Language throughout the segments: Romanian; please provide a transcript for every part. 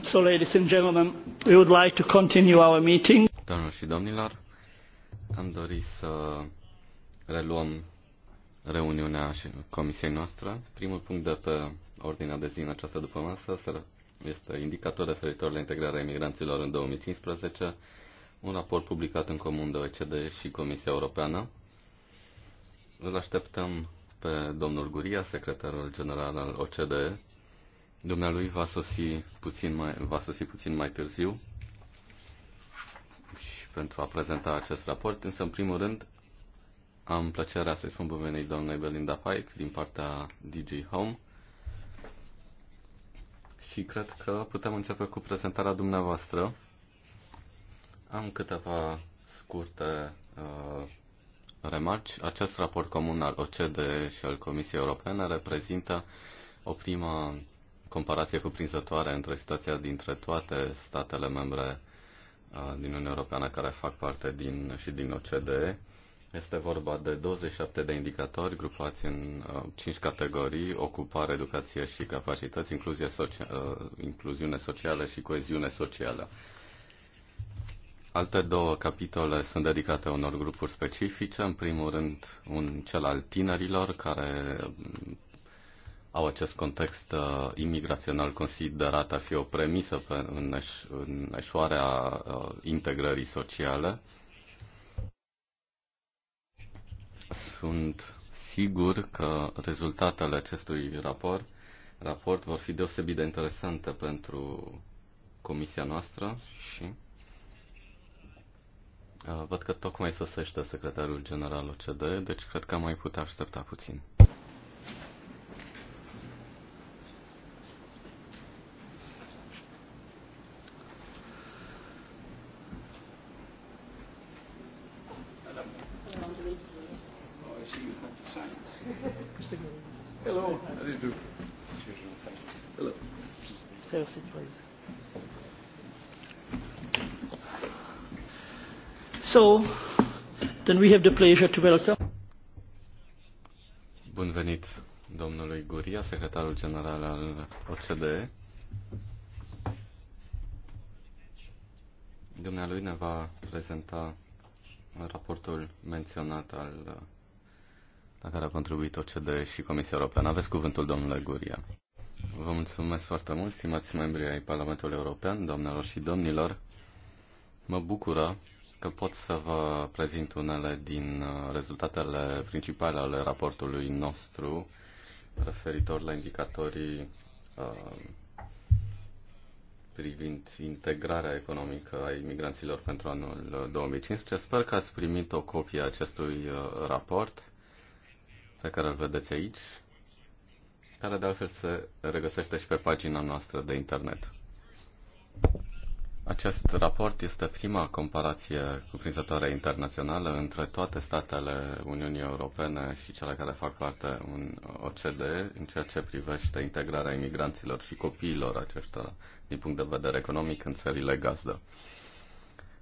So, ladies and gentlemen, we would like to continue our meeting. Doamnelor și domnilor, am dorit să reluăm reuniunea și comisiei noastre. Primul punct de pe ordinea de zi în această dupămasă este indicator referitor la integrarea emigranților în 2015, un raport publicat în comun de OECD și Comisia Europeană. Îl așteptăm pe domnul Guria, secretarul general al OCDE, Dumnealui va sosi puțin mai, va sosi puțin mai târziu și pentru a prezenta acest raport, însă în primul rând am plăcerea să-i spun bun doamnei Belinda Pike din partea DJ Home și cred că putem începe cu prezentarea dumneavoastră. Am câteva scurte uh, remarci. Acest raport comun al OCDE și al Comisiei Europene reprezintă o primă comparație cuprinzătoare între situația dintre toate statele membre uh, din Uniunea Europeană care fac parte din, și din OCDE. Este vorba de 27 de indicatori grupați în uh, 5 categorii, ocupare, educație și capacități, incluzie socia- uh, incluziune socială și coeziune socială. Alte două capitole sunt dedicate unor grupuri specifice, în primul rând un cel al tinerilor, care au acest context uh, imigrațional considerat a fi o premisă pe, în, eș, în eșoarea uh, integrării sociale. Sunt sigur că rezultatele acestui raport, raport vor fi deosebit de interesante pentru comisia noastră și uh, văd că tocmai sosește secretarul general OCDE, deci cred că am mai putea aștepta puțin. we have the pleasure to welcome. Bun venit domnului Guria, secretarul general al OCDE. Dumnealui ne va prezenta raportul menționat al, la care a contribuit OCDE și Comisia Europeană. Aveți cuvântul, domnule Guria. Vă mulțumesc foarte mult, stimați membri ai Parlamentului European, doamnelor și domnilor. Mă bucură că pot să vă prezint unele din uh, rezultatele principale ale raportului nostru referitor la indicatorii uh, privind integrarea economică a imigranților pentru anul 2015. Uh, Sper că ați primit o copie a acestui uh, raport pe care îl vedeți aici, care de altfel se regăsește și pe pagina noastră de internet. Acest raport este prima comparație cuprinzătoare internațională între toate statele Uniunii Europene și cele care fac parte în OCDE în ceea ce privește integrarea imigranților și copiilor aceștia din punct de vedere economic în țările gazdă.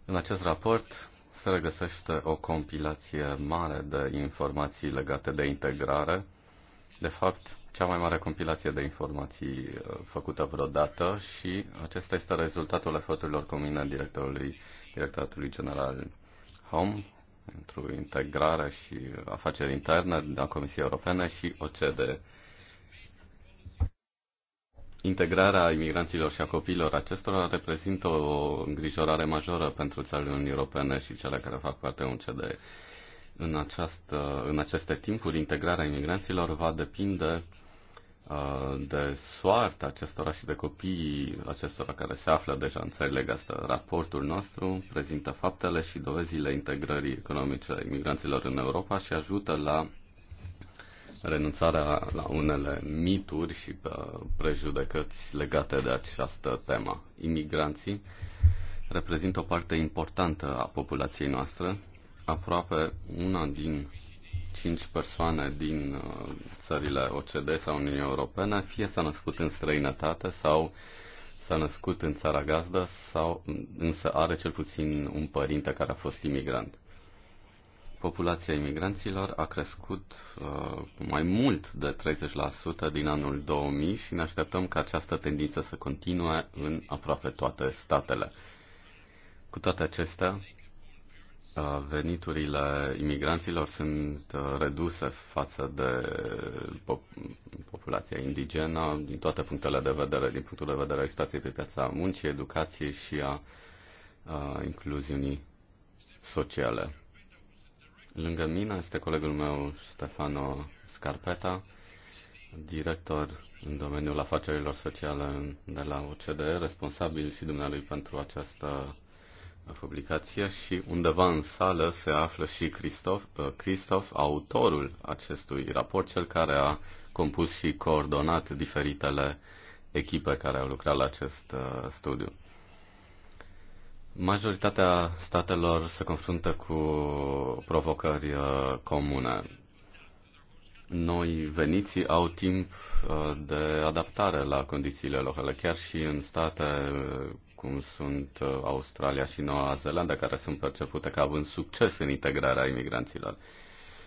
În acest raport se regăsește o compilație mare de informații legate de integrare. De fapt, cea mai mare compilație de informații uh, făcută vreodată și acesta este rezultatul eforturilor comune directorului, directoratului general Home pentru integrare și afaceri interne a Comisia Europeană și OCDE. Integrarea imigranților și a copiilor acestora reprezintă o îngrijorare majoră pentru țările Uniunii Europene și cele care fac parte din OCDE. În, această, în aceste timpuri, integrarea imigranților va depinde Uh, de soarta acestora și de copiii acestora care se află deja în țările gazdă. Raportul nostru prezintă faptele și dovezile integrării economice a imigranților în Europa și ajută la renunțarea la unele mituri și uh, prejudecăți legate de această temă. Imigranții reprezintă o parte importantă a populației noastre, aproape una din 5 persoane din uh, țările OCD sau Uniunii Europene fie s-a născut în străinătate sau s-a născut în țara gazdă sau însă are cel puțin un părinte care a fost imigrant. Populația imigranților a crescut uh, mai mult de 30% din anul 2000 și ne așteptăm ca această tendință să continue în aproape toate statele. Cu toate acestea, Uh, veniturile imigranților sunt uh, reduse față de populația indigenă din toate punctele de vedere, din punctul de vedere al situației pe piața muncii, educației și a, a incluziunii sociale. Lângă mine este colegul meu Stefano Scarpeta, director în domeniul afacerilor sociale de la OCDE, responsabil și dumnealui pentru această publicație și undeva în sală se află și Christoph, uh, Christoph, autorul acestui raport, cel care a compus și coordonat diferitele echipe care au lucrat la acest uh, studiu. Majoritatea statelor se confruntă cu provocări uh, comune. Noi veniții au timp de adaptare la condițiile locale, chiar și în state cum sunt uh, Australia și Noua Zeelandă, care sunt percepute ca având succes în integrarea imigranților.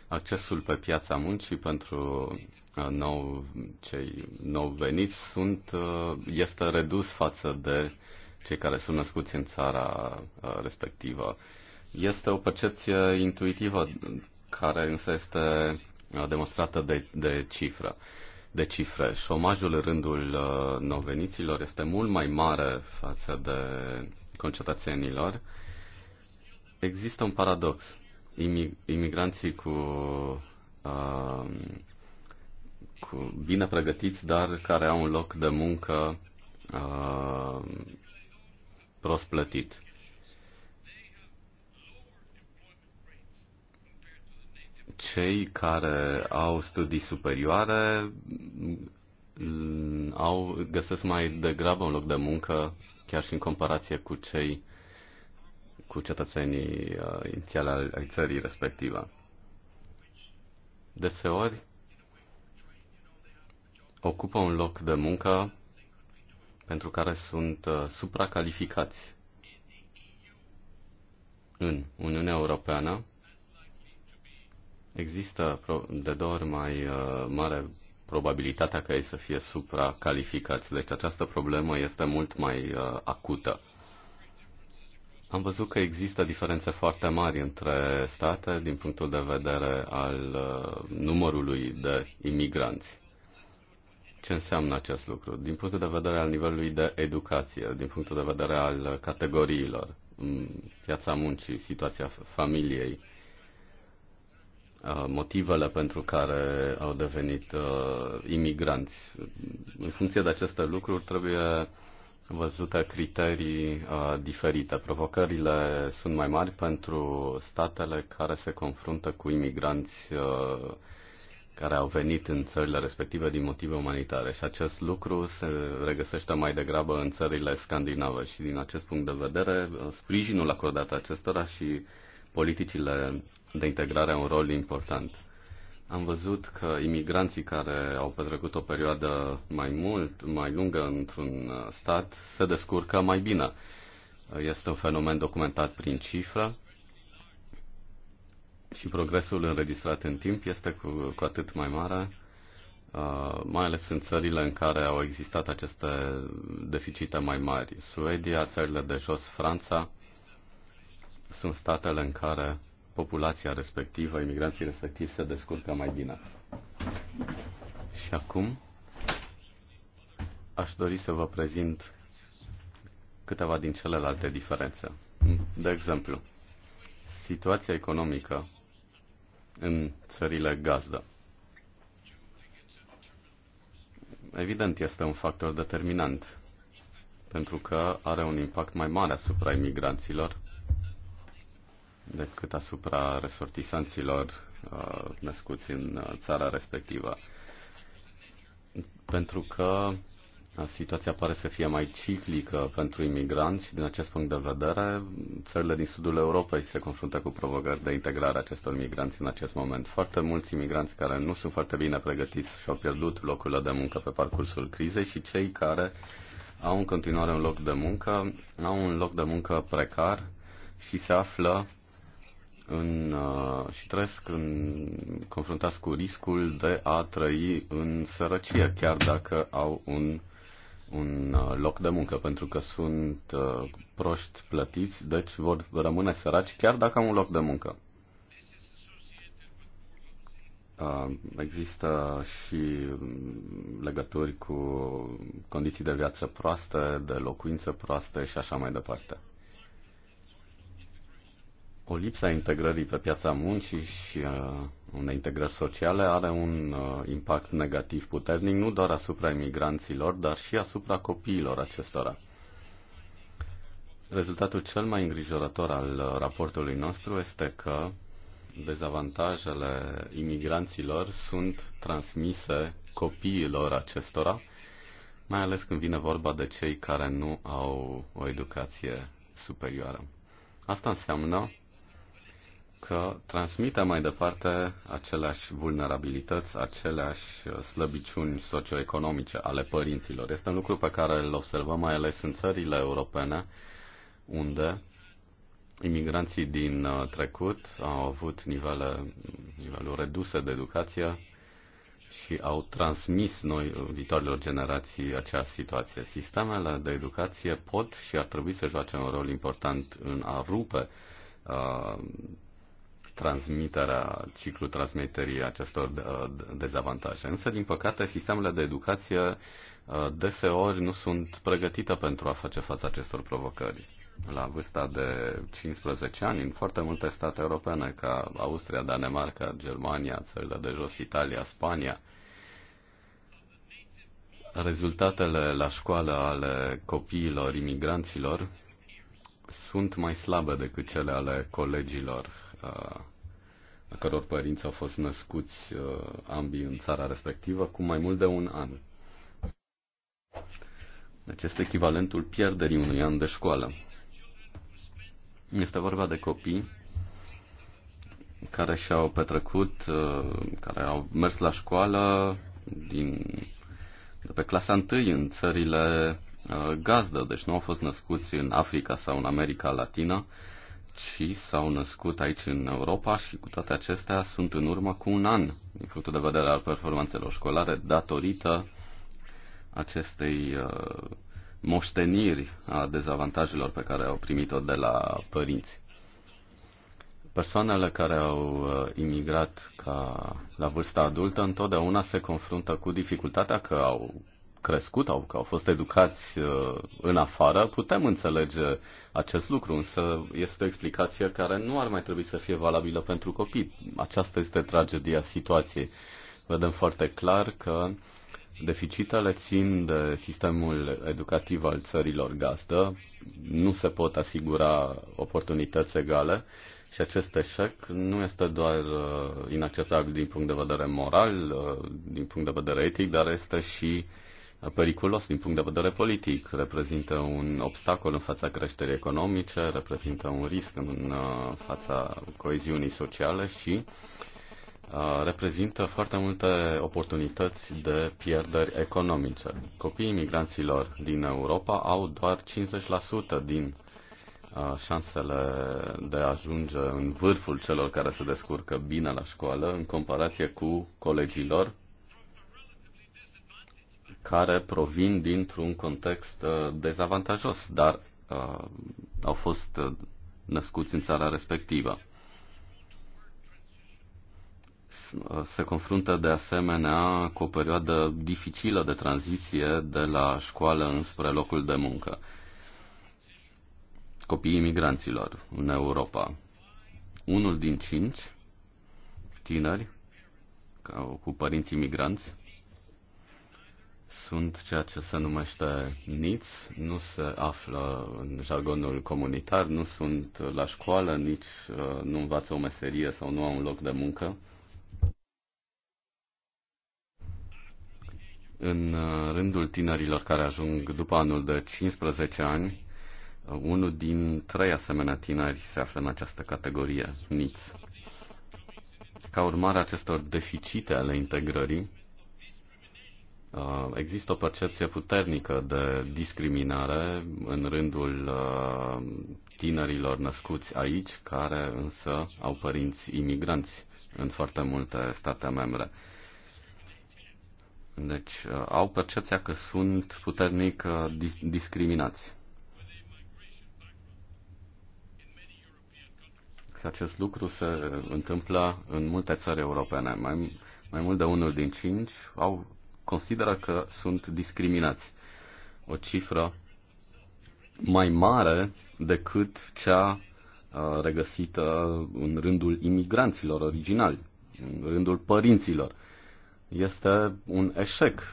Accesul pe piața muncii pentru uh, nou, cei nou veniți sunt, uh, este redus față de cei care sunt născuți în țara respectivă. Este o percepție intuitivă care însă este demonstrată de, de cifră de cifre. Șomajul în rândul uh, noveniților este mult mai mare față de concetățenilor. Există un paradox. Imigranții cu, uh, cu bine pregătiți, dar care au un loc de muncă uh, prost plătit. cei care au studii superioare mm, au, găsesc mai degrabă un loc de muncă, chiar și în comparație cu cei cu cetățenii uh, inițiale al țării respectivă. Deseori ocupă un loc de muncă pentru care sunt uh, supracalificați. În Uniunea Europeană, există de două ori mai uh, mare probabilitatea ca ei să fie supracalificați. Deci această problemă este mult mai uh, acută. Am văzut că există diferențe foarte mari între state din punctul de vedere al uh, numărului de imigranți. Ce înseamnă acest lucru? Din punctul de vedere al nivelului de educație, din punctul de vedere al categoriilor, mm, piața muncii, situația familiei, Uh, motivele pentru care au devenit uh, imigranți. În funcție de aceste lucruri trebuie văzute criterii uh, diferite. Provocările sunt mai mari pentru statele care se confruntă cu imigranți uh, care au venit în țările respective din motive umanitare și acest lucru se regăsește mai degrabă în țările scandinave și din acest punct de vedere uh, sprijinul acordat acestora și politicile de integrare un rol important. Am văzut că imigranții care au petrecut o perioadă mai mult, mai lungă într-un uh, stat, se descurcă mai bine. Este un fenomen documentat prin cifră și progresul înregistrat în timp este cu, cu atât mai mare, uh, mai ales în țările în care au existat aceste deficite mai mari. Suedia, țările de jos, Franța, sunt statele în care populația respectivă, imigranții respectivi se descurcă mai bine. Și acum aș dori să vă prezint câteva din celelalte diferențe. De exemplu, situația economică în țările gazdă. Evident, este un factor determinant, pentru că are un impact mai mare asupra imigranților decât asupra resortisanților uh, născuți în uh, țara respectivă. Pentru că uh, situația pare să fie mai ciclică pentru imigranți și din acest punct de vedere țările din sudul Europei se confruntă cu provocări de integrare a acestor migranți în acest moment. Foarte mulți imigranți care nu sunt foarte bine pregătiți și au pierdut locurile de muncă pe parcursul crizei și cei care au în continuare un loc de muncă, au un loc de muncă precar și se află în, uh, și trăiesc în, confruntați cu riscul de a trăi în sărăcie, chiar dacă au un, un uh, loc de muncă, pentru că sunt uh, proști plătiți, deci vor rămâne săraci chiar dacă au un loc de muncă. Uh, există și um, legături cu condiții de viață proaste, de locuință proaste și așa mai departe o lipsă a integrării pe piața muncii și uh, unei integrări sociale are un uh, impact negativ puternic nu doar asupra imigranților, dar și asupra copiilor acestora. Rezultatul cel mai îngrijorător al uh, raportului nostru este că dezavantajele imigranților sunt transmise copiilor acestora, mai ales când vine vorba de cei care nu au o educație superioară. Asta înseamnă că transmite mai departe aceleași vulnerabilități, aceleași uh, slăbiciuni socioeconomice ale părinților. Este un lucru pe care îl observăm mai ales în țările europene, unde imigranții din uh, trecut au avut nivele, niveluri reduse de educație și au transmis noi uh, viitorilor generații această situație. Sistemele de educație pot și ar trebui să joace un rol important în a rupe transmiterea, ciclul transmiterii acestor uh, dezavantaje. Însă, din păcate, sistemele de educație uh, deseori nu sunt pregătite pentru a face față acestor provocări. La vârsta de 15 ani, în foarte multe state europene, ca Austria, Danemarca, Germania, țările de jos, Italia, Spania, rezultatele la școală ale copiilor imigranților sunt mai slabe decât cele ale colegilor a căror părinți au fost născuți ambii în țara respectivă cu mai mult de un an. Deci este echivalentul pierderii unui an de școală. Este vorba de copii care și-au petrecut, care au mers la școală din, de pe clasa 1 în țările gazdă, deci nu au fost născuți în Africa sau în America Latină, ci s-au născut aici în Europa și cu toate acestea sunt în urmă cu un an din punctul de vedere al performanțelor școlare datorită acestei uh, moșteniri a dezavantajelor pe care au primit-o de la părinți. Persoanele care au uh, imigrat ca la vârsta adultă întotdeauna se confruntă cu dificultatea că au crescut au, că au fost educați uh, în afară, putem înțelege acest lucru, însă este o explicație care nu ar mai trebui să fie valabilă pentru copii. Aceasta este tragedia situației. Vedem foarte clar că deficitele țin de sistemul educativ al țărilor gazdă, nu se pot asigura oportunități egale și acest eșec nu este doar uh, inacceptabil din punct de vedere moral, uh, din punct de vedere etic, dar este și periculos din punct de vedere politic, reprezintă un obstacol în fața creșterii economice, reprezintă un risc în uh, fața coeziunii sociale și uh, reprezintă foarte multe oportunități de pierderi economice. Copiii migranților din Europa au doar 50% din uh, șansele de a ajunge în vârful celor care se descurcă bine la școală în comparație cu colegilor care provin dintr-un context uh, dezavantajos, dar uh, au fost uh, născuți în țara respectivă. Uh, se confruntă de asemenea cu o perioadă dificilă de tranziție de la școală înspre locul de muncă. Copiii imigranților în Europa. Unul din cinci tineri cu părinți imigranți sunt ceea ce se numește niți, nu se află în jargonul comunitar, nu sunt la școală, nici uh, nu învață o meserie sau nu au un loc de muncă. În uh, rândul tinerilor care ajung după anul de 15 ani, uh, unul din trei asemenea tineri se află în această categorie, niți. Ca urmare a acestor deficite ale integrării, Uh, există o percepție puternică de discriminare în rândul uh, tinerilor născuți aici, care însă au părinți imigranți în foarte multe state membre. Deci uh, au percepția că sunt puternic dis- discriminați. Și deci, acest lucru se întâmplă în multe țări europene. Mai, mai mult de unul din cinci au consideră că sunt discriminați. O cifră mai mare decât cea uh, regăsită în rândul imigranților originali, în rândul părinților. Este un eșec.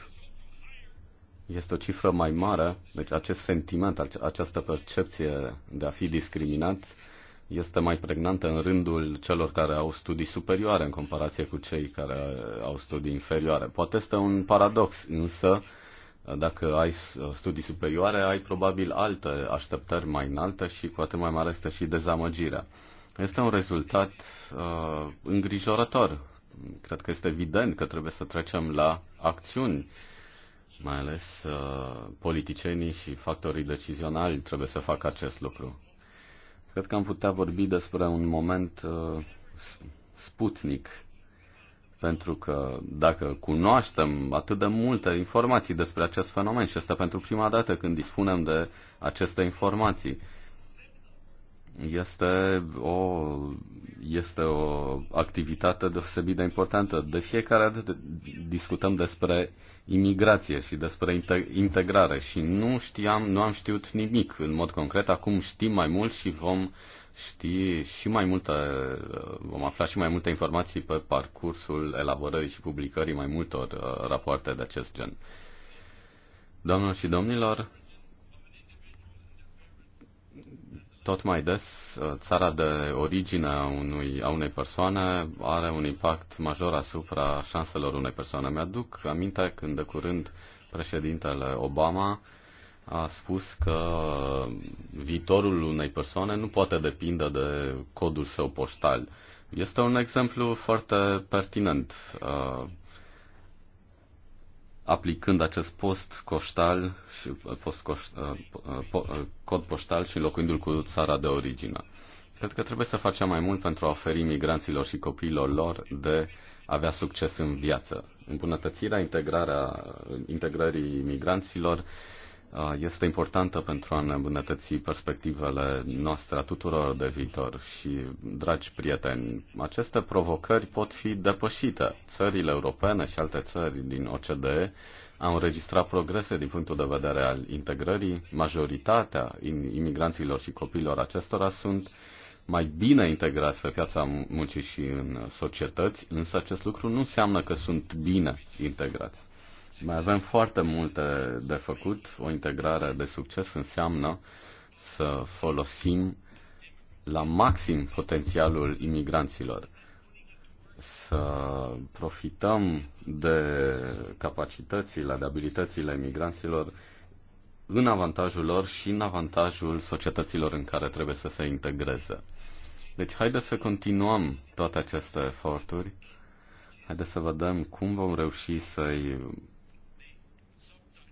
Este o cifră mai mare, deci acest sentiment, această percepție de a fi discriminat este mai pregnantă în rândul celor care au studii superioare în comparație cu cei care au studii inferioare. Poate este un paradox, însă dacă ai studii superioare, ai probabil alte așteptări mai înalte și cu atât mai mare este și dezamăgirea. Este un rezultat uh, îngrijorător. Cred că este evident că trebuie să trecem la acțiuni mai ales uh, politicienii și factorii decizionali trebuie să facă acest lucru. Cred că am putea vorbi despre un moment uh, sputnic, pentru că dacă cunoaștem atât de multe informații despre acest fenomen și asta pentru prima dată când dispunem de aceste informații, este o, este o activitate deosebit de importantă. De fiecare dată discutăm despre imigrație și despre integrare și nu știam, nu am știut nimic în mod concret. Acum știm mai mult și vom ști și mai multe, vom afla și mai multe informații pe parcursul elaborării și publicării mai multor uh, rapoarte de acest gen. Doamnelor și domnilor, tot mai des uh, țara de origine a, unui, a unei persoane are un impact major asupra șanselor unei persoane. Mi-aduc aminte când de curând președintele Obama a spus că viitorul unei persoane nu poate depinde de codul său poștal. Este un exemplu foarte pertinent. Uh, aplicând acest post coștal și uh, post coș, uh, po, uh, cod poștal și înlocuindu l cu țara de origine. Cred că trebuie să facem mai mult pentru a oferi migranților și copiilor lor de a avea succes în viață. Îmbunătățirea integrarea, integrării migranților Uh, este importantă pentru a ne îmbunătăți perspectivele noastre a tuturor de viitor și, dragi prieteni, aceste provocări pot fi depășite. Țările europene și alte țări din OCDE au înregistrat progrese din punctul de vedere al integrării. Majoritatea imigranților și copiilor acestora sunt mai bine integrați pe piața muncii și în societăți, însă acest lucru nu înseamnă că sunt bine integrați. Mai avem foarte multe de făcut. O integrare de succes înseamnă să folosim la maxim potențialul imigranților, să profităm de capacitățile, de abilitățile imigranților în avantajul lor și în avantajul societăților în care trebuie să se integreze. Deci haideți să continuăm toate aceste eforturi. Haideți să vedem cum vom reuși să-i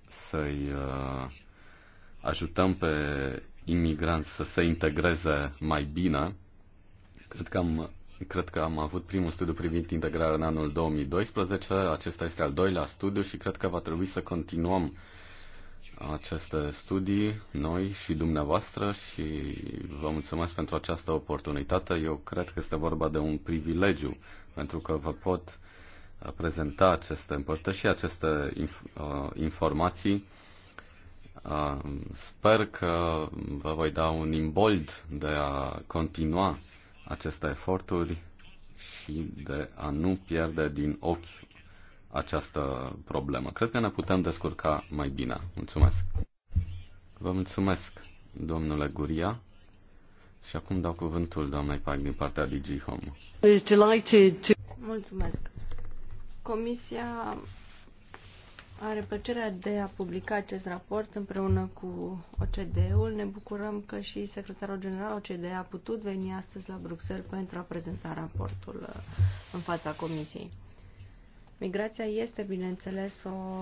să-i uh, ajutăm pe imigranți să se integreze mai bine. Cred că am Cred că am avut primul studiu privind integrarea în anul 2012, acesta este al doilea studiu și cred că va trebui să continuăm aceste studii, noi și dumneavoastră și vă mulțumesc pentru această oportunitate. Eu cred că este vorba de un privilegiu, pentru că vă pot prezenta aceste, împărtăși aceste inf- uh, informații. Uh, sper că vă voi da un imbold de a continua aceste eforturi și de a nu pierde din ochi această problemă. Cred că ne putem descurca mai bine. Mulțumesc. Vă mulțumesc, domnule Guria. Și acum dau cuvântul doamnei Pag din partea DG Home. Mulțumesc. Comisia are plăcerea de a publica acest raport împreună cu OCDE-ul. Ne bucurăm că și secretarul general OCDE a putut veni astăzi la Bruxelles pentru a prezenta raportul uh, în fața Comisiei. Migrația este, bineînțeles, o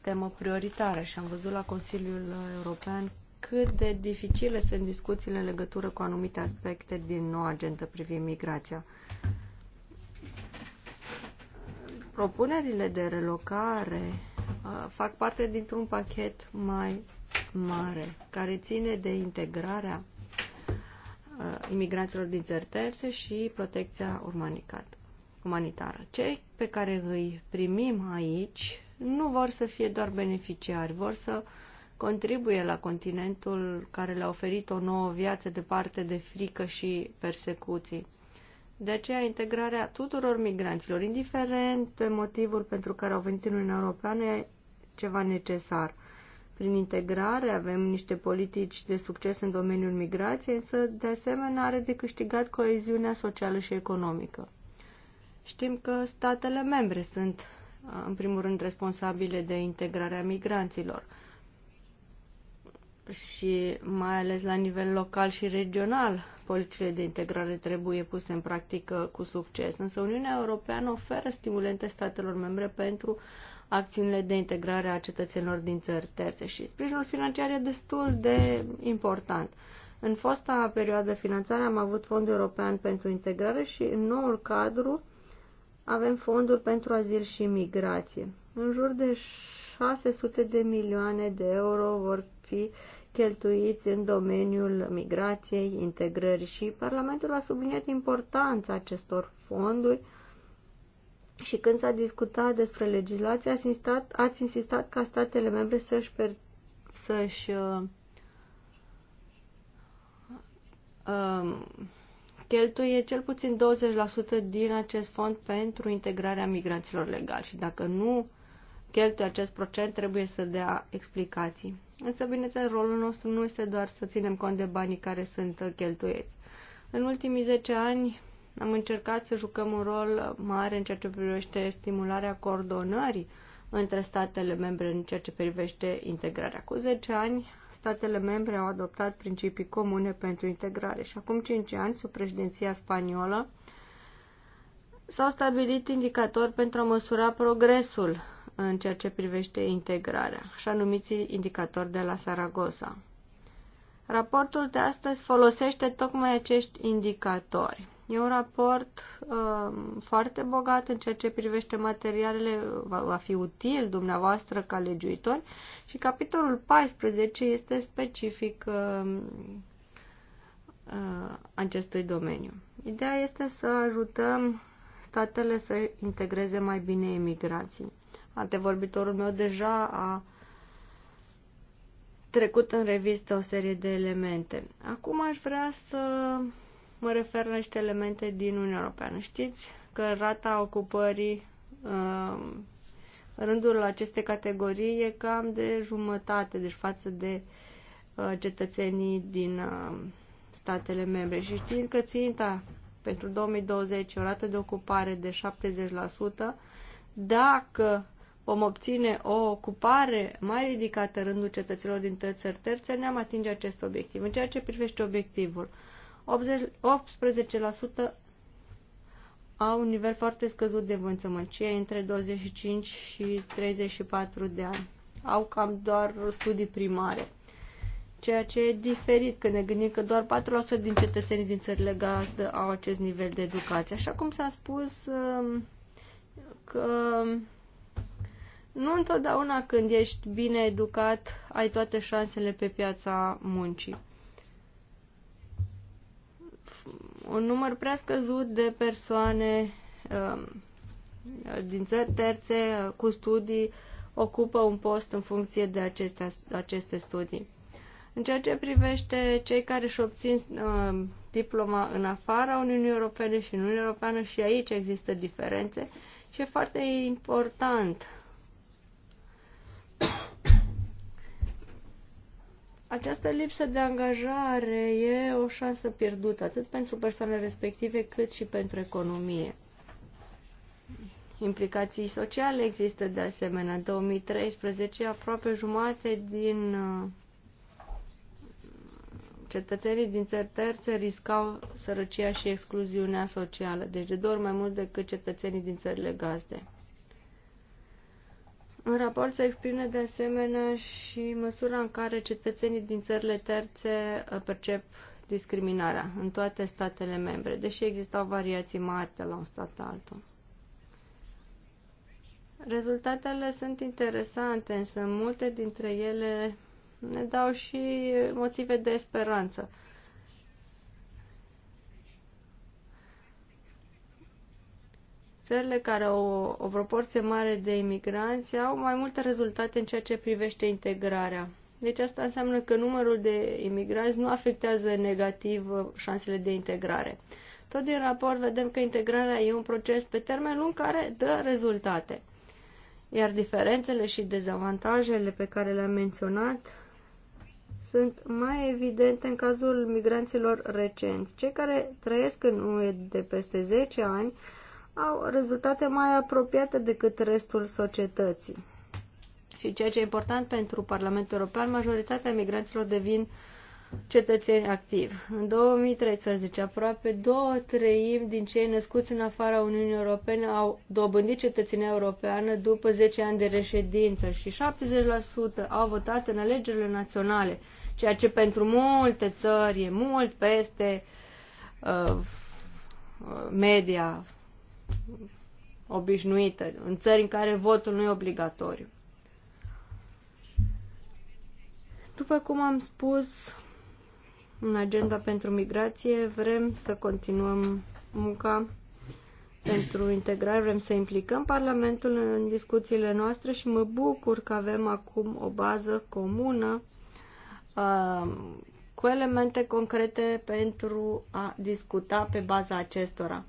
temă prioritară și am văzut la Consiliul European cât de dificile sunt discuțiile în legătură cu anumite aspecte din noua agentă privind migrația propunerile de relocare uh, fac parte dintr-un pachet mai mare, care ține de integrarea uh, imigranților din țări terțe și protecția umanitară. Cei pe care îi primim aici nu vor să fie doar beneficiari, vor să contribuie la continentul care le-a oferit o nouă viață departe de frică și persecuții. De aceea, integrarea tuturor migranților, indiferent motivul pentru care au venit în Uniunea Europeană, e ceva necesar. Prin integrare avem niște politici de succes în domeniul migrației, însă de asemenea are de câștigat coeziunea socială și economică. Știm că statele membre sunt, în primul rând, responsabile de integrarea migranților și mai ales la nivel local și regional, politicile de integrare trebuie puse în practică cu succes. Însă Uniunea Europeană oferă stimulente statelor membre pentru acțiunile de integrare a cetățenilor din țări terțe și sprijinul financiar e destul de important. În fosta perioadă de finanțare am avut Fondul European pentru Integrare și în noul cadru avem fonduri pentru azil și migrație. În jur de 600 de milioane de euro vor fi uh, cheltuiți în domeniul migrației, integrării și Parlamentul a subliniat importanța acestor fonduri și când s-a discutat despre legislație, ați insistat, ați insistat ca statele membre să-și, per, să-și uh, uh, cheltuie cel puțin 20% din acest fond pentru integrarea migranților legali și dacă nu uh, cheltuie acest procent trebuie să dea explicații. Însă, bineînțeles, rolul nostru nu este doar să ținem cont de banii care sunt cheltuieți. În ultimii 10 ani am încercat să jucăm un rol mare în ceea ce privește stimularea coordonării între statele membre în ceea ce privește integrarea. Cu 10 ani, statele membre au adoptat principii comune pentru integrare și acum 5 ani, sub președinția spaniolă, s-au stabilit indicatori pentru a măsura progresul în ceea ce privește integrarea, așa numiții indicatori de la Saragossa. Raportul de astăzi folosește tocmai acești indicatori. E un raport um, foarte bogat în ceea ce privește materialele, va, va fi util dumneavoastră ca legiuitori și capitolul 14 este specific um, uh, acestui domeniu. Ideea este să ajutăm statele să integreze mai bine imigranții. Antevorbitorul meu deja a trecut în revistă o serie de elemente. Acum aș vrea să mă refer la niște elemente din Uniunea Europeană. Știți că rata ocupării uh, în rândul acestei categorii e cam de jumătate, deci față de uh, cetățenii din uh, statele membre. Și știind că ținta pentru 2020 o rată de ocupare de 70%, dacă vom obține o ocupare mai ridicată în rândul cetățenilor din țări terțe, ne-am atinge acest obiectiv. În ceea ce privește obiectivul, 18% au un nivel foarte scăzut de învățământ, cei între 25 și 34 de ani. Au cam doar studii primare, ceea ce e diferit când ne gândim că doar 4% din cetățenii din țările gazdă au acest nivel de educație. Așa cum s-a spus um, că nu întotdeauna când ești bine educat, ai toate șansele pe piața muncii. Un număr prea scăzut de persoane um, din țări terțe cu studii ocupă un post în funcție de aceste, aceste studii. În ceea ce privește cei care își obțin uh, diploma în afara Uniunii Europene și în Uniunea Europeană, și aici există diferențe și e foarte important Această lipsă de angajare e o șansă pierdută, atât pentru persoanele respective, cât și pentru economie. Implicații sociale există de asemenea. În 2013, aproape jumate din uh, cetățenii din țări terțe riscau sărăcia și excluziunea socială, deci de două ori mai mult decât cetățenii din țările gazde. În raport se exprime de asemenea și măsura în care cetățenii din țările terțe uh, percep discriminarea în toate statele membre, deși existau variații mari de la un stat la altul. Rezultatele sunt interesante, însă multe dintre ele ne dau și motive de speranță. Țările care au o proporție mare de imigranți au mai multe rezultate în ceea ce privește integrarea. Deci asta înseamnă că numărul de imigranți nu afectează negativ uh, șansele de integrare. Tot din raport vedem că integrarea e un proces pe termen lung care dă rezultate. Iar diferențele și dezavantajele pe care le-am menționat sunt mai evidente în cazul migranților recenți. Cei care trăiesc în UE de peste 10 ani au rezultate mai apropiate decât restul societății. Și ceea ce e important pentru Parlamentul European, majoritatea migranților devin cetățeni activi. În 2013, aproape două treimi din cei născuți în afara Uniunii Europene au dobândit cetățenia europeană după 10 ani de reședință și 70% au votat în alegerile naționale, ceea ce pentru multe țări e mult peste uh, uh media obișnuită, în țări în care votul nu e obligatoriu. După cum am spus, în agenda pentru migrație vrem să continuăm munca pentru integrare, vrem să implicăm Parlamentul în discuțiile noastre și mă bucur că avem acum o bază comună uh, cu elemente concrete pentru a discuta pe baza acestora.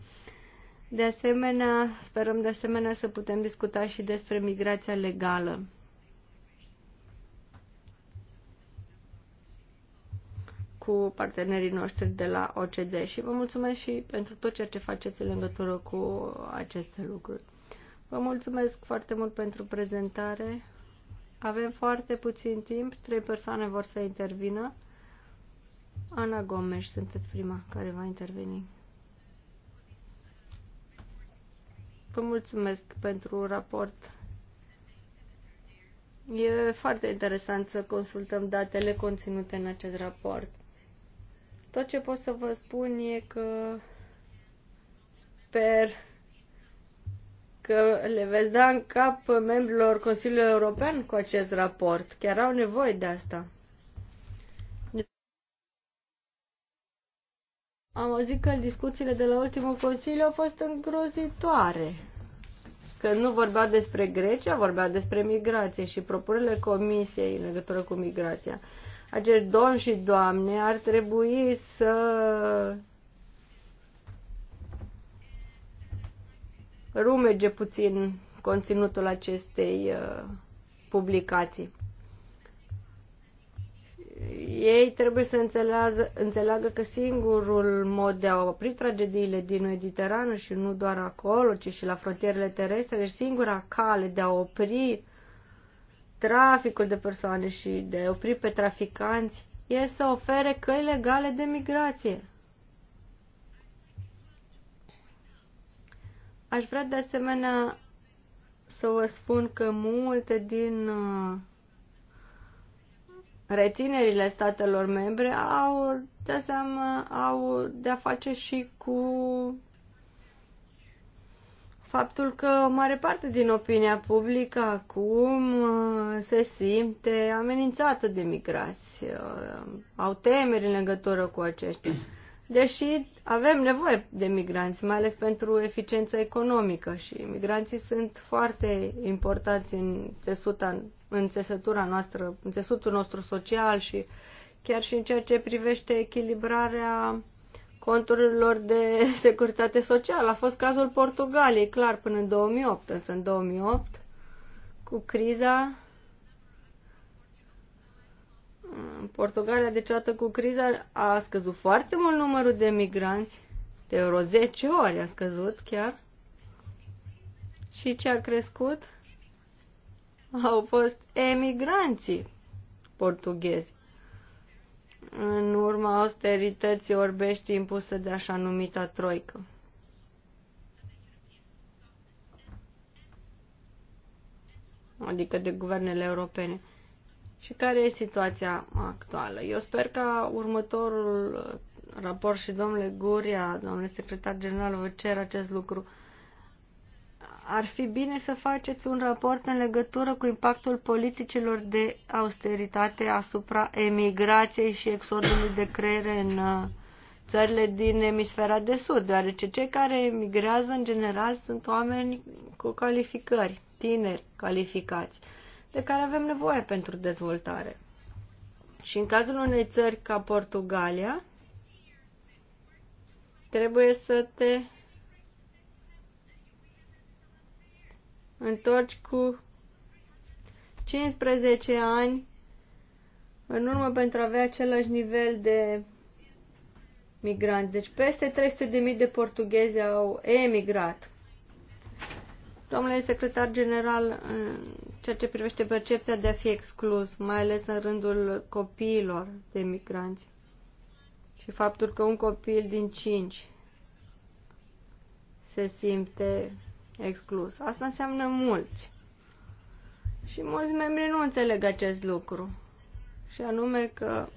De asemenea, sperăm de asemenea să putem discuta și despre migrația legală. cu partenerii noștri de la OCD și vă mulțumesc și pentru tot ceea ce faceți în legătură cu aceste lucruri. Vă mulțumesc foarte mult pentru prezentare. Avem foarte puțin timp, trei persoane vor să intervină. Ana Gomes, sunteți prima care va interveni. Vă mulțumesc pentru raport. E foarte interesant să consultăm datele conținute în acest raport. Tot ce pot să vă spun e că sper că le veți da în cap membrilor Consiliului European cu acest raport. Chiar au nevoie de asta. Am auzit că discuțiile de la ultimul consiliu au fost îngrozitoare. Că nu vorbea despre Grecia, vorbea despre migrație și propunerile comisiei în legătură cu migrația. Acești domn și doamne ar trebui să rumege puțin conținutul acestei uh, publicații ei trebuie să înțeleagă, înțeleagă că singurul mod de a opri tragediile din Mediterană și nu doar acolo, ci și la frontierele terestre, deci singura cale de a opri traficul de persoane și de a opri pe traficanți e să ofere căi legale de migrație. Aș vrea de asemenea să vă spun că multe din uh, reținerile statelor membre au de seama, au de-a face și cu faptul că o mare parte din opinia publică acum uh, se simte amenințată de migrație. Uh, au temeri în legătură cu aceștia deși avem nevoie de migranți, mai ales pentru eficiența economică și migranții sunt foarte importanți în, țesuta, în țesătura noastră, în țesutul nostru social și chiar și în ceea ce privește echilibrarea conturilor de securitate socială. A fost cazul Portugaliei, clar, până în 2008, însă în 2008, cu criza, Portugalia, deci odată cu criza, a scăzut foarte mult numărul de migranți, de euro 10 ori a scăzut chiar. Și ce a crescut? Au fost emigranții portughezi. În urma austerității orbești impusă de așa numita troică. Adică de guvernele europene și care e situația actuală. Eu sper ca următorul uh, raport și domnule Guria, domnule secretar general, vă cer acest lucru. Ar fi bine să faceți un raport în legătură cu impactul politicilor de austeritate asupra emigrației și exodului de creiere în uh, țările din emisfera de sud, deoarece cei care emigrează în general sunt oameni cu calificări, tineri calificați de care avem nevoie pentru dezvoltare. Și în cazul unei țări ca Portugalia, trebuie să te întorci cu 15 ani în urmă pentru a avea același nivel de migranți. Deci peste 300.000 de portughezi au emigrat. Domnule secretar general, ceea ce privește percepția de a fi exclus, mai ales în rândul copiilor de migranți. Și faptul că un copil din cinci se simte exclus. Asta înseamnă mulți. Și mulți membri nu înțeleg acest lucru. Și anume că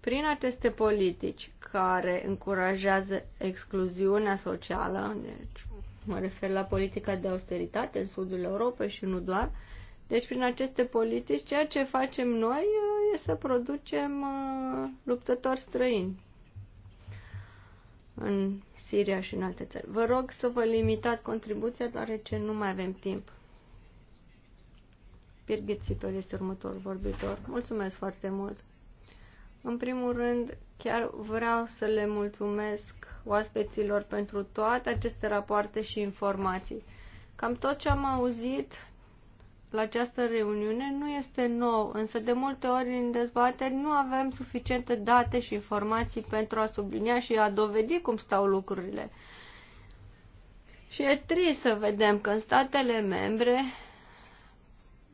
prin aceste politici care încurajează excluziunea socială, deci Mă refer la politica de austeritate în sudul Europei și nu doar. Deci, prin aceste politici, ceea ce facem noi uh, e să producem uh, luptători străini în Siria și în alte țări. Vă rog să vă limitați contribuția, deoarece nu mai avem timp. Birgit Sipel este următor vorbitor. Mulțumesc foarte mult! În primul rând, chiar vreau să le mulțumesc oaspeților pentru toate aceste rapoarte și informații. Cam tot ce am auzit la această reuniune nu este nou, însă de multe ori în dezbateri nu avem suficiente date și informații pentru a sublinia și a dovedi cum stau lucrurile. Și e trist să vedem că în statele membre,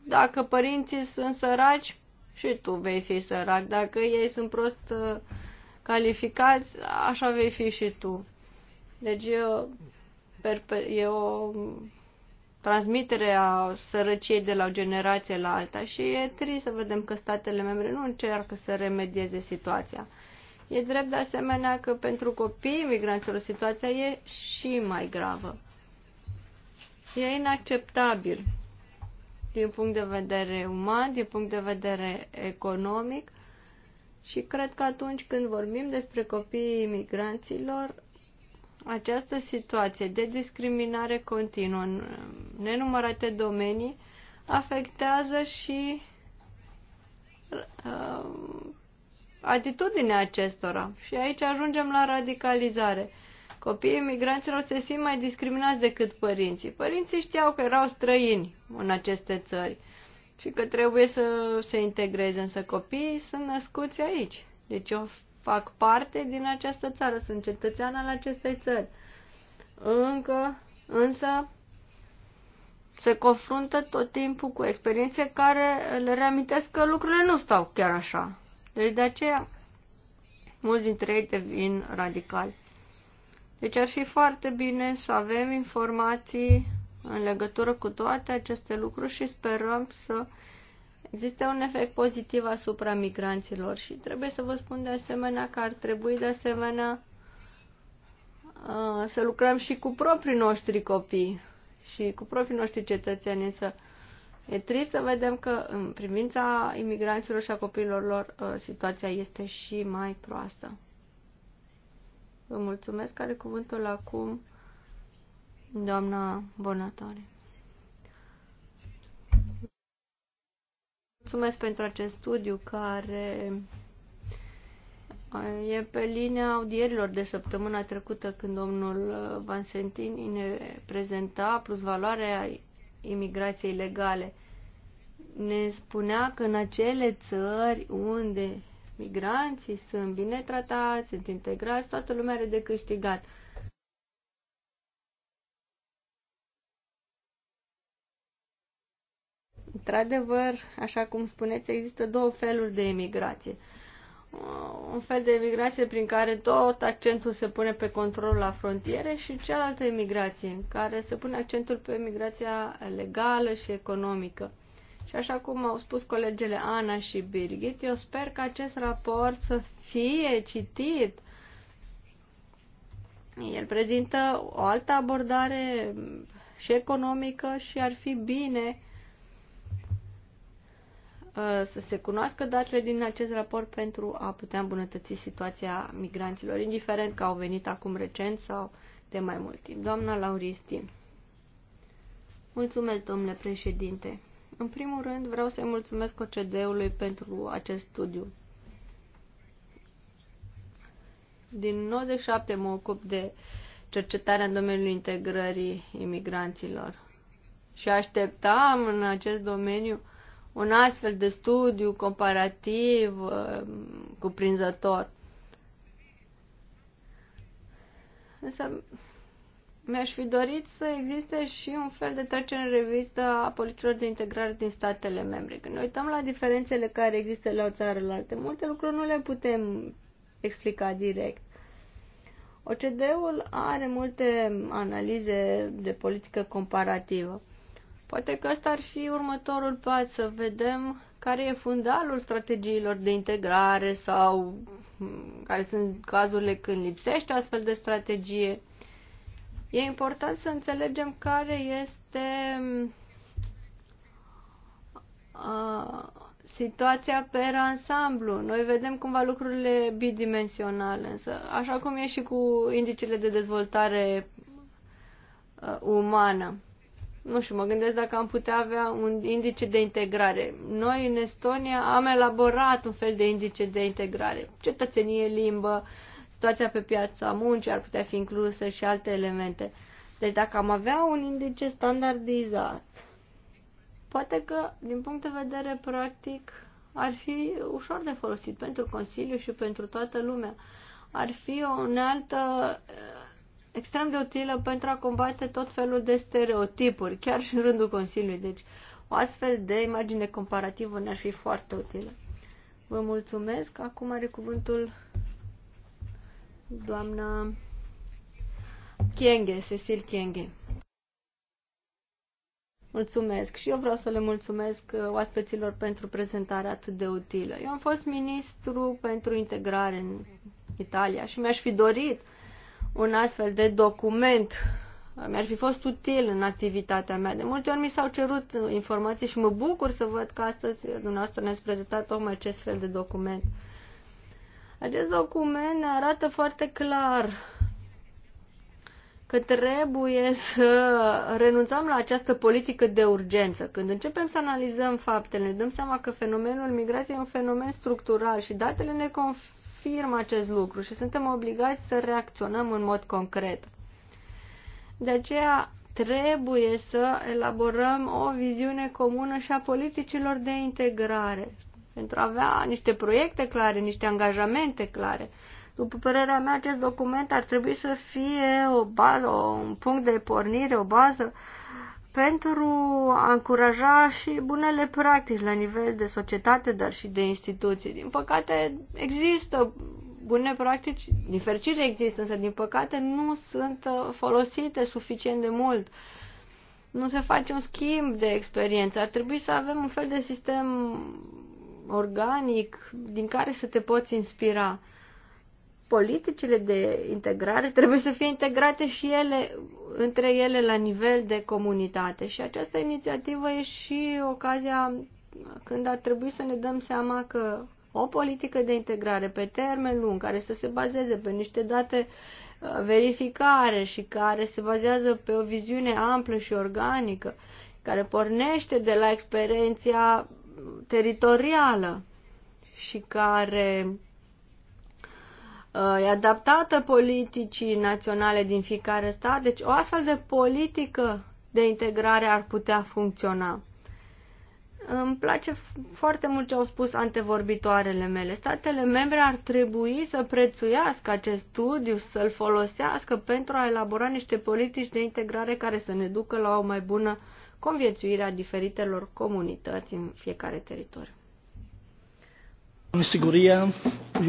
dacă părinții sunt săraci, și tu vei fi sărac. Dacă ei sunt prost uh, calificați, așa vei fi și tu. Deci e, e o transmitere a sărăciei de la o generație la alta și e trist să vedem că statele membre nu încearcă să remedieze situația. E drept de asemenea că pentru copiii migranților situația e și mai gravă. E inacceptabil din punct de vedere uman, din punct de vedere economic, și cred că atunci când vorbim despre copiii imigranților, această situație de discriminare continuă în nenumărate domenii afectează și uh, atitudinea acestora. Și aici ajungem la radicalizare. Copiii imigranților se simt mai discriminați decât părinții. Părinții știau că erau străini în aceste țări și că trebuie să se integreze, însă copiii sunt născuți aici. Deci eu fac parte din această țară, sunt cetățean al acestei țări. Încă, însă, se confruntă tot timpul cu experiențe care le reamintesc că lucrurile nu stau chiar așa. Deci de aceea mulți dintre ei devin radicali. Deci ar fi foarte bine să avem informații în legătură cu toate aceste lucruri și sperăm să existe un efect pozitiv asupra migranților și trebuie să vă spun de asemenea că ar trebui de asemenea uh, să lucrăm și cu proprii noștri copii și cu proprii noștri cetățeni, să e trist să vedem că în privința imigranților și a copiilor lor uh, situația este și mai proastă. Vă mulțumesc, are cuvântul acum doamna Bonatare. Mulțumesc pentru acest studiu care uh, e pe linia audierilor de săptămâna trecută când domnul uh, Vansentin ne prezenta plus valoarea imigrației legale. Ne spunea că în acele țări unde migranții sunt bine tratați, sunt integrați, toată lumea are de câștigat. Într-adevăr, așa cum spuneți, există două feluri de emigrație. Uh, un fel de emigrație prin care tot accentul se pune pe controlul la frontiere și cealaltă emigrație, în care se pune accentul pe emigrația legală și economică. Și așa cum au spus colegele Ana și Birgit, eu sper că acest raport să fie citit. El prezintă o altă abordare și economică și ar fi bine Uh, să se cunoască datele din acest raport pentru a putea îmbunătăți situația migranților, indiferent că au venit acum recent sau de mai mult timp. Doamna Lauristin. Mulțumesc, domnule președinte. În primul rând, vreau să-i mulțumesc OCD-ului pentru acest studiu. Din 97 mă ocup de cercetarea în domeniul integrării imigranților. Și așteptam în acest domeniu uh, un astfel de studiu comparativ uh, cuprinzător. Însă mi-aș fi dorit să existe și un fel de trecere în revistă a politicilor de integrare din statele membre. Când ne uităm la diferențele care există la o țară la alte, multe lucruri nu le putem explica direct. OCD-ul are multe analize de politică comparativă. Poate că ăsta ar fi următorul pas, să vedem care e fundalul strategiilor de integrare sau mm, care sunt cazurile când lipsește astfel de strategie. E important să înțelegem care este mm, a, situația pe ansamblu. Noi vedem cumva lucrurile bidimensionale, însă așa cum e și cu indicele de dezvoltare a, uh, umană nu știu, mă gândesc dacă am putea avea un indice de integrare. Noi în Estonia am elaborat un fel de indice de integrare. Cetățenie, limbă, situația pe piața muncii ar putea fi inclusă și alte elemente. Deci dacă am avea un indice standardizat, poate că, din punct de vedere practic, ar fi ușor de folosit pentru Consiliu și pentru toată lumea. Ar fi o unealtă extrem de utilă pentru a combate tot felul de stereotipuri, chiar și în rândul Consiliului. Deci, o astfel de imagine comparativă ne-ar fi foarte utilă. Vă mulțumesc. Acum are cuvântul doamna Chienghe, Cecil Chienghe. Mulțumesc și eu vreau să le mulțumesc uh, oaspeților pentru prezentarea atât de utilă. Eu am fost ministru pentru integrare în Italia și mi-aș fi dorit un astfel de document mi-ar fi fost util în activitatea mea. De multe ori mi s-au cerut informații și mă bucur să văd că astăzi dumneavoastră ne-ați prezentat tocmai acest fel de document. Acest document ne arată foarte clar că trebuie să renunțăm la această politică de urgență. Când începem să analizăm faptele, ne dăm seama că fenomenul migrației e un fenomen structural și datele ne confirmă confirmă acest lucru și suntem obligați să reacționăm în mod concret. De aceea trebuie să elaborăm o viziune comună și a politicilor de integrare pentru a avea niște proiecte clare, niște angajamente clare. După părerea mea, acest document ar trebui să fie o bază, un punct de pornire, o bază uh, pentru a încuraja și bunele practici la nivel de societate, dar și de instituții. Din păcate, există bune practici, din fericire există, însă din păcate nu sunt uh, folosite suficient de mult. Nu se face un schimb de experiență. Ar trebui să avem un fel de sistem organic din care să te poți inspira politicile de integrare trebuie să fie integrate și ele între ele la nivel de comunitate. Și această inițiativă e și ocazia când ar trebui să ne dăm seama că o politică de integrare pe termen lung, care să se bazeze pe niște date uh, verificare și care se bazează pe o viziune amplă și organică, care pornește de la experiența teritorială și care Uh, e adaptată politicii naționale din fiecare stat, deci o astfel de politică de integrare ar putea funcționa. Îmi place foarte mult ce au spus antevorbitoarele mele. Statele membre ar trebui să prețuiască acest studiu, să-l folosească pentru a elabora niște politici de integrare care să ne ducă la o mai bună conviețuire a diferitelor comunități în fiecare teritoriu. Siguria.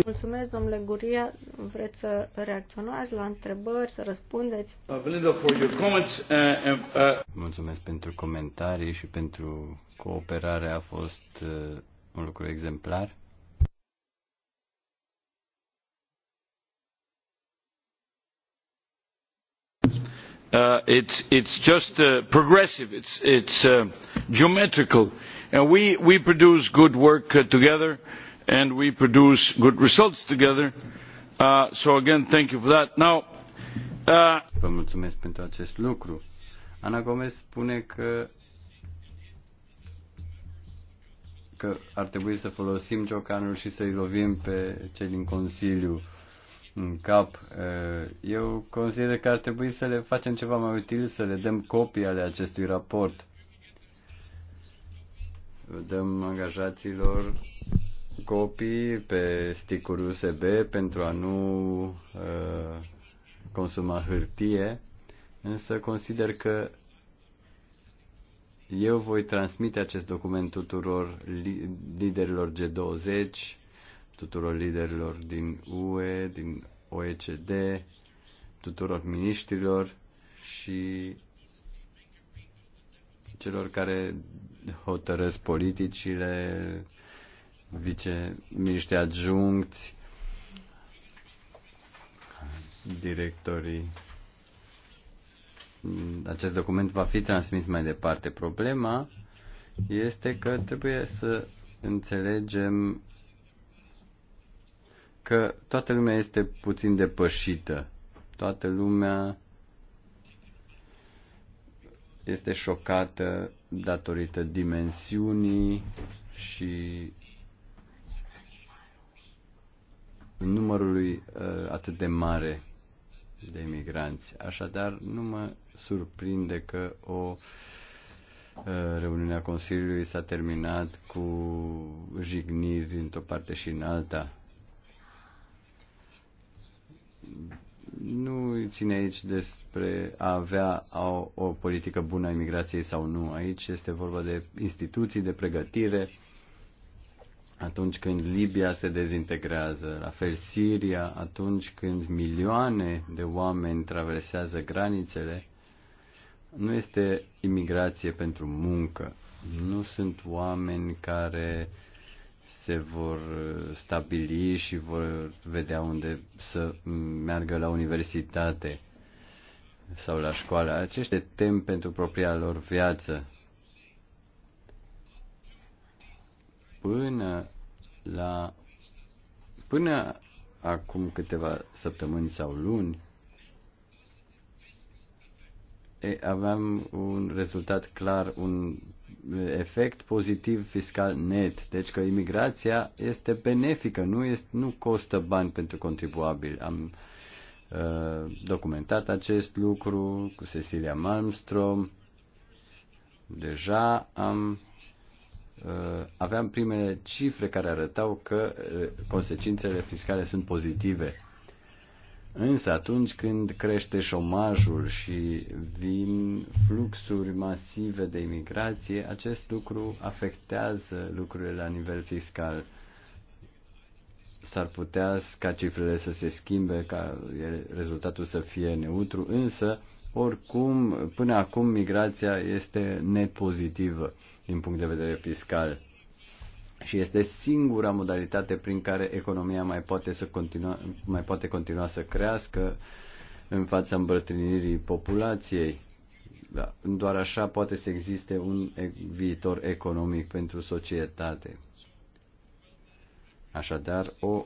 Mulțumesc, domnule Guria. Vreți să reacționați la întrebări, să răspundeți? Uh, uh, Mulțumesc pentru comentarii și pentru cooperare. A fost uh, un lucru exemplar. Uh, it's, it's just uh, progressive it's, it's uh, geometrical and we, we produce good work together and we produce good results together. Uh, so again, thank you for that. Now, uh... Vă mulțumesc pentru acest lucru. Ana Gomez spune că că ar trebui să folosim ciocanul și să-i lovim pe cei din Consiliu în cap. Uh, eu consider că ar trebui să le facem ceva mai util, să le dăm copii ale acestui raport. Dăm angajaților copii pe sticuri USB pentru a nu uh, consuma hârtie, însă consider că eu voi transmite acest document tuturor li- liderilor G20, tuturor liderilor din UE, din OECD, tuturor miniștrilor și celor care hotărăsc politicile viceministri adjuncți, directorii. Acest document va fi transmis mai departe. Problema este că trebuie să înțelegem că toată lumea este puțin depășită. Toată lumea este șocată datorită dimensiunii și numărului uh, atât de mare de imigranți. Așadar, nu mă surprinde că o uh, reuniunea Consiliului s-a terminat cu jigniri într-o parte și în alta. Nu ține aici despre a avea o, o politică bună a imigrației sau nu. Aici este vorba de instituții, de pregătire, atunci când Libia se dezintegrează, la fel Siria, atunci când milioane de oameni traversează granițele, nu este imigrație pentru muncă. Nu sunt oameni care se vor stabili și vor vedea unde să meargă la universitate sau la școală. Aceștia tem pentru propria lor viață. până la până acum câteva săptămâni sau luni aveam un rezultat clar, un efect pozitiv fiscal net. Deci că imigrația este benefică, nu, este, nu costă bani pentru contribuabil. Am uh, documentat acest lucru cu Cecilia Malmström. Deja am Uh, aveam primele cifre care arătau că uh, consecințele fiscale sunt pozitive. Însă atunci când crește șomajul și vin fluxuri masive de imigrație, acest lucru afectează lucrurile la nivel fiscal. S-ar putea ca cifrele să se schimbe, ca rezultatul să fie neutru, însă, oricum, până acum migrația este nepozitivă. pozitivă din punct de vedere fiscal. Și este singura modalitate prin care economia mai poate, să continua, mai poate continua să crească în fața îmbătrânirii populației. Da, doar așa poate să existe un viitor economic pentru societate. Așadar, o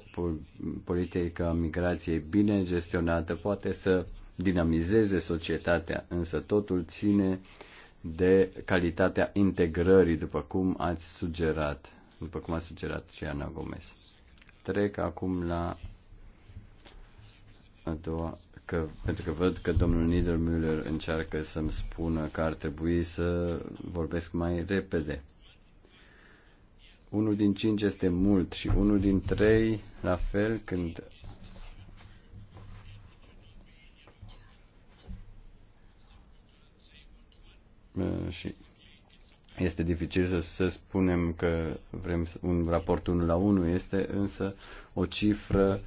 politică a migrației bine gestionată poate să dinamizeze societatea, însă totul ține uh, de calitatea integrării, după cum ați sugerat, după cum a sugerat și Ana Gomez. Trec acum la a doua, că, pentru că văd că domnul Niedermüller încearcă să-mi spună că ar trebui să vorbesc mai repede. Unul din cinci este mult și unul din trei, la fel, când Eh, și este dificil să, să spunem că vrem un raport 1 la 1, este însă o cifră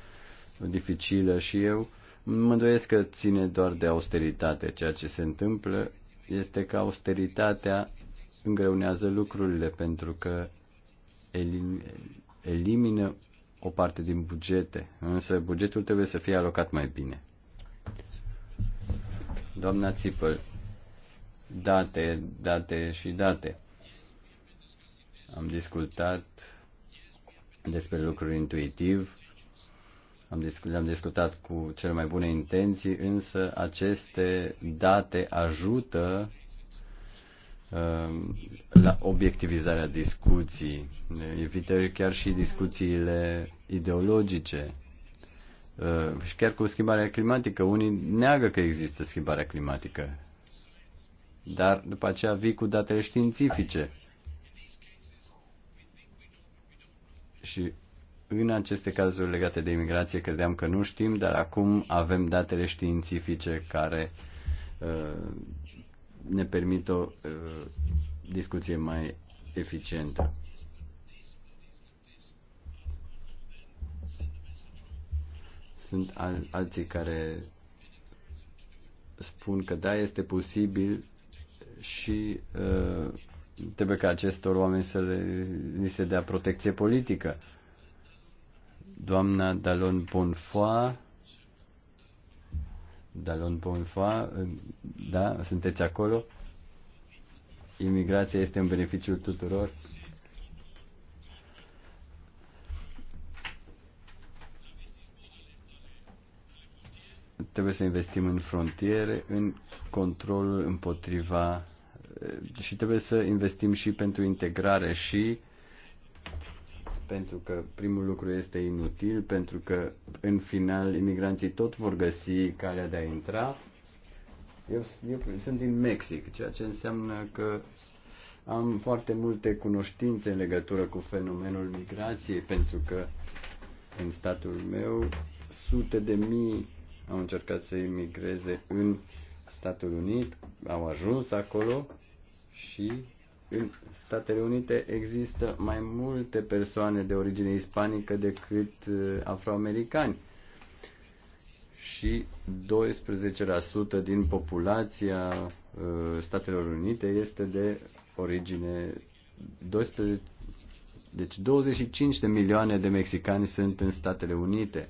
dificilă și eu mă îndoiesc că ține doar de austeritate. Ceea ce se întâmplă este că austeritatea îngreunează lucrurile pentru că elimină o parte din bugete, însă bugetul trebuie să fie alocat mai bine. Doamna Țipăl, date, date și date. Am discutat despre lucruri intuitiv, am discut, am discutat cu cele mai bune intenții, însă aceste date ajută um, la obiectivizarea discuției, evită chiar și discuțiile ideologice. Uh, și chiar cu schimbarea climatică, unii neagă că există schimbarea climatică dar după aceea vii cu datele științifice. Și în aceste cazuri legate de imigrație credeam că nu știm, dar acum avem datele științifice care uh, ne permit o uh, discuție mai eficientă. Sunt al- alții care spun că da, este posibil și uh, trebuie ca acestor oameni să le, ni se dea protecție politică. Doamna Dalon Bonfoy, Dalon Bonfoy, da, sunteți acolo? Imigrația este în beneficiul tuturor. Trebuie să investim în frontiere, în controlul împotriva și trebuie să investim și pentru integrare și pentru că primul lucru este inutil, pentru că în final imigranții tot vor găsi calea de a intra. Eu, eu sunt din Mexic, ceea ce înseamnă că am foarte multe cunoștințe în legătură cu fenomenul migrației, pentru că în statul meu sute de mii au încercat să imigreze în Statul Unit, au ajuns acolo și în Statele Unite există mai multe persoane de origine ispanică decât uh, afroamericani și 12% din populația uh, Statelor Unite este de origine 12, deci 25 de milioane de mexicani sunt în Statele Unite.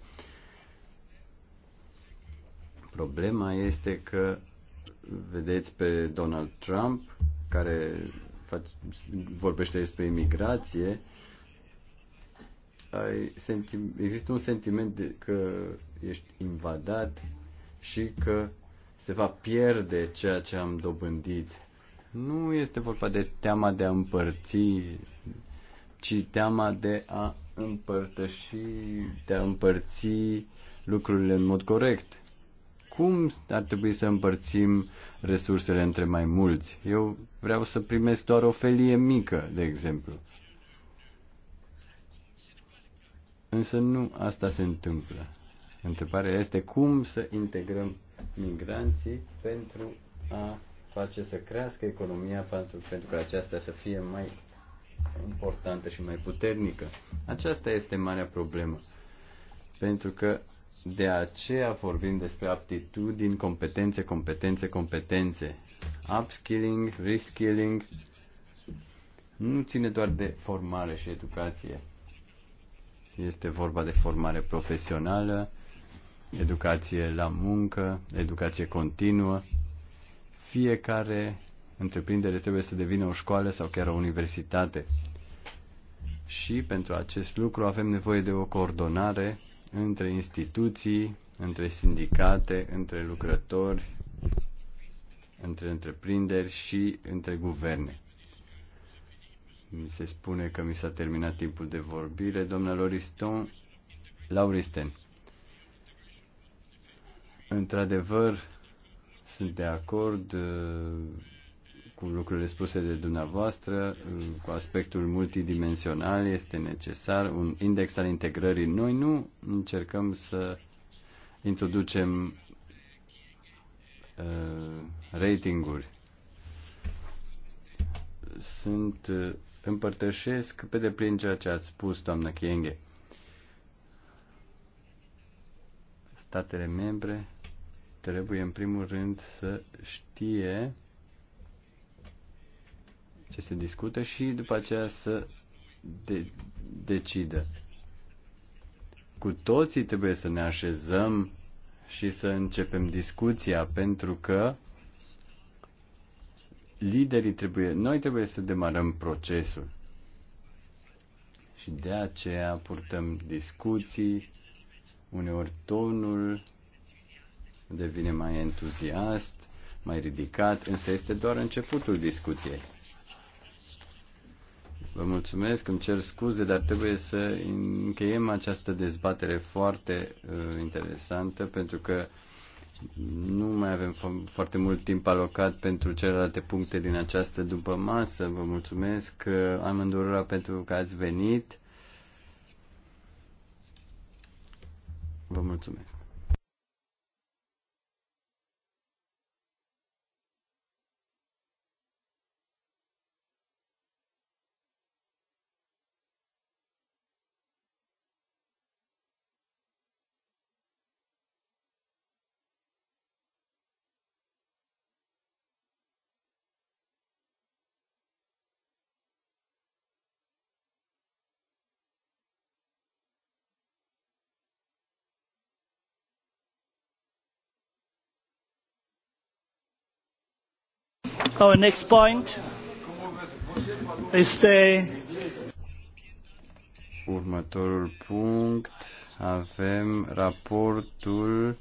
Problema este că vedeți pe Donald Trump care vorbește despre imigrație, există un sentiment de că ești invadat și că se va pierde ceea ce am dobândit. Nu este vorba de teama de a împărți, ci teama de a împărtăși, de a împărți lucrurile în mod corect cum ar trebui să împărțim resursele între mai mulți. Eu vreau să primesc doar o felie mică, de exemplu. Însă nu asta se întâmplă. Întrebarea este cum să integrăm migranții pentru a face să crească economia, pentru, pentru că aceasta să fie mai importantă și mai puternică. Aceasta este marea problemă. Pentru că de aceea vorbim despre aptitudini, competențe, competențe, competențe. Upskilling, reskilling nu ține doar de formare și educație. Este vorba de formare profesională, educație la muncă, educație continuă. Fiecare întreprindere trebuie să devină o școală sau chiar o universitate. Și pentru acest lucru avem nevoie de o coordonare între instituții, între sindicate, între lucrători, între întreprinderi și între guverne. Mi se spune că mi s-a terminat timpul de vorbire. Domnul Lauriston, Lauristen, într-adevăr, sunt de acord uh, cu lucrurile spuse de dumneavoastră, cu aspectul multidimensional este necesar un index al integrării. Noi nu încercăm să introducem uh, ratinguri. Sunt uh, împărtășesc pe deplin ceea ce ați spus, doamnă Chienghe. Statele membre trebuie în primul rând să știe ce se discută și după aceea să de- decidă. Cu toții trebuie să ne așezăm și să începem discuția, pentru că liderii trebuie, noi trebuie să demarăm procesul. Și de aceea purtăm discuții, uneori tonul devine mai entuziast, mai ridicat, însă este doar începutul discuției. Vă mulțumesc, îmi cer scuze, dar trebuie să încheiem această dezbatere foarte uh, interesantă, pentru că nu mai avem foarte mult timp alocat pentru celelalte puncte din această după masă. Vă mulțumesc uh, amândurora pentru că ați venit. Vă mulțumesc. Our next point the următorul punct. Avem raportul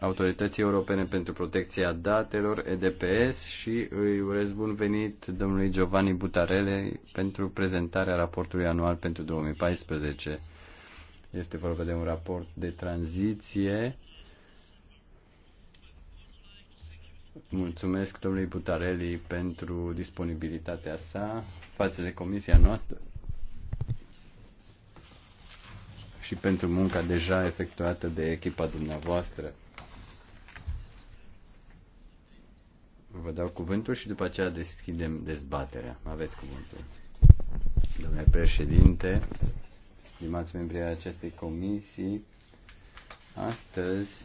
Autorității Europene pentru Protecția Datelor, EDPS, și îi urez bun venit domnului Giovanni Butarele pentru prezentarea raportului anual pentru 2014. Este vorba de un raport de tranziție Mulțumesc domnului Butarelli pentru disponibilitatea sa față de comisia noastră și pentru munca deja efectuată de echipa dumneavoastră. Vă dau cuvântul și după aceea deschidem dezbaterea. Aveți cuvântul. Domnule președinte, stimați membrii acestei comisii, astăzi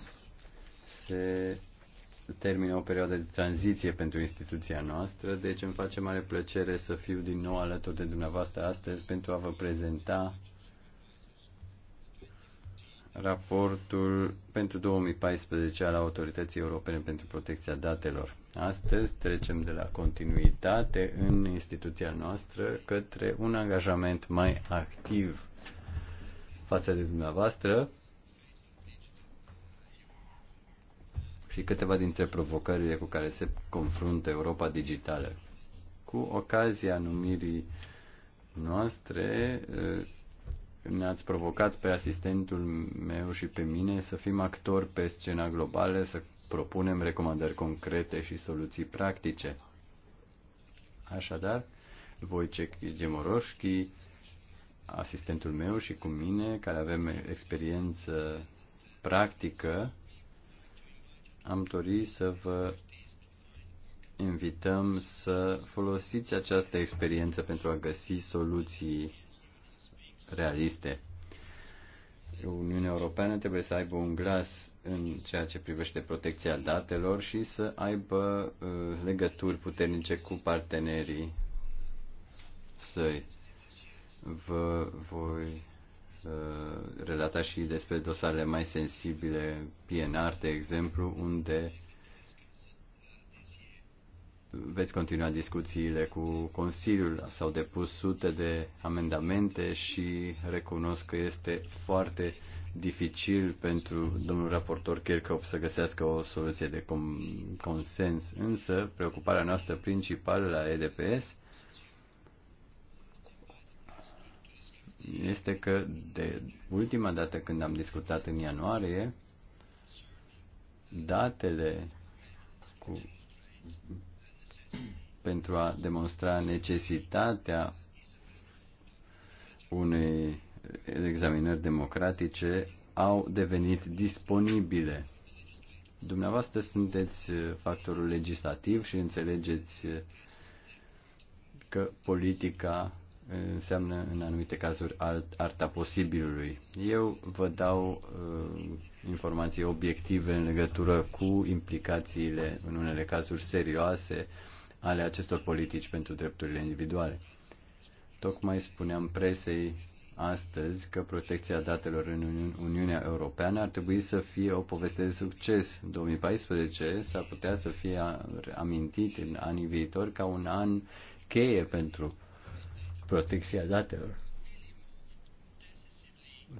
se termină o perioadă de tranziție pentru instituția noastră, deci îmi face mare plăcere să fiu din nou alături de dumneavoastră astăzi pentru a vă prezenta raportul pentru 2014 al Autorității Europene pentru Protecția Datelor. Astăzi trecem de la continuitate în instituția noastră către un angajament mai activ față de dumneavoastră și câteva dintre provocările cu care se confruntă Europa digitală. Cu ocazia numirii noastre, eh, ne-ați provocat pe asistentul meu și pe mine să fim actori pe scena globală, să propunem recomandări concrete și soluții practice. Așadar, Wojciech Gemoroșchi, asistentul meu și cu mine, care avem experiență practică am dori să vă invităm să folosiți această experiență pentru a găsi soluții realiste. Uniunea Europeană trebuie să aibă un glas în ceea ce privește protecția datelor și să aibă uh, legături puternice cu partenerii săi. Vă voi Uh, relata și despre dosarele mai sensibile, PNR, de exemplu, unde veți continua discuțiile cu Consiliul. S-au depus sute de amendamente și recunosc că este foarte dificil pentru domnul raportor Kirchhoff să găsească o soluție de consens. Însă, preocuparea noastră principală la EDPS este că de ultima dată când am discutat în ianuarie, datele cu, pentru a demonstra necesitatea unei examinări democratice au devenit disponibile. Dumneavoastră sunteți factorul legislativ și înțelegeți că politica înseamnă în anumite cazuri alt, arta posibilului. Eu vă dau uh, informații obiective în legătură cu implicațiile, în unele cazuri serioase, ale acestor politici pentru drepturile individuale. Tocmai spuneam presei astăzi că protecția datelor în Uni- Uniunea Europeană ar trebui să fie o poveste de succes. 2014 s-ar putea să fie amintit în anii viitori ca un an cheie pentru protecția datelor.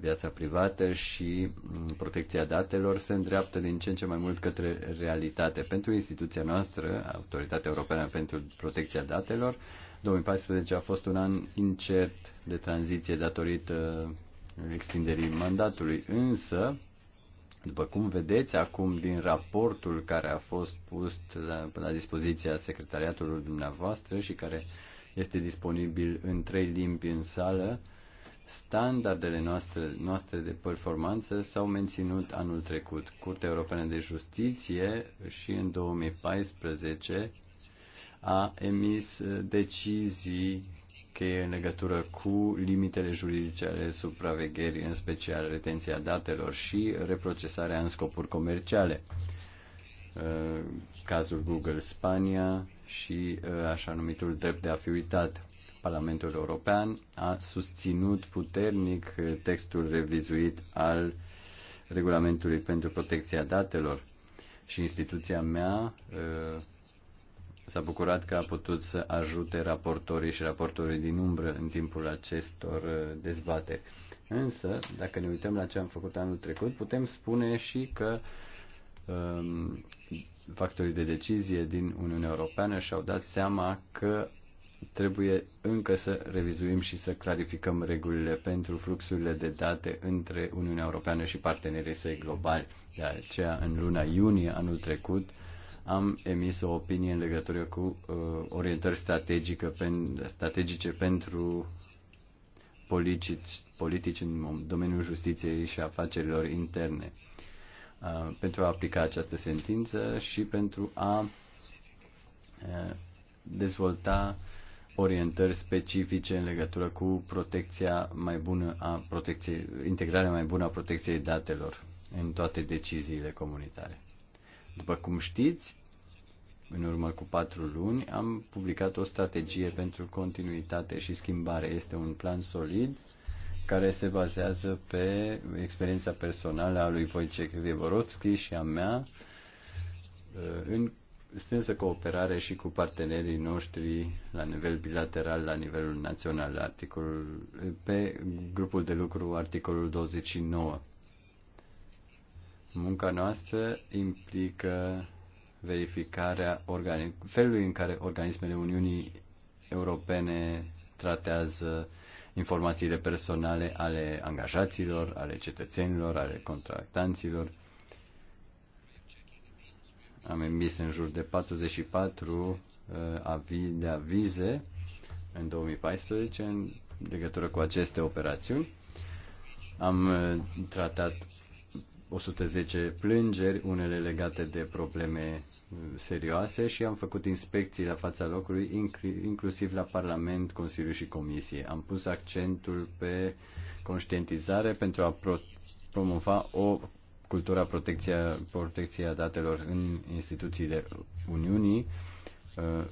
Viața privată și protecția datelor se îndreaptă din ce în ce mai mult către realitate. Pentru instituția noastră, Autoritatea Europeană pentru Protecția Datelor, 2014 a fost un an incert de tranziție datorită extinderii mandatului, însă, după cum vedeți acum din raportul care a fost pus la, la dispoziția secretariatului dumneavoastră și care este disponibil în trei limbi în sală. Standardele noastre, noastre de performanță s-au menținut anul trecut. Curtea Europeană de Justiție și în 2014 a emis uh, decizii e în legătură cu limitele juridice ale supravegherii, în special retenția datelor și reprocesarea în scopuri comerciale. Uh, cazul Google Spania, și uh, așa numitul drept de a fi uitat. Parlamentul European a susținut puternic uh, textul revizuit al regulamentului pentru protecția datelor și instituția mea uh, s-a bucurat că a putut să ajute raportorii și raportorii din umbră în timpul acestor dezbateri. Însă, dacă ne uităm la ce am făcut anul trecut, putem spune și că um, factorii de decizie din Uniunea Europeană și-au dat seama că trebuie încă să revizuim și să clarificăm regulile pentru fluxurile de date între Uniunea Europeană și partenerii săi globali. De aceea, în luna iunie anul trecut, am emis o opinie în legătură cu uh, orientări strategică pen, strategice pentru politici, politici în domeniul justiției și afacerilor interne. Uh, pentru a aplica această sentință și pentru a uh, dezvolta orientări specifice în legătură cu protecția mai bună a protecției, integrarea mai bună a protecției datelor în toate deciziile comunitare. După cum știți, în urmă cu patru luni am publicat o strategie pentru continuitate și schimbare. Este un plan solid care se bazează pe experiența personală a lui Wojciech Vievorovski și a mea uh, în strânsă cooperare și cu partenerii noștri la nivel bilateral, la nivelul național, articolul, pe grupul de lucru articolul 29. Munca noastră implică verificarea organi- felului în care organismele Uniunii Europene tratează uh, informațiile personale ale angajaților, ale cetățenilor, ale contractanților. Am emis în jur de 44 uh, de avize în 2014 în legătură cu aceste operațiuni. Am uh, tratat 110 plângeri, unele legate de probleme uh, serioase și am făcut inspecții la fața locului, inclusiv la Parlament, Consiliu și Comisie. Am pus accentul pe conștientizare pentru a pro- promova o cultura protecția, protecția datelor în instituțiile Uniunii uh,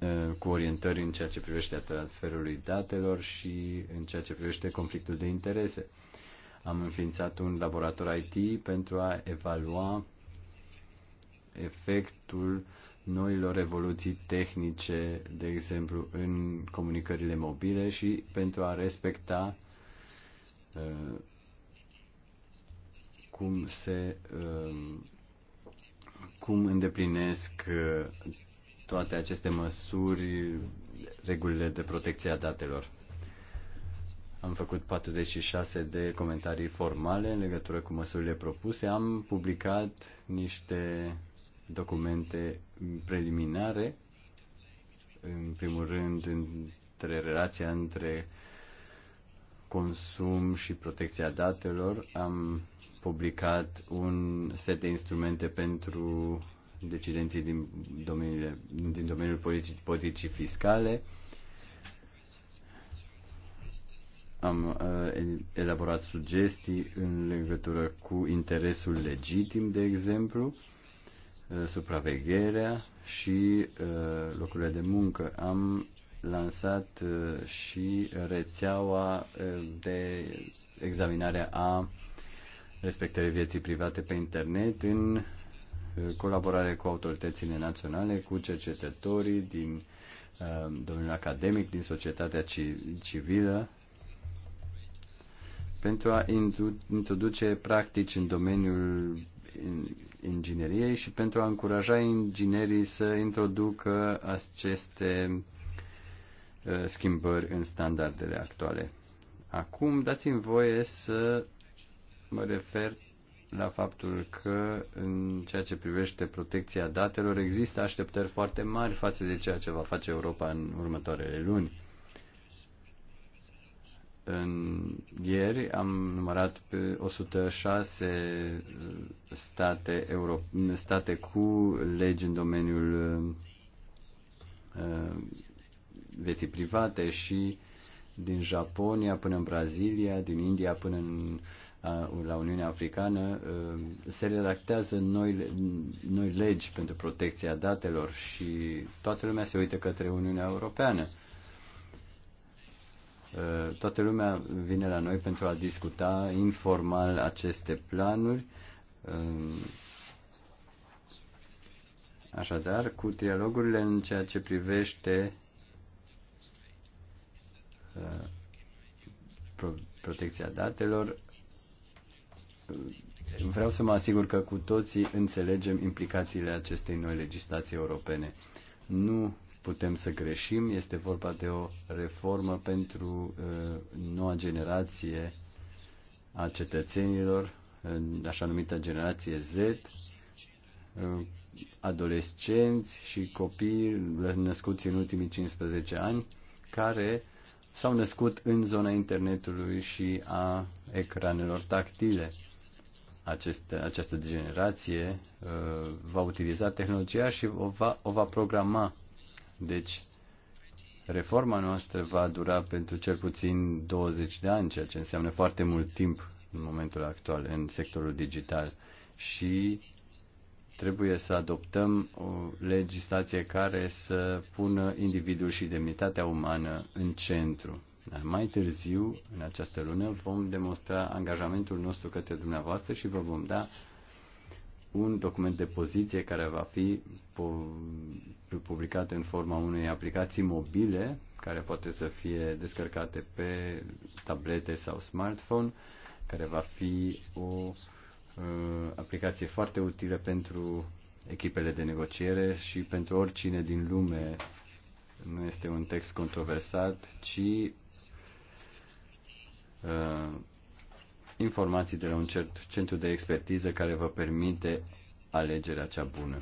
uh, cu orientări în ceea ce privește transferului datelor și în ceea ce privește conflictul de interese. Am înființat un laborator IT pentru a evalua efectul noilor evoluții tehnice, de exemplu, în comunicările mobile și pentru a respecta uh, cum se uh, cum îndeplinesc uh, toate aceste măsuri regulile de protecție a datelor. Am făcut 46 de comentarii formale în legătură cu măsurile propuse. Am publicat niște documente preliminare, în primul rând între relația între consum și protecția datelor. Am publicat un set de instrumente pentru decidenții din, domeniile, din domeniul politicii, politicii fiscale. am uh, elaborat sugestii în legătură cu interesul legitim, de exemplu, uh, supravegherea și uh, locurile de muncă. Am lansat și rețeaua de examinare a respectării vieții private pe internet în colaborare cu autoritățile naționale, cu cercetătorii din domeniul academic, din societatea civilă pentru a introduce practici în domeniul ingineriei și pentru a încuraja inginerii să introducă aceste ă, schimbări în standardele actuale. Acum dați-mi voie să mă refer la faptul că în ceea ce privește protecția datelor există așteptări foarte mari față de ceea ce va face Europa în următoarele luni. În ieri am numărat pe 106 uh, state, euro, state cu legi în domeniul uh, uh, vieții private și din Japonia până în Brazilia, din India până în, uh, la Uniunea Africană, uh, se redactează noi, noi legi pentru protecția datelor și toată lumea se uită către Uniunea Europeană. Uh, toată lumea vine la noi pentru a discuta informal aceste planuri. Uh, așadar, cu trialogurile în ceea ce privește uh, protecția datelor, vreau să mă asigur că cu toții înțelegem implicațiile acestei noi legislații europene. Nu putem să greșim. Este vorba de o reformă pentru uh, noua generație a cetățenilor, uh, așa numită generație Z, uh, adolescenți și copii născuți în ultimii 15 ani, care s-au născut în zona internetului și a ecranelor tactile. Aceste, această generație uh, va utiliza tehnologia și o va, o va programa deci, reforma noastră va dura pentru cel puțin 20 de ani, ceea ce înseamnă foarte mult timp în momentul actual în sectorul digital și trebuie să adoptăm o legislație care să pună individul și demnitatea umană în centru. Dar mai târziu, în această lună, vom demonstra angajamentul nostru către dumneavoastră și vă vom da un document de poziție care va fi publicat în forma unei aplicații mobile care poate să fie descărcate pe tablete sau smartphone, care va fi o uh, aplicație foarte utilă pentru echipele de negociere și pentru oricine din lume. Nu este un text controversat, ci uh, informații de la un centru de expertiză care vă permite alegerea cea bună.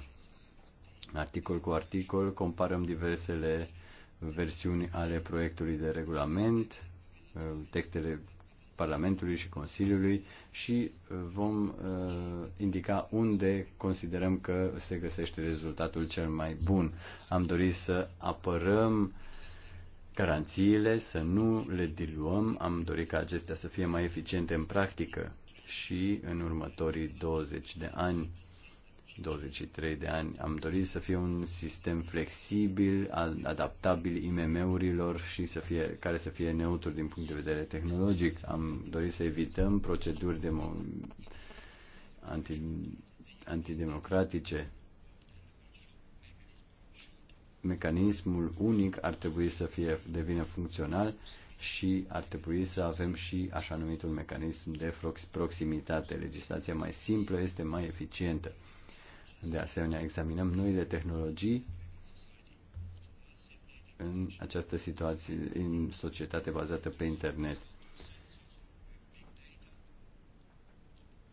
Articol cu articol comparăm diversele versiuni ale proiectului de regulament, uh, textele Parlamentului și Consiliului și uh, vom uh, indica unde considerăm că se găsește rezultatul cel mai bun. Am dorit să apărăm garanțiile, să nu le diluăm. Am dorit ca acestea să fie mai eficiente în practică și în următorii 20 de ani, 23 de ani, am dorit să fie un sistem flexibil, adaptabil IMM-urilor și să fie, care să fie neutru din punct de vedere tehnologic. Am dorit să evităm proceduri demo, anti, antidemocratice mecanismul unic ar trebui să fie devină funcțional și ar trebui să avem și așa numitul mecanism de proximitate. Legislația mai simplă este mai eficientă. De asemenea, examinăm noile tehnologii în această situație, în societate bazată pe internet.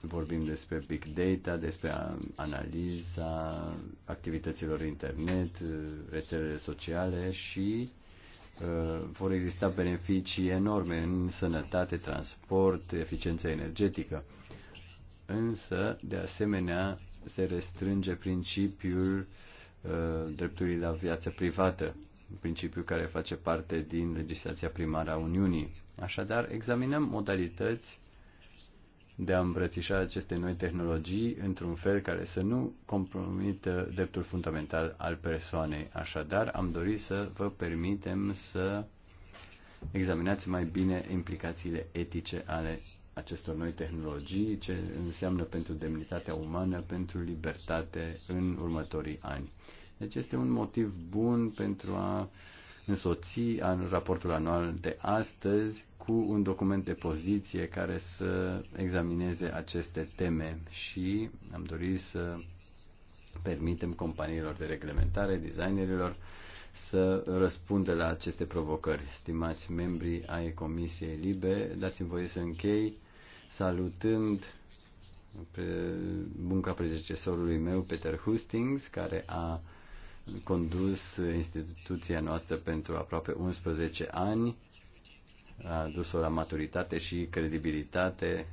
Vorbim despre big data, despre analiza activităților internet, rețelele sociale și uh, vor exista beneficii enorme în sănătate, transport, eficiență energetică. Însă, de asemenea, se restrânge principiul uh, dreptului la viață privată, principiu care face parte din legislația primară a Uniunii. Așadar, examinăm modalități de a îmbrățișa aceste noi tehnologii într-un fel care să nu compromită dreptul fundamental al persoanei. Așadar, am dorit să vă permitem să examinați mai bine implicațiile etice ale acestor noi tehnologii, ce înseamnă pentru demnitatea umană, pentru libertate în următorii ani. Deci este un motiv bun pentru a însoți raportul anual de astăzi cu un document de poziție care să examineze aceste teme și am dorit să permitem companiilor de reglementare, designerilor, să răspundă la aceste provocări. Stimați membri ai Comisiei Libe, dați-mi voie să închei salutând munca predecesorului meu, Peter Hustings, care a condus instituția noastră pentru aproape 11 ani a dus-o la maturitate și credibilitate.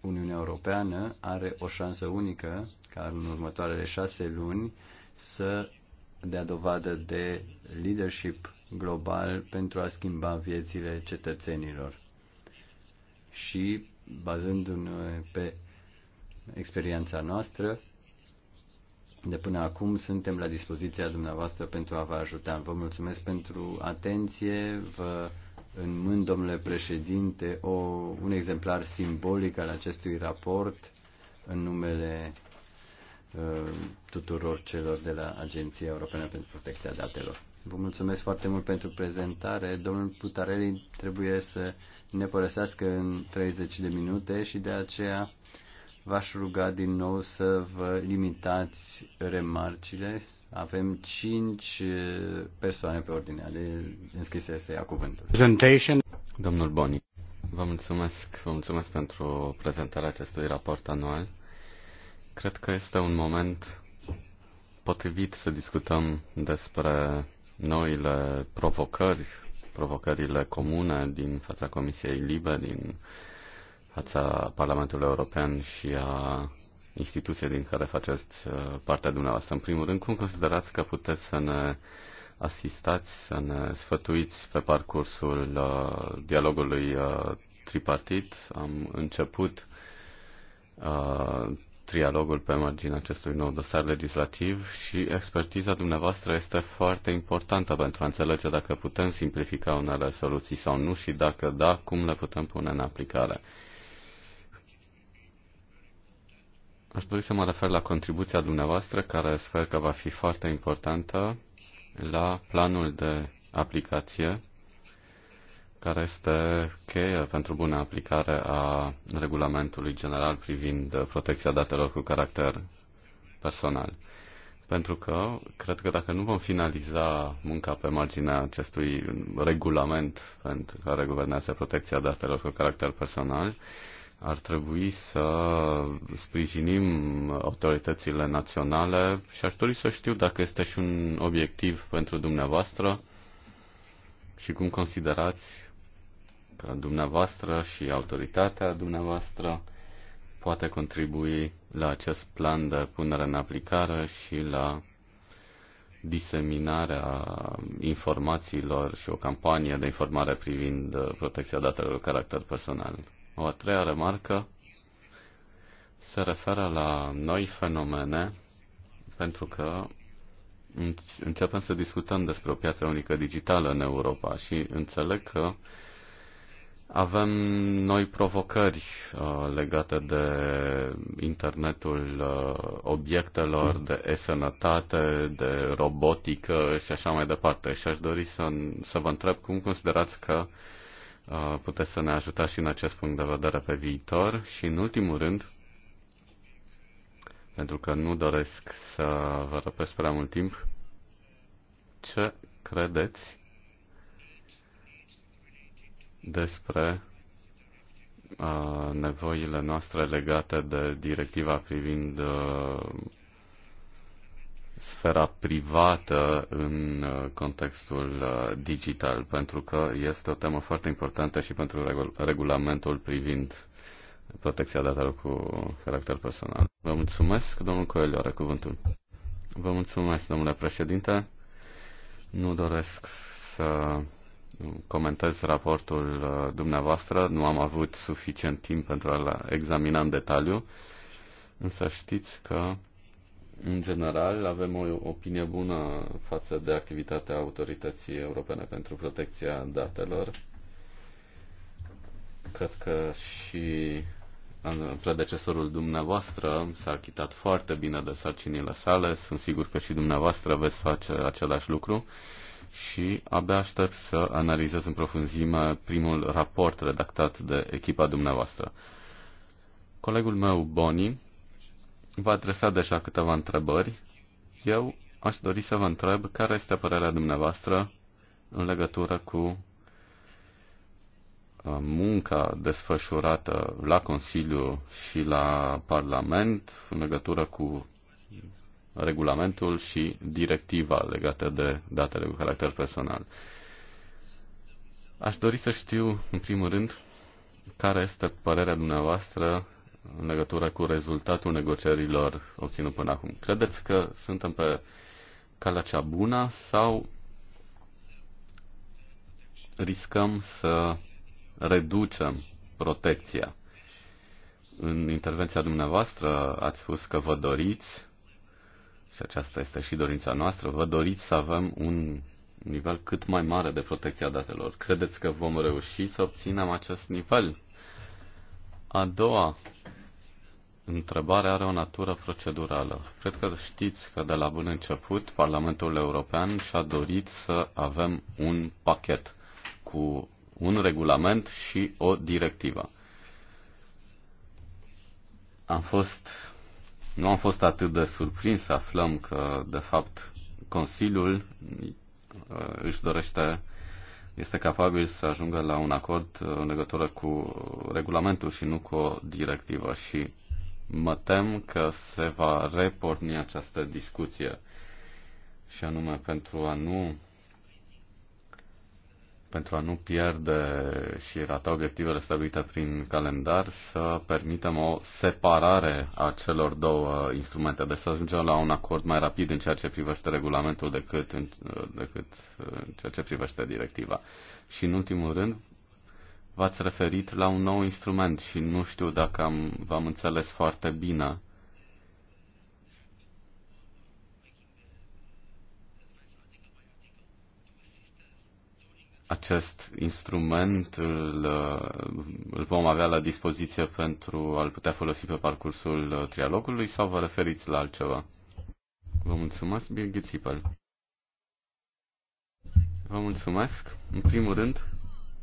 Uniunea Europeană are o șansă unică ca în următoarele șase luni să dea dovadă de leadership global pentru a schimba viețile cetățenilor. Și bazându-ne pe experiența noastră, de până acum suntem la dispoziția dumneavoastră pentru a vă ajuta. Vă mulțumesc pentru atenție, vă înmând, domnule președinte, o, un exemplar simbolic al acestui raport în numele uh, tuturor celor de la Agenția Europeană pentru Protecția Datelor. Vă mulțumesc foarte mult pentru prezentare. Domnul Putarelli trebuie să ne părăsească în 30 de minute și de aceea V-aș ruga din nou să vă limitați remarcile. Avem cinci eh, persoane pe ordinea de înscrise să ia cuvântul. Presentation. Domnul Boni, vă mulțumesc, vă mulțumesc pentru prezentarea acestui raport anual. Cred că este un moment potrivit să discutăm despre noile provocări, provocările comune din fața Comisiei Libe, din uh, fața Parlamentului European și a instituției din care faceți uh, partea dumneavoastră. În primul rând, cum considerați că puteți să ne asistați, să ne sfătuiți pe parcursul uh, dialogului uh, tripartit? Am început uh, trialogul pe marginea acestui nou dosar legislativ și expertiza dumneavoastră este foarte importantă pentru a înțelege dacă putem simplifica unele soluții sau nu și dacă da, cum le putem pune în aplicare. Aș dori să mă refer la contribuția dumneavoastră, care sper că va fi foarte importantă la planul de aplicație, care este cheie pentru bună aplicare a regulamentului general privind protecția datelor cu caracter personal. Pentru că cred că dacă nu vom finaliza munca pe marginea acestui regulament pentru care guvernează protecția datelor cu caracter personal, ar trebui să sprijinim autoritățile naționale și aș dori să știu dacă este și un obiectiv pentru dumneavoastră și cum considerați că dumneavoastră și autoritatea dumneavoastră poate contribui la acest plan de punere în aplicare și la diseminarea informațiilor și o campanie de informare privind protecția datelor de caracter personal. O a treia remarcă se referă la noi fenomene, pentru că începem să discutăm despre o piață unică digitală în Europa și înțeleg că avem noi provocări uh, legate de internetul uh, obiectelor, de e-sănătate, de robotică și așa mai departe. Și aș dori să, să vă întreb cum considerați că uh, Uh, puteți să ne ajutați și în acest punct de vedere pe viitor și, în ultimul rând, pentru că nu doresc să vă răpesc prea mult timp, ce credeți despre uh, nevoile noastre legate de directiva privind uh, sfera privată în uh, contextul uh, digital, pentru că este o temă foarte importantă și pentru regulamentul privind protecția datelor cu caracter personal. Vă mulțumesc, domnul Coelho are cuvântul. Vă mulțumesc, domnule președinte. Nu doresc să comentez raportul uh, dumneavoastră, nu am avut suficient timp pentru a-l examina în detaliu, însă știți că în general, avem o opinie bună față de activitatea Autorității Europene pentru Protecția Datelor. Cred că și predecesorul dumneavoastră s-a achitat foarte bine de sarcinile sale. Sunt sigur că și dumneavoastră veți face același lucru și abia aștept să analizez în profunzime primul raport redactat de echipa dumneavoastră. Colegul meu, Boni, v-a adresat deja câteva întrebări. Eu aș dori să vă întreb care este părerea dumneavoastră în legătură cu uh, munca desfășurată la Consiliu și la Parlament în legătură cu regulamentul și directiva legată de datele cu caracter personal. Aș dori să știu, în primul rând, care este părerea dumneavoastră în legătură cu rezultatul negocierilor obținut până acum. Credeți că suntem pe calea cea bună sau riscăm să reducem protecția? În intervenția dumneavoastră ați spus că vă doriți, și aceasta este și dorința noastră, vă doriți să avem un nivel cât mai mare de protecție a datelor. Credeți că vom reuși să obținem acest nivel? A doua Întrebarea are o natură procedurală. Cred că știți că de la bun început Parlamentul European și-a dorit să avem un pachet cu un regulament și o directivă. Am fost, nu am fost atât de surprins să aflăm că, de fapt, Consiliul uh, își dorește, este capabil să ajungă la un acord uh, în legătură cu regulamentul și nu cu o directivă. Și mă tem că se va reporni această discuție și anume pentru a nu pentru a nu pierde și rata obiectivele stabilite prin calendar, să permitem o separare a celor două instrumente, de deci să ajungem la un acord mai rapid în ceea ce privește regulamentul decât în, decât în ceea ce privește directiva. Și în ultimul rând, v-ați referit la un nou instrument și nu știu dacă am, v-am înțeles foarte bine. Acest instrument îl, îl vom avea la dispoziție pentru a-l putea folosi pe parcursul trialogului sau vă referiți la altceva? Vă mulțumesc, Birgit Sipel. Vă mulțumesc. În primul rând,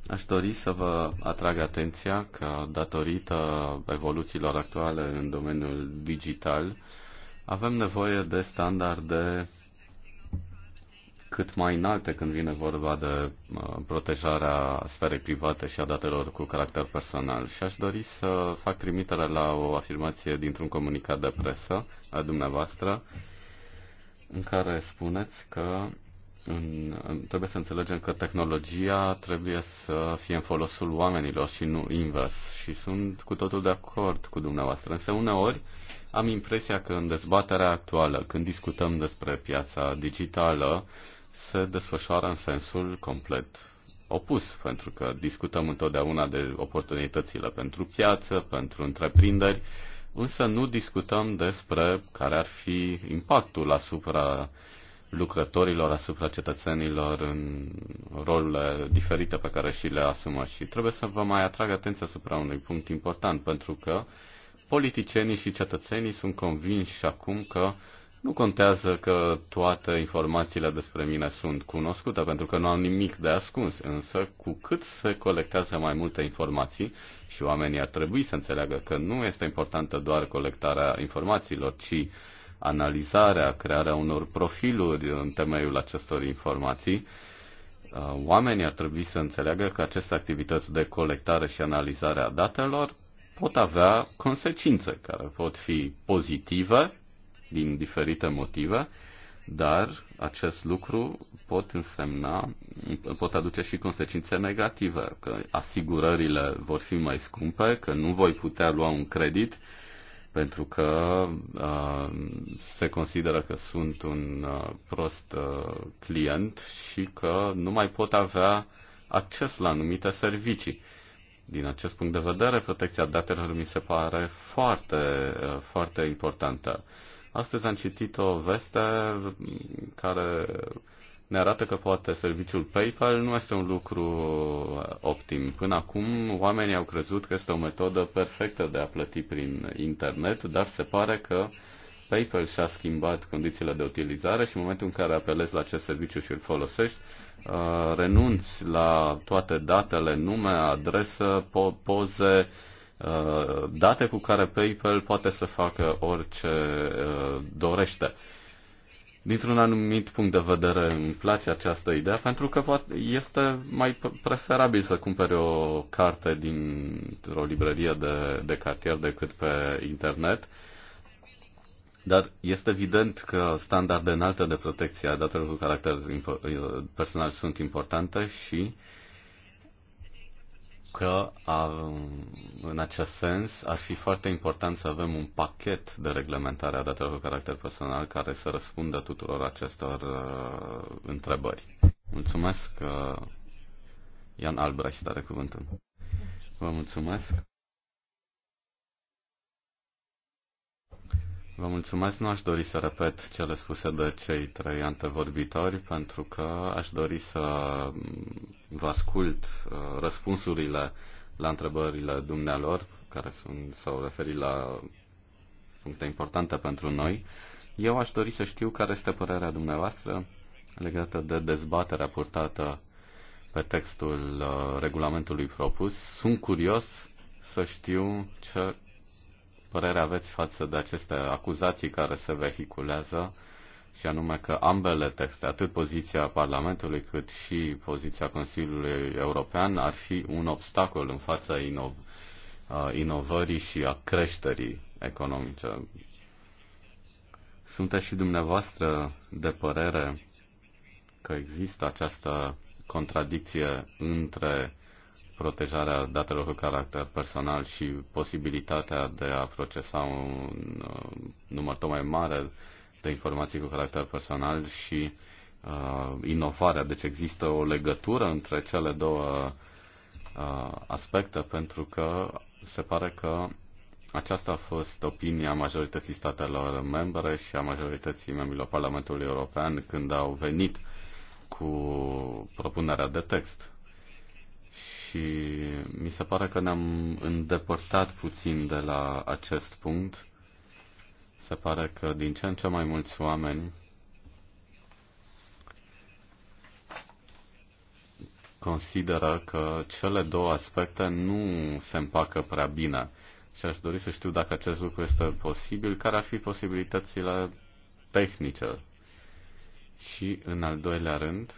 Aș dori să vă atrag atenția că, datorită evoluțiilor actuale în domeniul digital, avem nevoie de standarde cât mai înalte când vine vorba de protejarea sferei private și a datelor cu caracter personal. Și aș dori să fac trimitere la o afirmație dintr-un comunicat de presă a dumneavoastră, în care spuneți că în, trebuie să înțelegem că tehnologia trebuie să fie în folosul oamenilor și nu invers. Și sunt cu totul de acord cu dumneavoastră. Însă uneori am impresia că în dezbaterea actuală, când discutăm despre piața digitală, se desfășoară în sensul complet opus, pentru că discutăm întotdeauna de oportunitățile pentru piață, pentru întreprinderi, însă nu discutăm despre care ar fi impactul asupra uh, lucrătorilor, asupra cetățenilor în rolurile diferite pe care și le asumă. Și trebuie să vă mai atrag atenția asupra unui punct important, pentru că politicienii și cetățenii sunt convinși acum că nu contează că toate informațiile despre mine sunt cunoscute, pentru că nu am nimic de ascuns, însă cu cât se colectează mai multe informații, și oamenii ar trebui să înțeleagă că nu este importantă doar colectarea informațiilor, ci analizarea, crearea unor profiluri în temeiul acestor informații, uh, oamenii ar trebui să înțeleagă că aceste activități de colectare și analizare a datelor pot avea consecințe care pot fi pozitive din diferite motive, dar acest lucru pot însemna, pot aduce și consecințe negative, că asigurările vor fi mai scumpe, că nu voi putea lua un credit pentru că uh, se consideră că sunt un uh, prost uh, client și că nu mai pot avea acces la anumite servicii. Din acest punct de vedere, protecția datelor mi se pare foarte, uh, foarte importantă. Astăzi am citit o veste care ne arată că poate serviciul PayPal nu este un lucru uh, optim. Până acum, oamenii au crezut că este o metodă perfectă de a plăti prin internet, dar se pare că PayPal și-a schimbat condițiile de utilizare și în momentul în care apelezi la acest serviciu și îl folosești, uh, renunți la toate datele, nume, adresă, po- poze, uh, date cu care PayPal poate să facă orice dorește. Dintr-un anumit punct de vedere îmi place această idee pentru că poate, este mai preferabil să cumpere o carte dintr-o librărie de, de cartier decât pe internet. Dar este evident că standarde înalte de protecție a datelor cu caracter personal sunt importante și uh, că în acest sens ar fi foarte important să avem un pachet de reglementare a datelor cu caracter personal care să răspundă tuturor acestor uh, întrebări. Mulțumesc, uh, Ian Albrecht, are cuvântul. Vă mulțumesc. Vă mulțumesc, nu aș dori să repet cele spuse de cei trei antevorbitori, pentru că aș dori să vă ascult uh, răspunsurile la întrebările dumnealor, care sunt, s-au referit la puncte importante pentru noi. Eu aș dori să știu care este părerea dumneavoastră legată de dezbaterea purtată pe textul uh, regulamentului propus. Sunt curios să știu ce părere aveți față de aceste acuzații care se vehiculează și anume că ambele texte, atât poziția Parlamentului cât și poziția Consiliului European, ar fi un obstacol în fața inov- inovării și a creșterii economice. Sunteți și dumneavoastră de părere că există această contradicție între protejarea datelor cu caracter personal și posibilitatea de a procesa un uh, număr tot mai mare de informații cu caracter personal și uh, inovarea. Deci există o legătură între cele două uh, aspecte pentru că se pare că aceasta a fost opinia majorității statelor membre și a majorității membrilor Parlamentului European când au venit cu propunerea de text și mi se pare că ne-am îndepărtat puțin de la acest punct. Se pare că din ce în ce mai mulți oameni consideră că cele două aspecte nu se împacă prea bine. Și aș dori să știu dacă acest lucru este posibil, care ar fi posibilitățile tehnice. Și, în al doilea rând,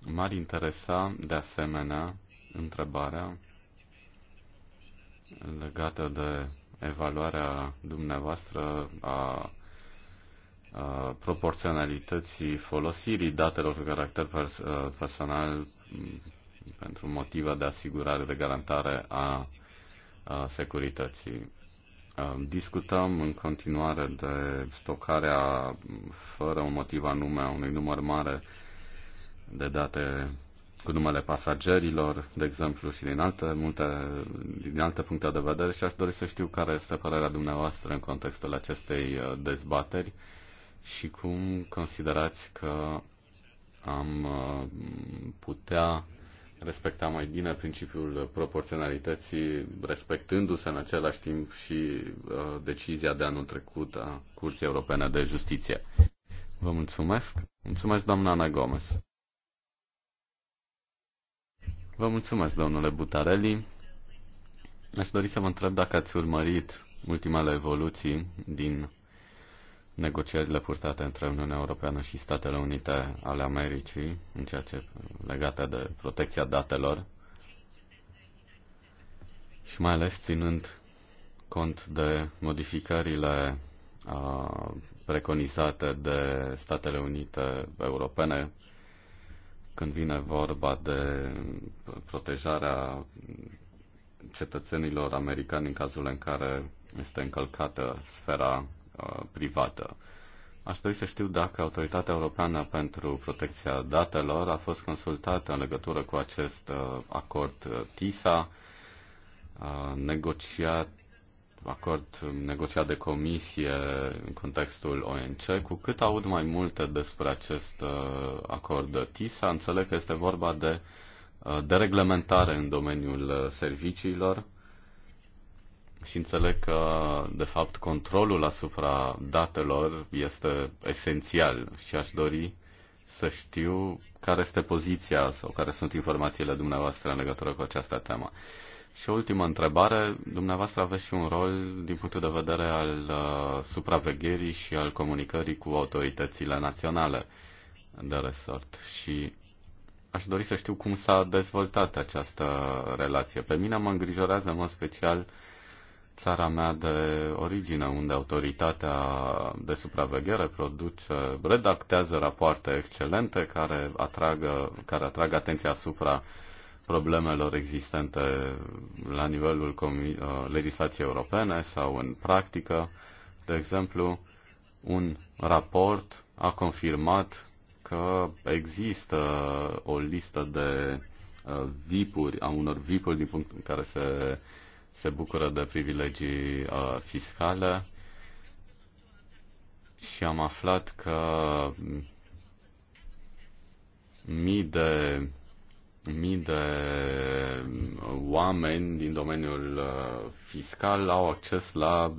m-ar interesa, de asemenea, întrebarea legată de evaluarea dumneavoastră a, a proporționalității folosirii datelor cu caracter pers- personal pentru motive de asigurare, de garantare a, a securității. Discutăm în continuare de stocarea fără un motiv anume a unui număr mare de date cu numele pasagerilor, de exemplu, și din alte, multe, din alte puncte de vedere și aș dori să știu care este părerea dumneavoastră în contextul acestei uh, dezbateri și cum considerați că am uh, putea respecta mai bine principiul proporționalității, respectându-se în același timp și uh, decizia de anul trecut a Curții Europene de Justiție. Vă mulțumesc. Mulțumesc, doamna Ana Gomez. Vă mulțumesc, domnule Butarelli. Aș dori să vă întreb dacă ați urmărit ultimele evoluții din negocierile purtate între Uniunea Europeană și Statele Unite ale Americii în ceea ce legate de protecția datelor și mai ales ținând cont de modificările uh, preconizate de Statele Unite Europene când vine vorba de protejarea cetățenilor americani în cazul în care este încălcată sfera uh, privată. Aș dori să știu dacă Autoritatea Europeană pentru Protecția Datelor a fost consultată în legătură cu acest uh, acord uh, TISA, uh, negociat acord negociat de comisie în contextul ONC, cu cât aud mai multe despre acest uh, acord TISA, înțeleg că este vorba de uh, dereglementare în domeniul uh, serviciilor și înțeleg că, de fapt, controlul asupra datelor este esențial și aș dori să știu care este poziția sau care sunt informațiile dumneavoastră în legătură cu această temă. Și ultima întrebare, dumneavoastră aveți și un rol din punctul de vedere al uh, supravegherii și al comunicării cu autoritățile naționale de resort și aș dori să știu cum s-a dezvoltat această relație. Pe mine mă îngrijorează în mod special țara mea de origine, unde autoritatea de supraveghere produce, redactează rapoarte excelente care atrag, care atrag atenția asupra uh, problemelor existente la nivelul uh, legislației europene sau în practică. De exemplu, un raport a confirmat că există o listă de uh, vipuri, a unor vipuri din punct în care se, se bucură de privilegii uh, fiscale și am aflat că mii de mii de oameni din domeniul uh, fiscal au acces la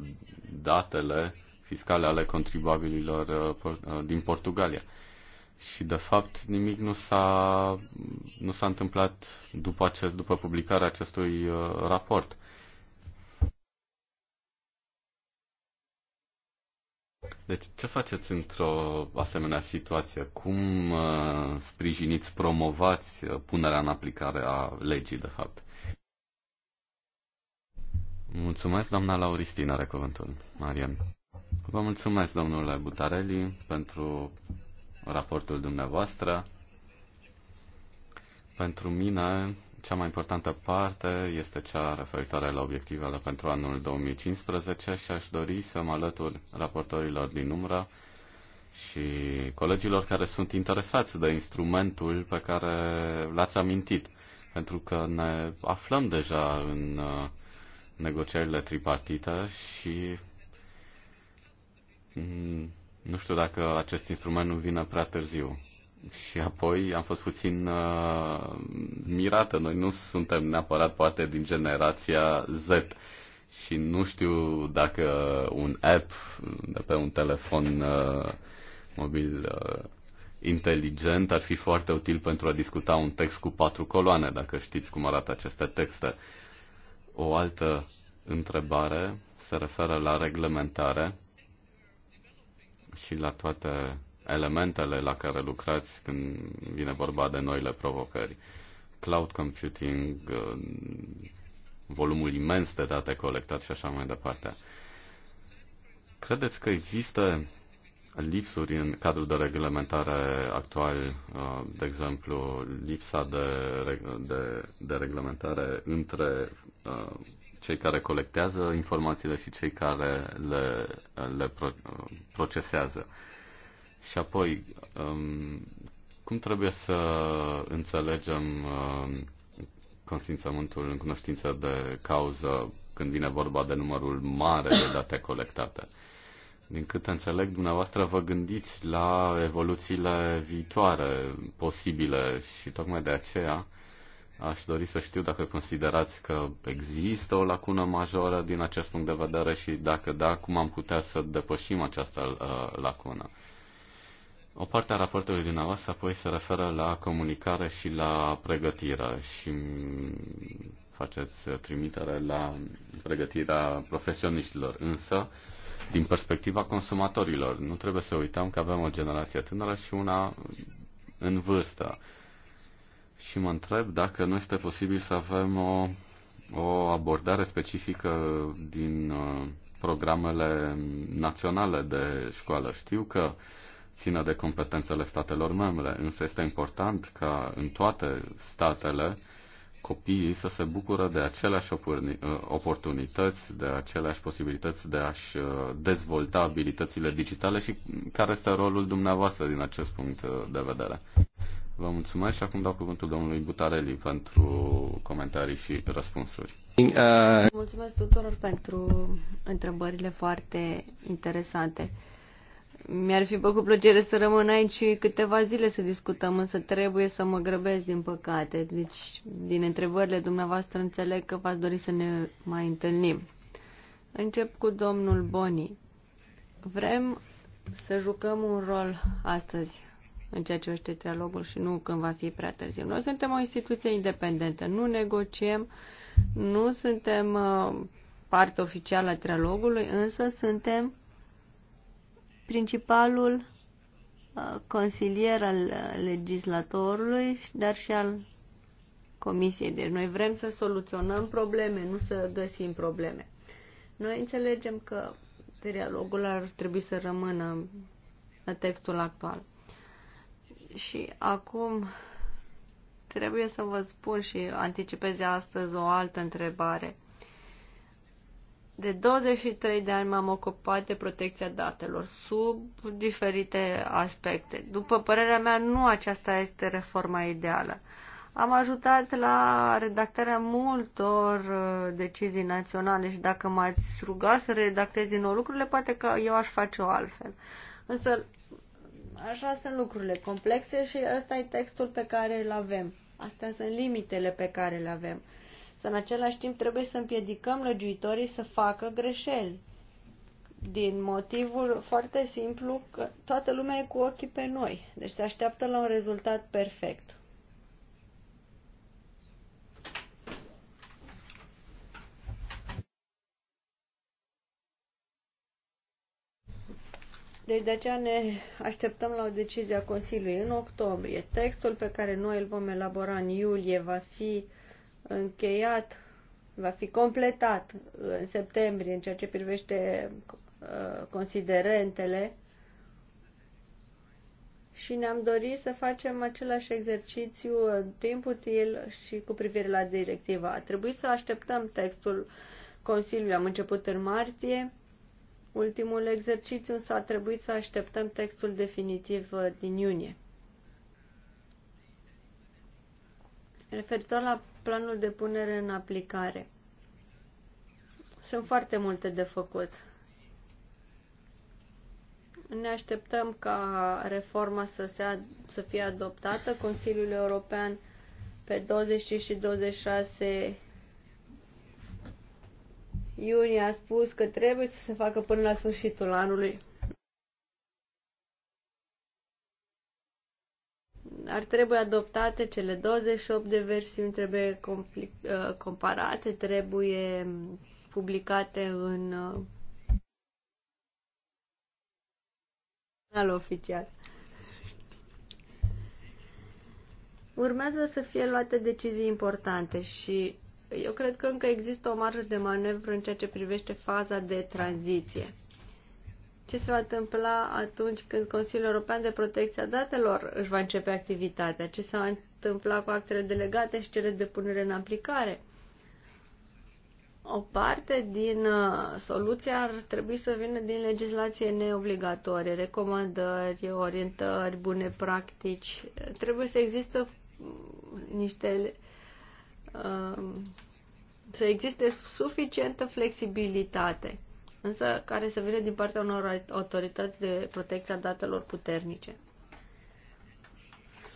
datele fiscale ale contribuabililor uh, uh, din Portugalia. Și, de fapt, nimic nu s-a, nu s-a întâmplat după, acest, după publicarea acestui raport. Deci, ce faceți într-o asemenea situație? Cum uh, sprijiniți, promovați uh, punerea în aplicare a legii, de fapt? Mulțumesc, doamna Lauristina, are cuvântul, Marian. Vă mulțumesc, domnule Butarelli, pentru raportul dumneavoastră. Pentru mine, cea mai importantă parte este cea referitoare la obiectivele pentru anul 2015 și aș dori să mă alătur raportorilor din umbră și colegilor care sunt interesați de instrumentul pe care l-ați amintit, pentru că ne aflăm deja în uh, negocierile tripartite și mm, nu știu dacă acest instrument nu vine prea târziu și apoi am fost puțin uh, mirată. Noi nu suntem neapărat poate din generația Z și nu știu dacă un app de pe un telefon uh, mobil uh, inteligent ar fi foarte util pentru a discuta un text cu patru coloane, dacă știți cum arată aceste texte. O altă întrebare se referă la reglementare și la toate elementele la care lucrați când vine vorba de noile provocări. Cloud computing, uh, volumul imens de date colectat și așa mai departe. Credeți că există lipsuri în cadrul de reglementare actual, uh, de exemplu, lipsa de, de, de reglementare între uh, cei care colectează informațiile și cei care le, le procesează. Și apoi, um, cum trebuie să înțelegem um, consimțământul în cunoștință de cauză când vine vorba de numărul mare de date colectate? Din câte înțeleg, dumneavoastră vă gândiți la evoluțiile viitoare posibile și tocmai de aceea aș dori să știu dacă considerați că există o lacună majoră din acest punct de vedere și dacă da, cum am putea să depășim această uh, lacună. O parte a raportului dumneavoastră apoi se referă la comunicare și la pregătire și faceți trimitere la pregătirea profesioniștilor. Însă, din perspectiva consumatorilor, nu trebuie să uităm că avem o generație tânără și una în vârstă. Și mă întreb dacă nu este posibil să avem o, o abordare specifică din uh, programele naționale de școală. Știu că uh, ține de competențele statelor membre, însă este important ca în toate statele copiii să se bucură de aceleași uh, oportunități, de aceleași posibilități de a-și uh, dezvolta abilitățile digitale și care este rolul dumneavoastră din acest punct uh, de vedere. Vă mulțumesc și acum dau cuvântul domnului Butareli pentru comentarii și răspunsuri. Mulțumesc tuturor pentru întrebările foarte interesante. Mi-ar fi făcut plăcere să rămân aici câteva zile să discutăm, însă trebuie să mă grăbesc, din păcate. Deci, din întrebările dumneavoastră înțeleg că v-ați dori să ne mai întâlnim. Încep cu domnul Boni. Vrem să jucăm un rol astăzi în ceea ce este trialogul și nu când va fi prea târziu. Noi suntem o instituție independentă, nu negociem, nu suntem uh, parte oficială a trialogului, însă suntem principalul uh, consilier al uh, legislatorului, dar și al comisiei. Deci noi vrem să soluționăm probleme, nu să găsim probleme. Noi înțelegem că dialogul ar trebui să rămână la textul actual. Și acum trebuie să vă spun și anticipez astăzi o altă întrebare. De 23 de ani m-am ocupat de protecția datelor sub diferite aspecte. După părerea mea, nu aceasta este reforma ideală. Am ajutat la redactarea multor uh, decizii naționale și dacă m-ați ruga să redactez din nou lucrurile, poate că eu aș face-o altfel. Însă, așa sunt lucrurile complexe și ăsta e textul pe care îl avem. Astea sunt limitele pe care le avem. Să în același timp trebuie să împiedicăm legiuitorii să facă greșeli. Din motivul foarte simplu că toată lumea e cu ochii pe noi, deci se așteaptă la un rezultat perfect. Deci de aceea ne așteptăm la o decizie a Consiliului în octombrie. Textul pe care noi îl vom elabora în iulie va fi încheiat, va fi completat în septembrie în ceea ce privește uh, considerentele și ne-am dorit să facem același exercițiu în timp util și cu privire la directiva. A trebuit să așteptăm textul Consiliului. Am început în martie. Ultimul exercițiu s-a trebuit să așteptăm textul definitiv uh, din iunie. referitor la planul de punere în aplicare. Sunt foarte multe de făcut. Ne așteptăm ca reforma să, se ad- să fie adoptată. Consiliul European pe 20 și 26 iunie a spus că trebuie să se facă până la sfârșitul anului. ar trebui adoptate cele 28 de versiuni, trebuie uh, comparate, trebuie publicate în al uh, oficial. Urmează să fie luate decizii importante și eu cred că încă există o marjă de manevră în ceea ce privește faza de tranziție ce se va întâmpla atunci când Consiliul European de Protecție a Datelor își va începe activitatea, ce se va întâmpla cu actele delegate și cele de punere în aplicare. O parte din uh, soluția ar trebui să vină din legislație neobligatorie, recomandări, orientări, bune practici. Trebuie să există mm, niște uh, să existe suficientă flexibilitate însă care se vede din partea unor autorități de protecție a datelor puternice.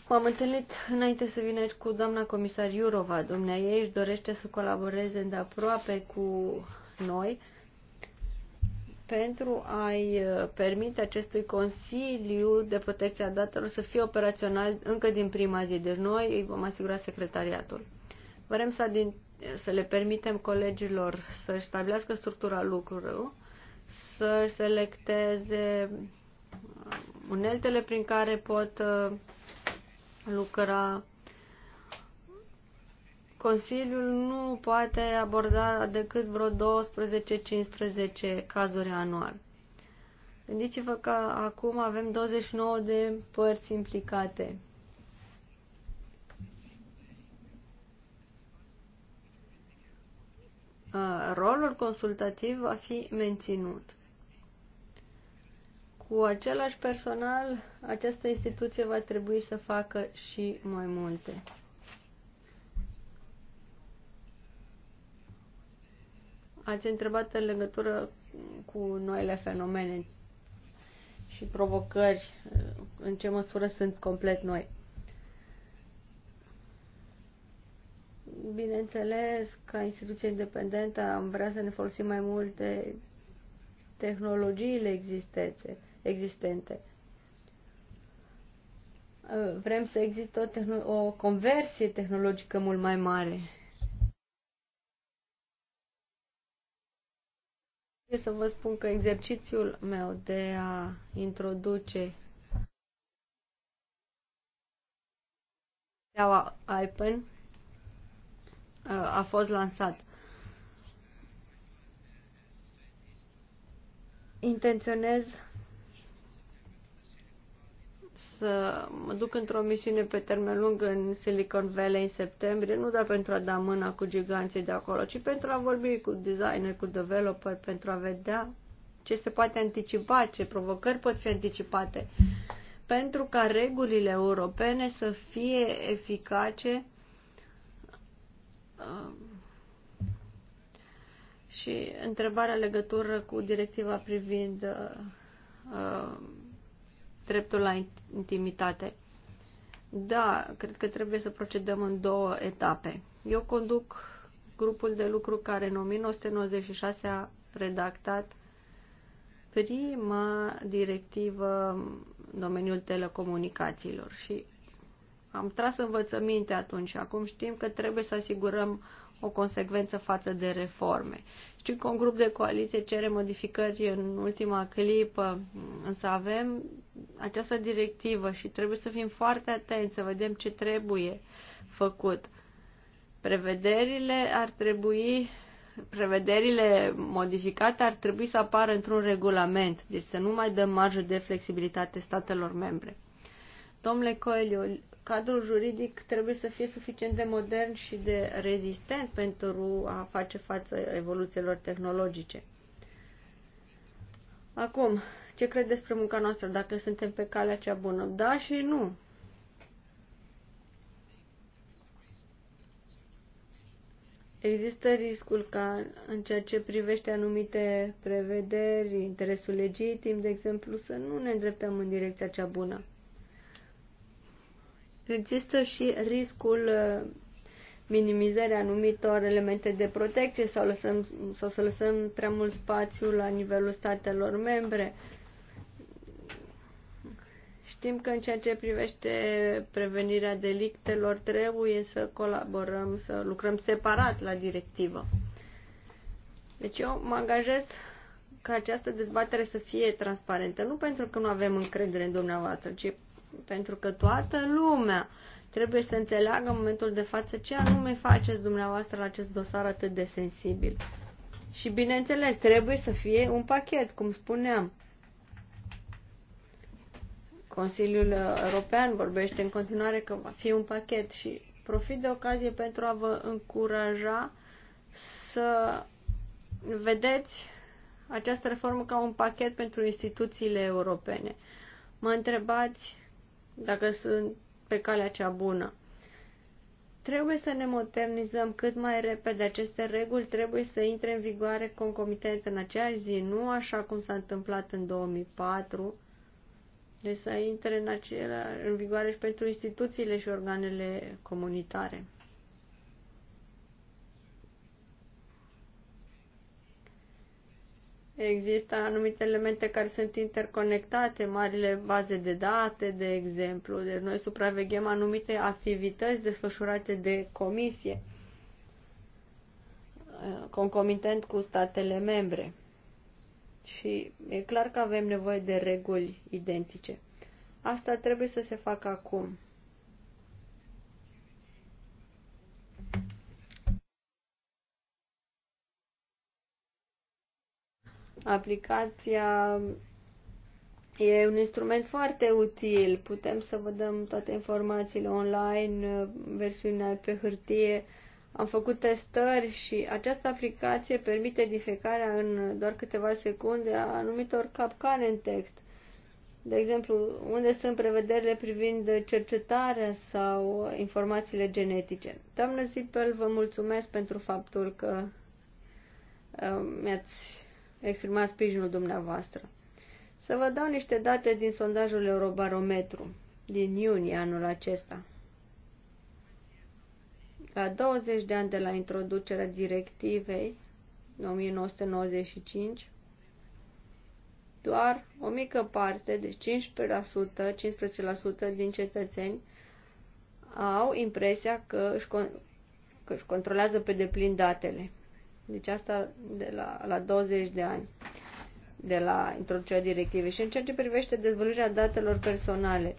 M-am întâlnit înainte să vin aici cu doamna comisar Iurova. Domnea ei își dorește să colaboreze îndeaproape cu noi pentru a-i uh, permite acestui Consiliu de Protecție a Datelor să fie operațional încă din prima zi. Deci noi îi vom asigura secretariatul. Vrem să, din, să le permitem colegilor să stabilească structura lucrurilor să selecteze uneltele prin care pot uh, lucra. Consiliul nu poate aborda decât vreo 12-15 cazuri anual. Gândiți-vă că acum avem 29 de părți implicate Uh, rolul consultativ va fi menținut. Cu același personal, această instituție va trebui să facă și mai multe. Ați întrebat în legătură cu noile fenomene și provocări, uh, în ce măsură sunt complet noi. Bineînțeles, ca instituție independentă am vrea să ne folosim mai mult de tehnologiile existențe, existente. Vrem să există o, tehn- o conversie tehnologică mult mai mare. Trebuie să vă spun că exercițiul meu de a introduce Steaua Ipen Uh, a fost lansat. Intenționez să mă duc într-o misiune pe termen lung în Silicon Valley în septembrie, nu doar pentru a da mâna cu giganții de acolo, ci pentru a vorbi cu designer, cu developer, pentru a vedea ce se poate anticipa, ce provocări pot fi anticipate, pentru ca regulile europene să fie eficace Um, și întrebarea legătură cu directiva privind uh, um, dreptul la intimitate. Da, cred că trebuie să procedăm în două etape. Eu conduc grupul de lucru care în 1996 a redactat prima directivă în domeniul telecomunicațiilor și am tras învățăminte atunci și acum știm că trebuie să asigurăm o consecvență față de reforme. Știu că un grup de coaliție cere modificări în ultima clipă, însă avem această directivă și trebuie să fim foarte atenți, să vedem ce trebuie făcut. Prevederile ar trebui prevederile modificate ar trebui să apară într-un regulament, deci să nu mai dăm marjă de flexibilitate statelor membre. Domnule Coelho, cadrul juridic trebuie să fie suficient de modern și de rezistent pentru a face față evoluțiilor tehnologice. Acum, ce cred despre munca noastră, dacă suntem pe calea cea bună? Da și nu. Există riscul ca în ceea ce privește anumite prevederi, interesul legitim, de exemplu, să nu ne îndreptăm în direcția cea bună. Există și riscul uh, minimizării anumitor elemente de protecție sau, lăsăm, sau să lăsăm prea mult spațiu la nivelul statelor membre. Știm că în ceea ce privește prevenirea delictelor trebuie să colaborăm, să lucrăm separat la directivă. Deci eu mă angajez ca această dezbatere să fie transparentă, nu pentru că nu avem încredere în dumneavoastră, ci pentru că toată lumea trebuie să înțeleagă în momentul de față ce anume faceți dumneavoastră la acest dosar atât de sensibil. Și bineînțeles, trebuie să fie un pachet, cum spuneam. Consiliul European vorbește în continuare că va fi un pachet și profit de ocazie pentru a vă încuraja să vedeți această reformă ca un pachet pentru instituțiile europene. Mă întrebați dacă sunt pe calea cea bună. Trebuie să ne modernizăm cât mai repede. Aceste reguli trebuie să intre în vigoare concomitent în aceeași zi, nu așa cum s-a întâmplat în 2004, deci să intre în, acelea, în vigoare și pentru instituțiile și organele comunitare. Există anumite elemente care sunt interconectate, marile baze de date, de exemplu. Deci noi supraveghem anumite activități desfășurate de comisie, concomitent cu statele membre. Și e clar că avem nevoie de reguli identice. Asta trebuie să se facă acum. Aplicația e un instrument foarte util. Putem să vă dăm toate informațiile online, versiunea pe hârtie. Am făcut testări și această aplicație permite difecarea în doar câteva secunde a anumitor capcane în text. De exemplu, unde sunt prevederile privind cercetarea sau informațiile genetice. Doamnă Zipel, vă mulțumesc pentru faptul că uh, mi-ați exprima sprijinul dumneavoastră. Să vă dau niște date din sondajul Eurobarometru din iunie anul acesta. La 20 de ani de la introducerea directivei, 1995, doar o mică parte, deci 15%, 15% din cetățeni au impresia că își, con- că își controlează pe deplin datele. Deci asta de la, la 20 de ani de la introducerea directivei. Și în ceea ce privește dezvăluirea datelor personale,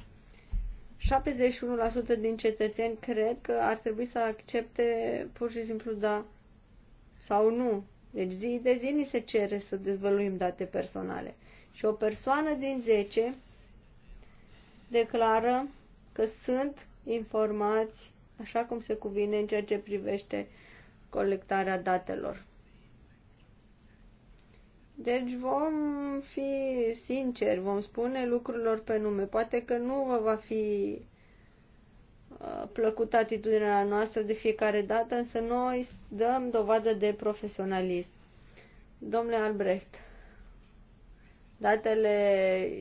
71% din cetățeni cred că ar trebui să accepte pur și simplu da sau nu. Deci zi de zi ni se cere să dezvăluim date personale. Și o persoană din 10 declară că sunt informați așa cum se cuvine în ceea ce privește uh, colectarea datelor. Deci vom fi sinceri, vom spune lucrurilor pe nume. Poate că nu vă va fi uh, plăcută atitudinea noastră de fiecare dată, însă noi dăm dovadă de profesionalism. Domnule Albrecht, datele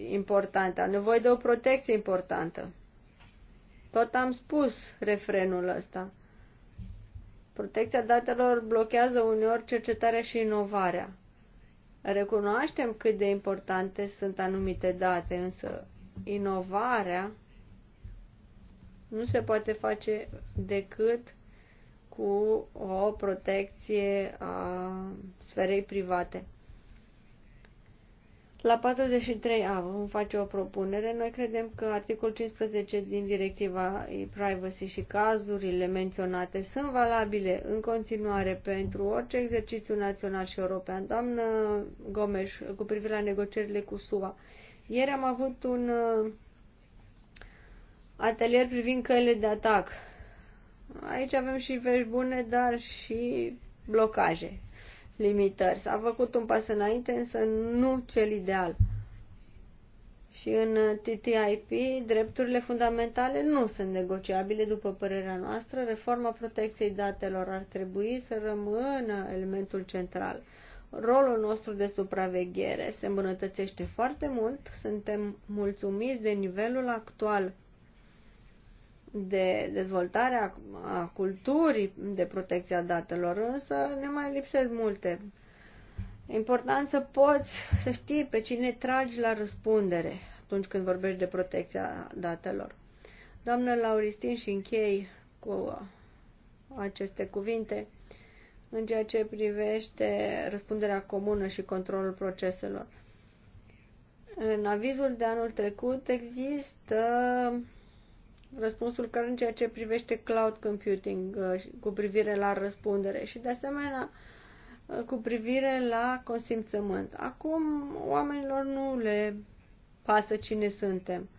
importante, am nevoie de o protecție importantă. Tot am spus refrenul ăsta. Protecția datelor blochează uneori cercetarea și inovarea. Recunoaștem cât de importante sunt anumite date, însă inovarea nu se poate face decât cu o protecție a sferei private. La 43A vom face o propunere. Noi credem că articolul 15 din directiva privacy și cazurile menționate sunt valabile în continuare pentru orice exercițiu național și european. Doamnă Gomes, cu privire la negocierile cu SUA, ieri am avut un uh, atelier privind căile de atac. Aici avem și vești bune, dar și blocaje limitări. S-a făcut un pas înainte, însă nu cel ideal. Și în TTIP, drepturile fundamentale nu sunt negociabile, după părerea noastră. Reforma protecției datelor ar trebui să rămână elementul central. Rolul nostru de supraveghere se îmbunătățește foarte mult, suntem mulțumiți de nivelul actual de dezvoltare a culturii de protecția datelor, însă ne mai lipsesc multe. Important să poți să știi pe cine tragi la răspundere atunci când vorbești de protecția datelor. Doamnă Lauristin, și închei cu aceste cuvinte în ceea ce privește răspunderea comună și controlul proceselor. În avizul de anul trecut există răspunsul că în ceea ce privește cloud computing uh, cu privire la răspundere și de asemenea uh, cu privire la consimțământ. Acum oamenilor nu le pasă cine suntem.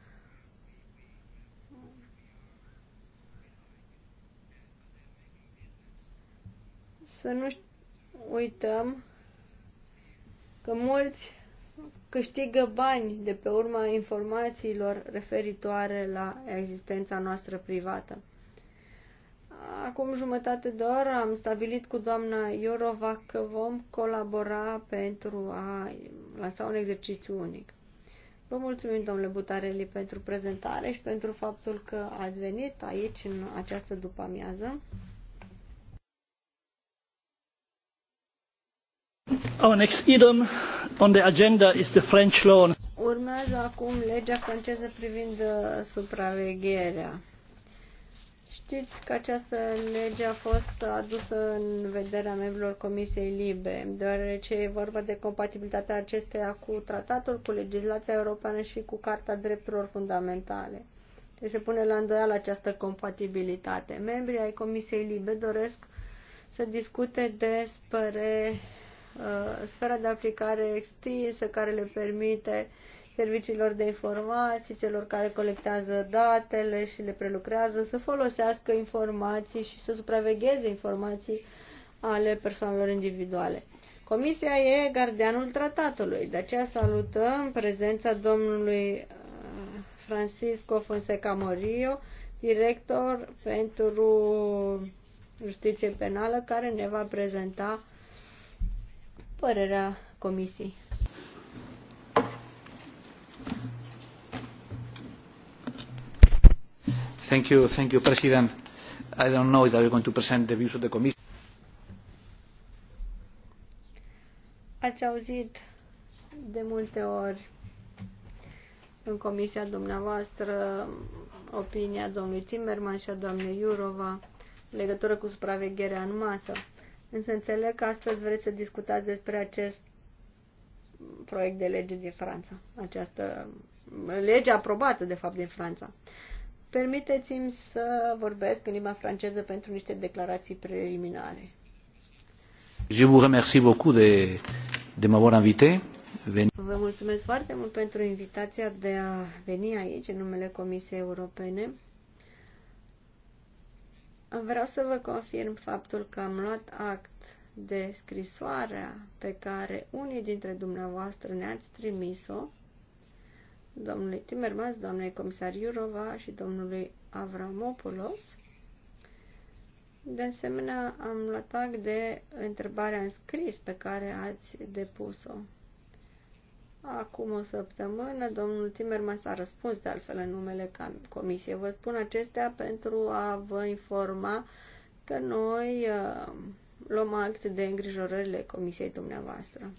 Să nu uităm că mulți câștigă bani de pe urma informațiilor referitoare la existența noastră privată. Acum jumătate de oră am stabilit cu doamna Iorova că vom colabora pentru a lansa un exercițiu unic. Vă mulțumim, domnule Butareli, pentru prezentare și pentru faptul că ați venit aici în această după-amiază. Our next item on the agenda is the French law. Urmează acum legea franceză privind uh, supravegherea. Știți că această lege a fost adusă în vederea membrilor Comisiei Libe, deoarece e vorba de compatibilitatea acesteia cu tratatul, cu legislația europeană și cu Carta Drepturilor Fundamentale. Deci se pune la îndoială această compatibilitate. Membrii ai Comisiei Libe doresc să discute despre Uh, sfera de aplicare extinsă care le permite serviciilor de informații, celor care colectează datele și le prelucrează, să folosească informații și să supravegheze informații ale persoanelor individuale. Comisia e gardianul tratatului, de aceea salutăm prezența domnului uh, Francisco Fonseca Morio, director pentru justiție penală, care ne va prezenta părerea comisiei. Thank you, thank you, President. I don't know if I'm going to present the views of the Commission. Ați auzit de multe ori în comisia dumneavoastră opinia domnului Timmerman și a doamnei Iurova legătură cu supravegherea în masă. Însă înțeleg că astăzi vreți să discutați despre acest proiect de lege din Franța, această lege aprobată, de fapt, din Franța. Permiteți-mi să vorbesc în limba franceză pentru niște declarații preliminare. Je vous remercie beaucoup de, de m'avoir invité. Vă mulțumesc foarte mult pentru invitația de a veni aici în numele Comisiei Europene Vreau să vă confirm faptul că am luat act de scrisoarea pe care unii dintre dumneavoastră ne-ați trimis-o domnului Timmermans, doamnei comisar Iurova și domnului Avramopoulos. De asemenea, am luat act de întrebarea în scris pe care ați depus-o. Acum o săptămână, domnul Timmermans a răspuns de altfel în numele comisiei. Vă spun acestea pentru a vă informa că noi uh, luăm act de îngrijorările comisiei dumneavoastră.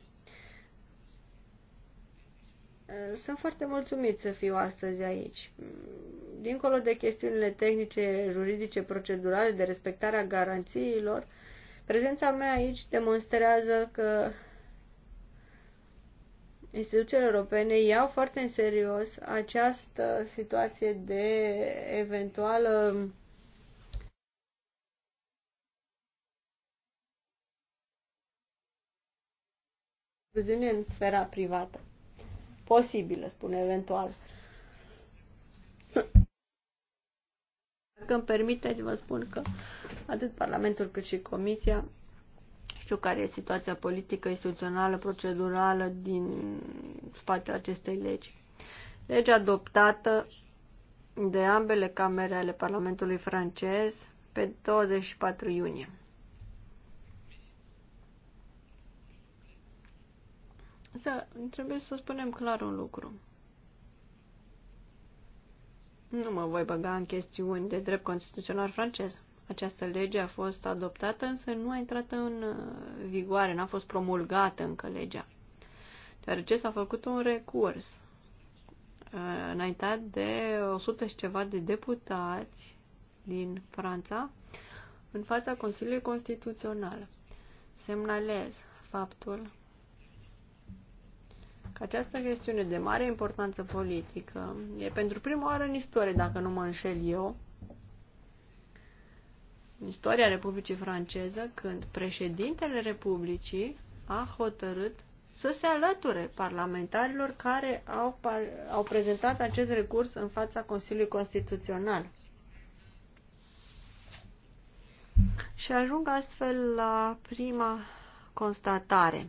Uh, sunt foarte mulțumit să fiu astăzi aici. Dincolo de chestiunile tehnice, juridice, procedurale, de respectarea garanțiilor, prezența mea aici demonstrează că instituțiile europene iau foarte în serios această situație de eventuală intruziune în sfera privată. Posibilă, spune eventual. Dacă îmi permiteți, vă spun că atât Parlamentul cât și Comisia știu care e situația politică, instituțională, procedurală din spatele acestei legi. Legea adoptată de ambele camere ale Parlamentului francez pe 24 iunie. Să, trebuie să spunem clar un lucru. Nu mă voi băga în chestiuni de drept constituțional francez. Această lege a fost adoptată, însă nu a intrat în uh, vigoare, n-a fost promulgată încă legea, deoarece s-a făcut un recurs uh, înaintat de 100 și ceva de deputați din Franța în fața Consiliului Constituțional. Semnalez faptul că această chestiune de mare importanță politică e pentru prima oară în istorie, dacă nu mă înșel eu, istoria Republicii franceză când președintele Republicii a hotărât să se alăture parlamentarilor care au, au prezentat acest recurs în fața Consiliului Constituțional. Și ajung astfel la prima constatare.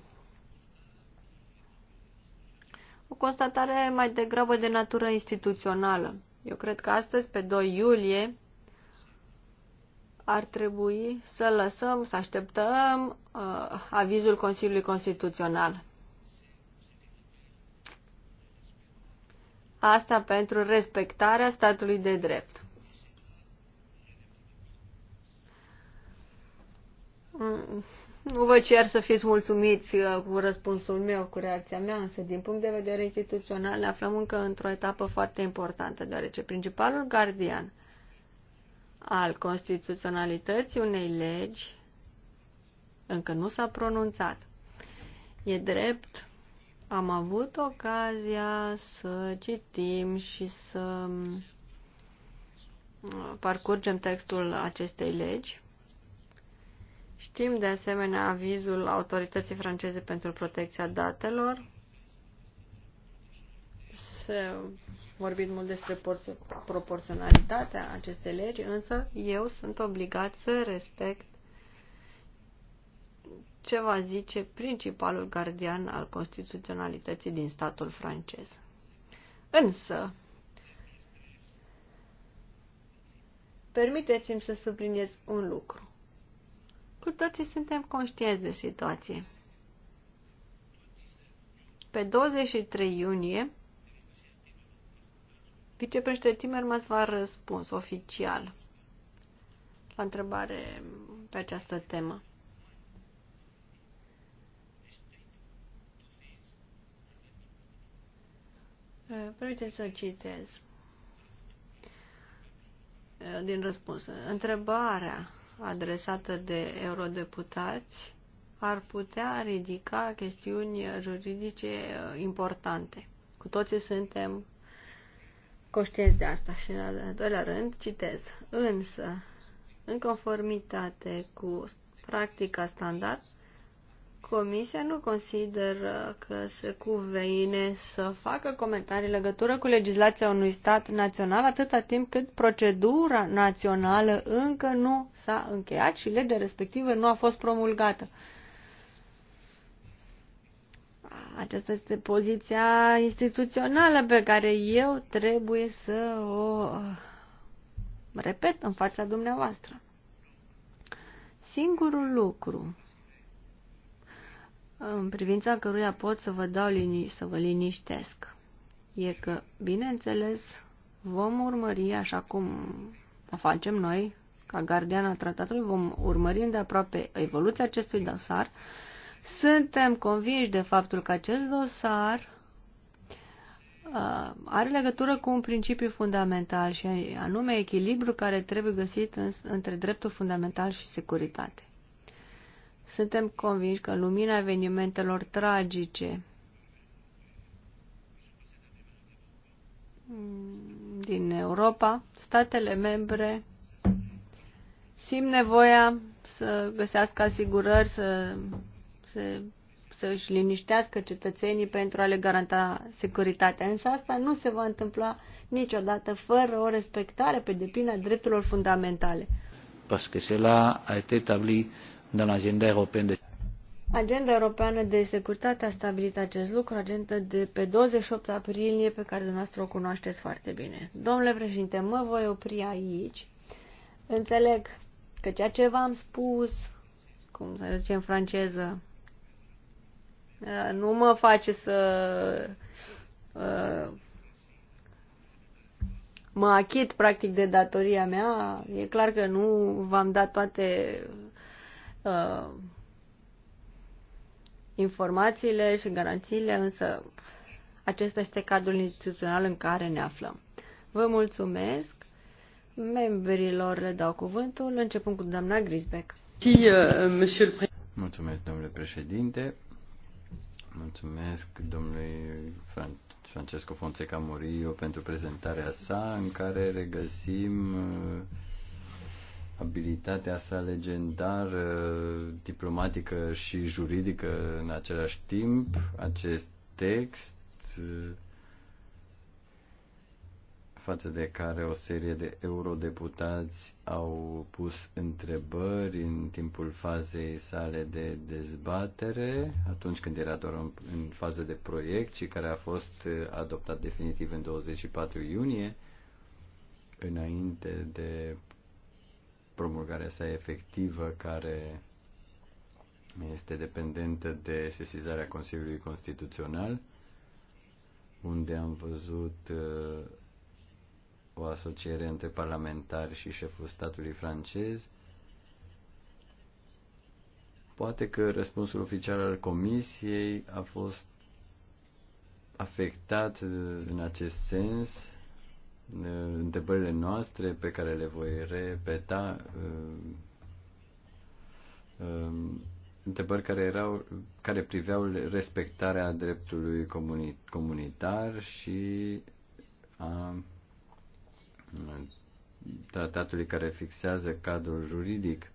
O constatare mai degrabă de natură instituțională. Eu cred că astăzi, pe 2 iulie, ar trebui să lăsăm, să așteptăm uh, avizul Consiliului Constituțional. Asta pentru respectarea statului de drept. Mm, nu vă cer să fiți mulțumiți uh, cu răspunsul meu, cu reacția mea, însă din punct de vedere instituțional ne aflăm încă într-o etapă foarte importantă, deoarece principalul gardian – al constituționalității unei legi încă nu s-a pronunțat. E drept, am avut ocazia să citim și să mm, parcurgem textul acestei legi. Știm de asemenea avizul autorității franceze pentru protecția datelor. Se vorbit mult despre proporționalitatea acestei legi, însă eu sunt obligat să respect ce va zice principalul gardian al constituționalității din statul francez. Însă, permiteți-mi să subliniez un lucru. Cu toții suntem conștienți de situație. Pe 23 iunie Vicepreședinte Timmermans va răspuns oficial la întrebare pe această temă. Permiteți să citez uh, din răspuns. Întrebarea adresată de eurodeputați ar putea ridica chestiuni juridice uh, importante. Cu toții suntem conștienți de asta. Și în al doilea rând, citez, însă, în conformitate cu practica standard, Comisia nu consideră că se cuvine să facă comentarii în legătură cu legislația unui stat național atâta timp cât procedura națională încă nu s-a încheiat și legea respectivă nu a fost promulgată aceasta este poziția instituțională pe care eu trebuie să o uh, repet în fața dumneavoastră. Singurul lucru în privința căruia pot să vă dau liniș- să vă liniștesc e că, bineînțeles, vom urmări așa cum o facem noi, ca gardiana tratatului, vom urmări îndeaproape evoluția acestui dosar suntem convinși de faptul că acest dosar uh, are legătură cu un principiu fundamental și anume echilibru care trebuie găsit în, între dreptul fundamental și securitate. Suntem convinși că în lumina evenimentelor tragice mm, din Europa, statele membre simt nevoia să găsească asigurări, să să, să își liniștească cetățenii pentru a le garanta securitatea. Însă asta nu se va întâmpla niciodată fără o respectare pe deplină a drepturilor fundamentale. Parce que cela a été établi dans l'agenda européenne de... Agenda Europeană de Securitate a stabilit acest lucru, agenda de pe 28 aprilie, pe care dumneavoastră o cunoașteți foarte bine. Domnule președinte, mă voi opri aici. Înțeleg că ceea ce v-am spus, cum să zice în franceză, Uh, nu mă face să uh, mă achit practic de datoria mea. E clar că nu v-am dat toate uh, informațiile și garanțiile, însă acesta este cadrul instituțional în care ne aflăm. Vă mulțumesc. Membrilor le dau cuvântul, începând cu doamna Grisbeck. Uh, mulțumesc, domnule președinte. Mulțumesc domnului Francesco Fonseca Morio pentru prezentarea sa, în care regăsim uh, abilitatea sa legendară, diplomatică și juridică în același timp. Acest text uh, față de care o serie de eurodeputați au pus întrebări în timpul fazei sale de dezbatere, atunci când era doar în fază de proiect și care a fost uh, adoptat definitiv în 24 iunie, înainte de promulgarea sa efectivă care este dependentă de sesizarea Consiliului Constituțional, unde am văzut uh, o asociere între parlamentari și șeful statului francez. Poate că răspunsul oficial al comisiei a fost afectat uh, în acest sens. Întrebările noastre pe care le voi repeta uh, um, întrebări care, erau, care priveau respectarea dreptului comunitar și a tratatului care fixează cadrul juridic.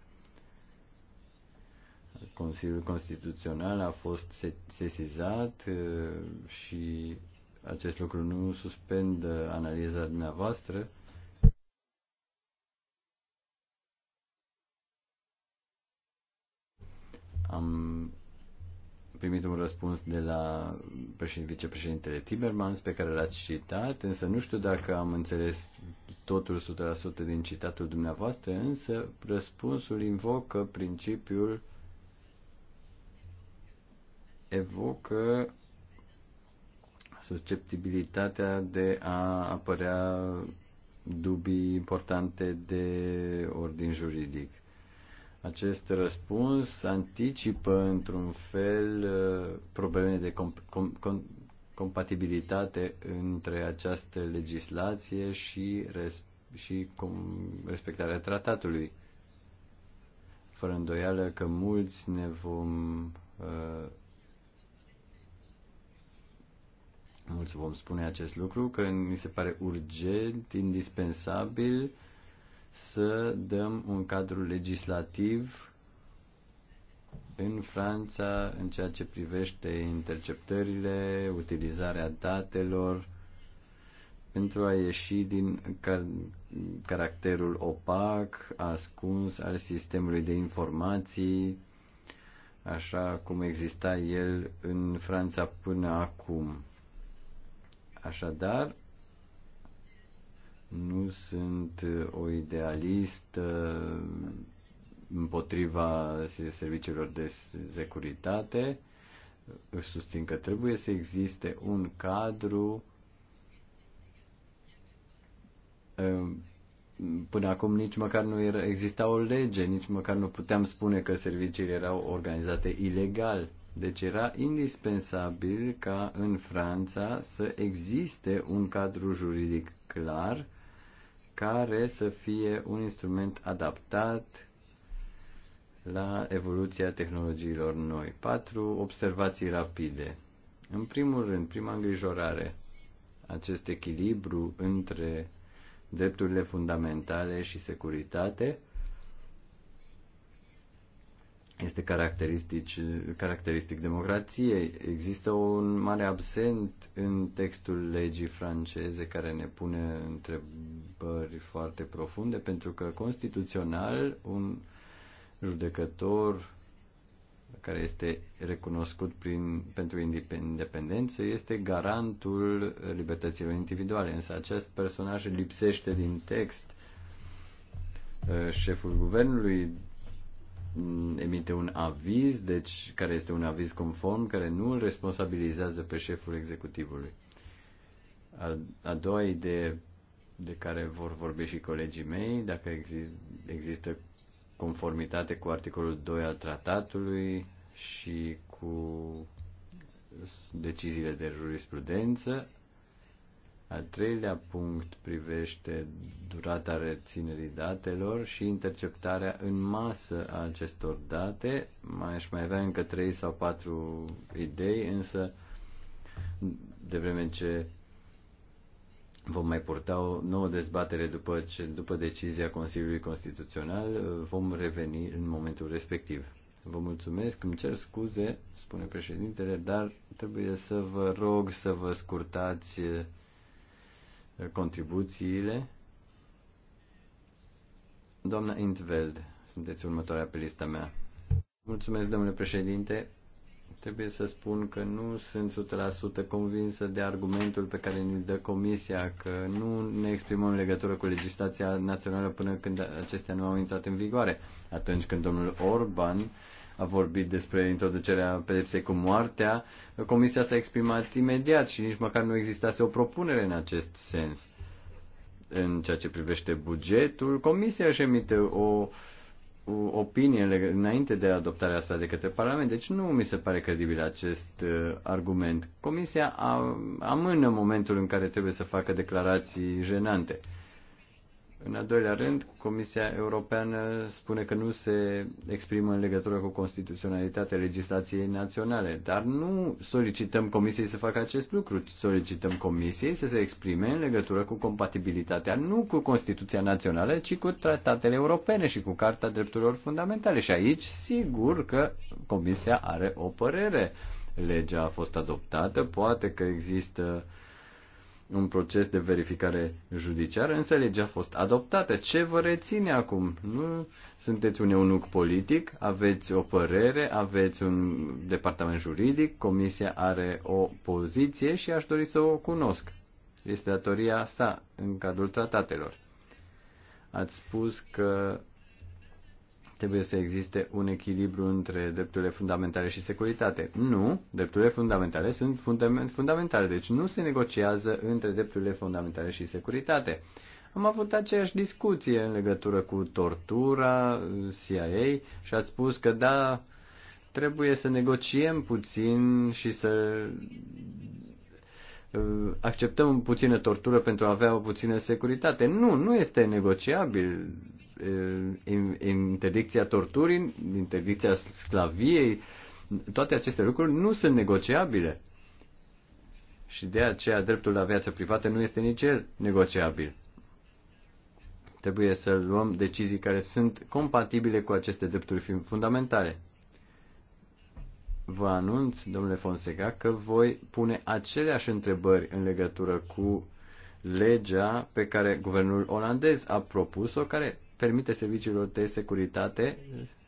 Consiliul Constituțional a fost sesizat uh, și acest lucru nu suspend uh, analiza dumneavoastră. Am primit un răspuns de la vicepreședintele Timmermans pe care l-ați citat, însă nu știu dacă am înțeles totul 100% din citatul dumneavoastră, însă răspunsul invocă principiul evocă susceptibilitatea de a apărea dubii importante de ordin juridic. Acest răspuns anticipă într-un fel probleme de com- com- compatibilitate între această legislație și, res- și respectarea tratatului. Fără îndoială că mulți ne vom uh, mulți vom spune acest lucru, că ni se pare urgent, indispensabil să dăm un cadru legislativ în Franța în ceea ce privește interceptările, utilizarea datelor pentru a ieși din car- caracterul opac, ascuns al sistemului de informații, așa cum exista el în Franța până acum. Așadar, nu sunt o idealistă împotriva serviciilor de securitate. Își susțin că trebuie să existe un cadru um, până acum nici măcar nu era, exista o lege, nici măcar nu puteam spune că serviciile erau organizate ilegal. Deci era indispensabil ca în Franța să existe un cadru juridic clar care să fie un instrument adaptat la evoluția tehnologiilor noi. Patru observații rapide. În primul rând, prima îngrijorare, acest echilibru între drepturile fundamentale și securitate este caracteristic, caracteristic democrației. Există un mare absent în textul legii franceze care ne pune întrebări foarte profunde, pentru că constituțional un uh, judecător care este recunoscut prin, pentru independență, este garantul libertăților individuale. Însă acest personaj lipsește din text. Uh, șeful guvernului emite un aviz, deci care este un aviz conform, care nu îl responsabilizează pe șeful executivului. A, a doua idee de care vor vorbi și colegii mei, dacă exist, există conformitate cu articolul 2 al tratatului și cu deciziile de jurisprudență. Al treilea punct privește durata reținerii datelor și interceptarea în masă a acestor date. Mai aș mai avea încă trei sau patru idei, însă de vreme ce Vom mai purta o nouă dezbatere după, ce, după decizia Consiliului Constituțional. Vom reveni în momentul respectiv. Vă mulțumesc, îmi cer scuze, spune președintele, dar trebuie să vă rog să vă scurtați eh, contribuțiile. Doamna Intveld, sunteți următoarea pe lista mea. Mulțumesc, domnule președinte trebuie să spun că nu sunt 100% convinsă de argumentul pe care ne l dă Comisia, că nu ne exprimăm în legătură cu legislația națională până când acestea nu au intrat în vigoare. Atunci când domnul Orban a vorbit despre introducerea pedepsei cu moartea, Comisia s-a exprimat imediat și nici măcar nu existase o propunere în acest sens. În ceea ce privește bugetul, Comisia își emite o uh, opinie înainte de adoptarea asta de către Parlament. Deci nu mi se pare credibil acest uh, argument. Comisia a, amână momentul în care trebuie să facă declarații jenante. Uh, în al doilea rând, Comisia Europeană spune că nu se exprimă în legătură cu constituționalitatea legislației naționale, dar nu solicităm Comisiei să facă acest lucru, solicităm Comisiei să se exprime în legătură cu compatibilitatea nu cu Constituția Națională, ci cu tratatele europene și cu Carta Drepturilor Fundamentale. Și aici, sigur că Comisia are o părere. Legea a fost adoptată, poate că există uh, un proces de verificare judiciară, însă legea a fost adoptată. Ce vă reține acum? Nu sunteți un eunuc politic, aveți o părere, aveți un departament juridic, comisia are o poziție și aș dori să o cunosc. Este datoria sa în cadrul tratatelor. Ați spus că Trebuie să existe un echilibru între drepturile fundamentale și securitate. Nu, drepturile fundamentale sunt fundament, fundamentale, deci nu se negociază între drepturile fundamentale și securitate. Am avut aceeași discuție în legătură cu tortura CIA și ați spus că da, trebuie să negociem puțin și să uh, acceptăm puțină tortură pentru a avea o puțină securitate. Nu, nu este negociabil. Eh, interdicția torturii, interdicția sclaviei, toate aceste lucruri nu sunt negociabile. Și de aceea dreptul la viață privată nu este nici el negociabil. Trebuie să luăm decizii care sunt compatibile cu aceste drepturi fundamentale. Vă anunț, domnule Fonseca, că voi pune aceleași întrebări în legătură cu legea pe care guvernul olandez a propus-o, care permite serviciilor de securitate,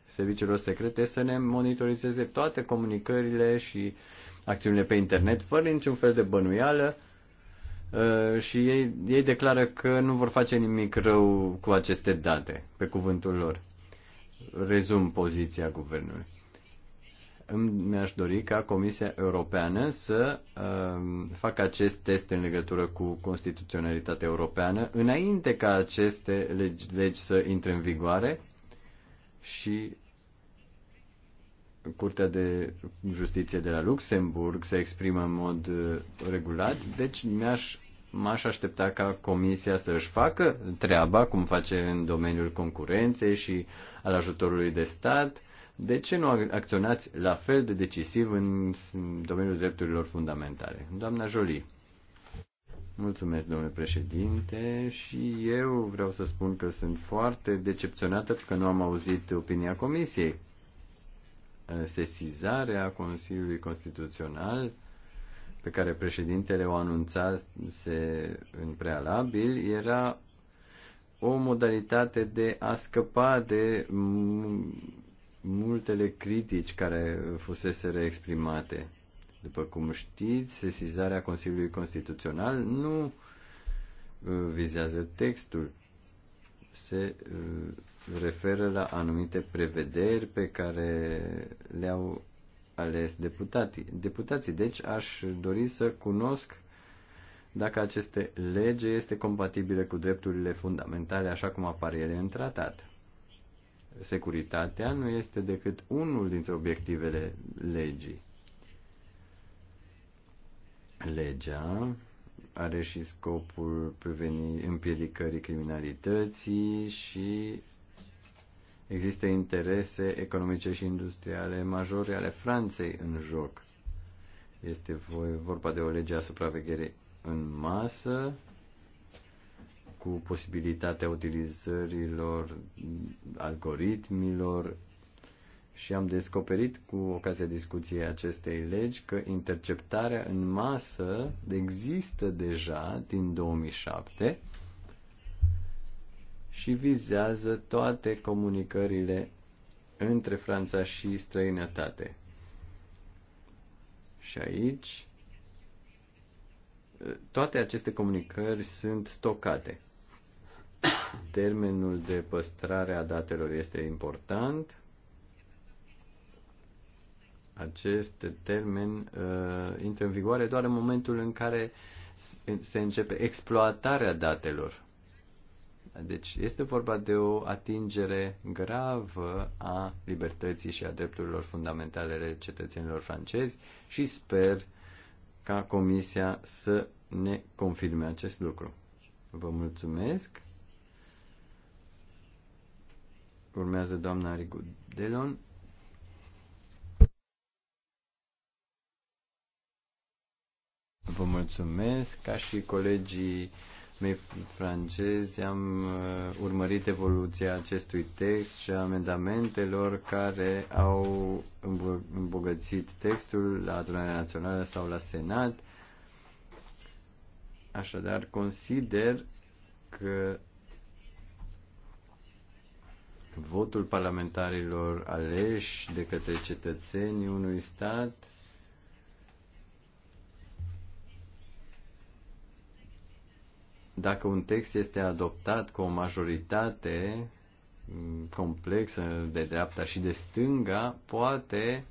serviciilor secrete, să ne monitorizeze toate comunicările și acțiunile pe internet, fără niciun fel de bănuială, uh, și ei, ei declară că nu vor face nimic rău cu aceste date, pe cuvântul lor. Rezum poziția guvernului mi-aș dori ca Comisia Europeană să uh, facă acest test în legătură cu constituționalitatea europeană înainte ca aceste legi, legi să intre în vigoare și Curtea de Justiție de la Luxemburg se exprimă în mod uh, regulat, deci mi-aș m-aș aștepta ca comisia să își facă treaba, cum face în domeniul concurenței și al ajutorului de stat, de ce nu acționați la fel de decisiv în domeniul drepturilor fundamentale? Doamna Jolie. Mulțumesc, domnule președinte, și eu vreau să spun că sunt foarte decepționată că nu am auzit opinia Comisiei. Sesizarea Consiliului Constituțional pe care președintele o anunțase în prealabil era o modalitate de a scăpa de multele critici care fusese reexprimate, După cum știți, sesizarea Consiliului Constituțional nu uh, vizează textul, se uh, referă la anumite prevederi pe care le-au ales deputații. deputații. Deci aș dori să cunosc dacă aceste lege este compatibilă cu drepturile fundamentale așa cum apar ele în tratat securitatea nu este decât unul dintre obiectivele legii. Legea are și scopul preveni împiedicării criminalității și există interese economice și industriale majore ale Franței în joc. Este vorba de o lege a supraveghere în masă cu posibilitatea utilizărilor algoritmilor și am descoperit cu ocazia discuției acestei legi că interceptarea în masă există deja din 2007 și vizează toate comunicările între Franța și străinătate. Și aici toate aceste comunicări sunt stocate termenul de păstrare a datelor este important. Acest termen uh, intră în vigoare doar în momentul în care se începe exploatarea datelor. Deci este vorba de o atingere gravă a libertății și a drepturilor fundamentale ale cetățenilor francezi și sper ca Comisia să ne confirme acest lucru. Vă mulțumesc. Urmează doamna Rigu Delon. Vă mulțumesc. Ca și colegii mei francezi am uh, urmărit evoluția acestui text și amendamentelor care au îmbogățit textul la adunarea națională sau la senat. Așadar, consider că votul parlamentarilor aleși de către cetățenii unui stat dacă un text este adoptat cu o majoritate complexă de dreapta și de stânga, poate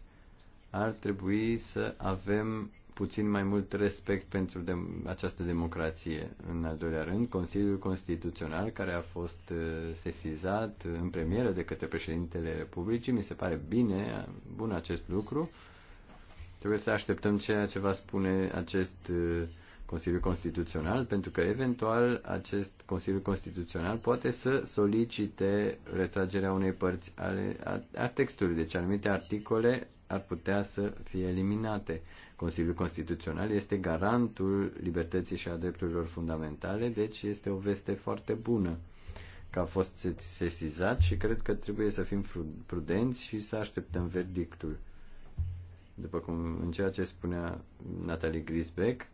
ar trebui să avem puțin mai mult respect pentru de- această democrație. În al doilea rând, Consiliul Constituțional, care a fost uh, sesizat în premieră de către președintele Republicii, mi se pare bine, bun acest lucru. Trebuie să așteptăm ceea ce va spune acest uh, Consiliu Constituțional, pentru că eventual acest Consiliu Constituțional poate să solicite retragerea unei părți ale, a, a textului. Deci anumite articole ar putea să fie eliminate. Consiliul Constituțional este garantul libertății și a drepturilor fundamentale, deci este o veste foarte bună că a fost sesizat și cred că trebuie să fim prudenți și să așteptăm verdictul. După cum în ceea ce spunea Natalie Grisbeck,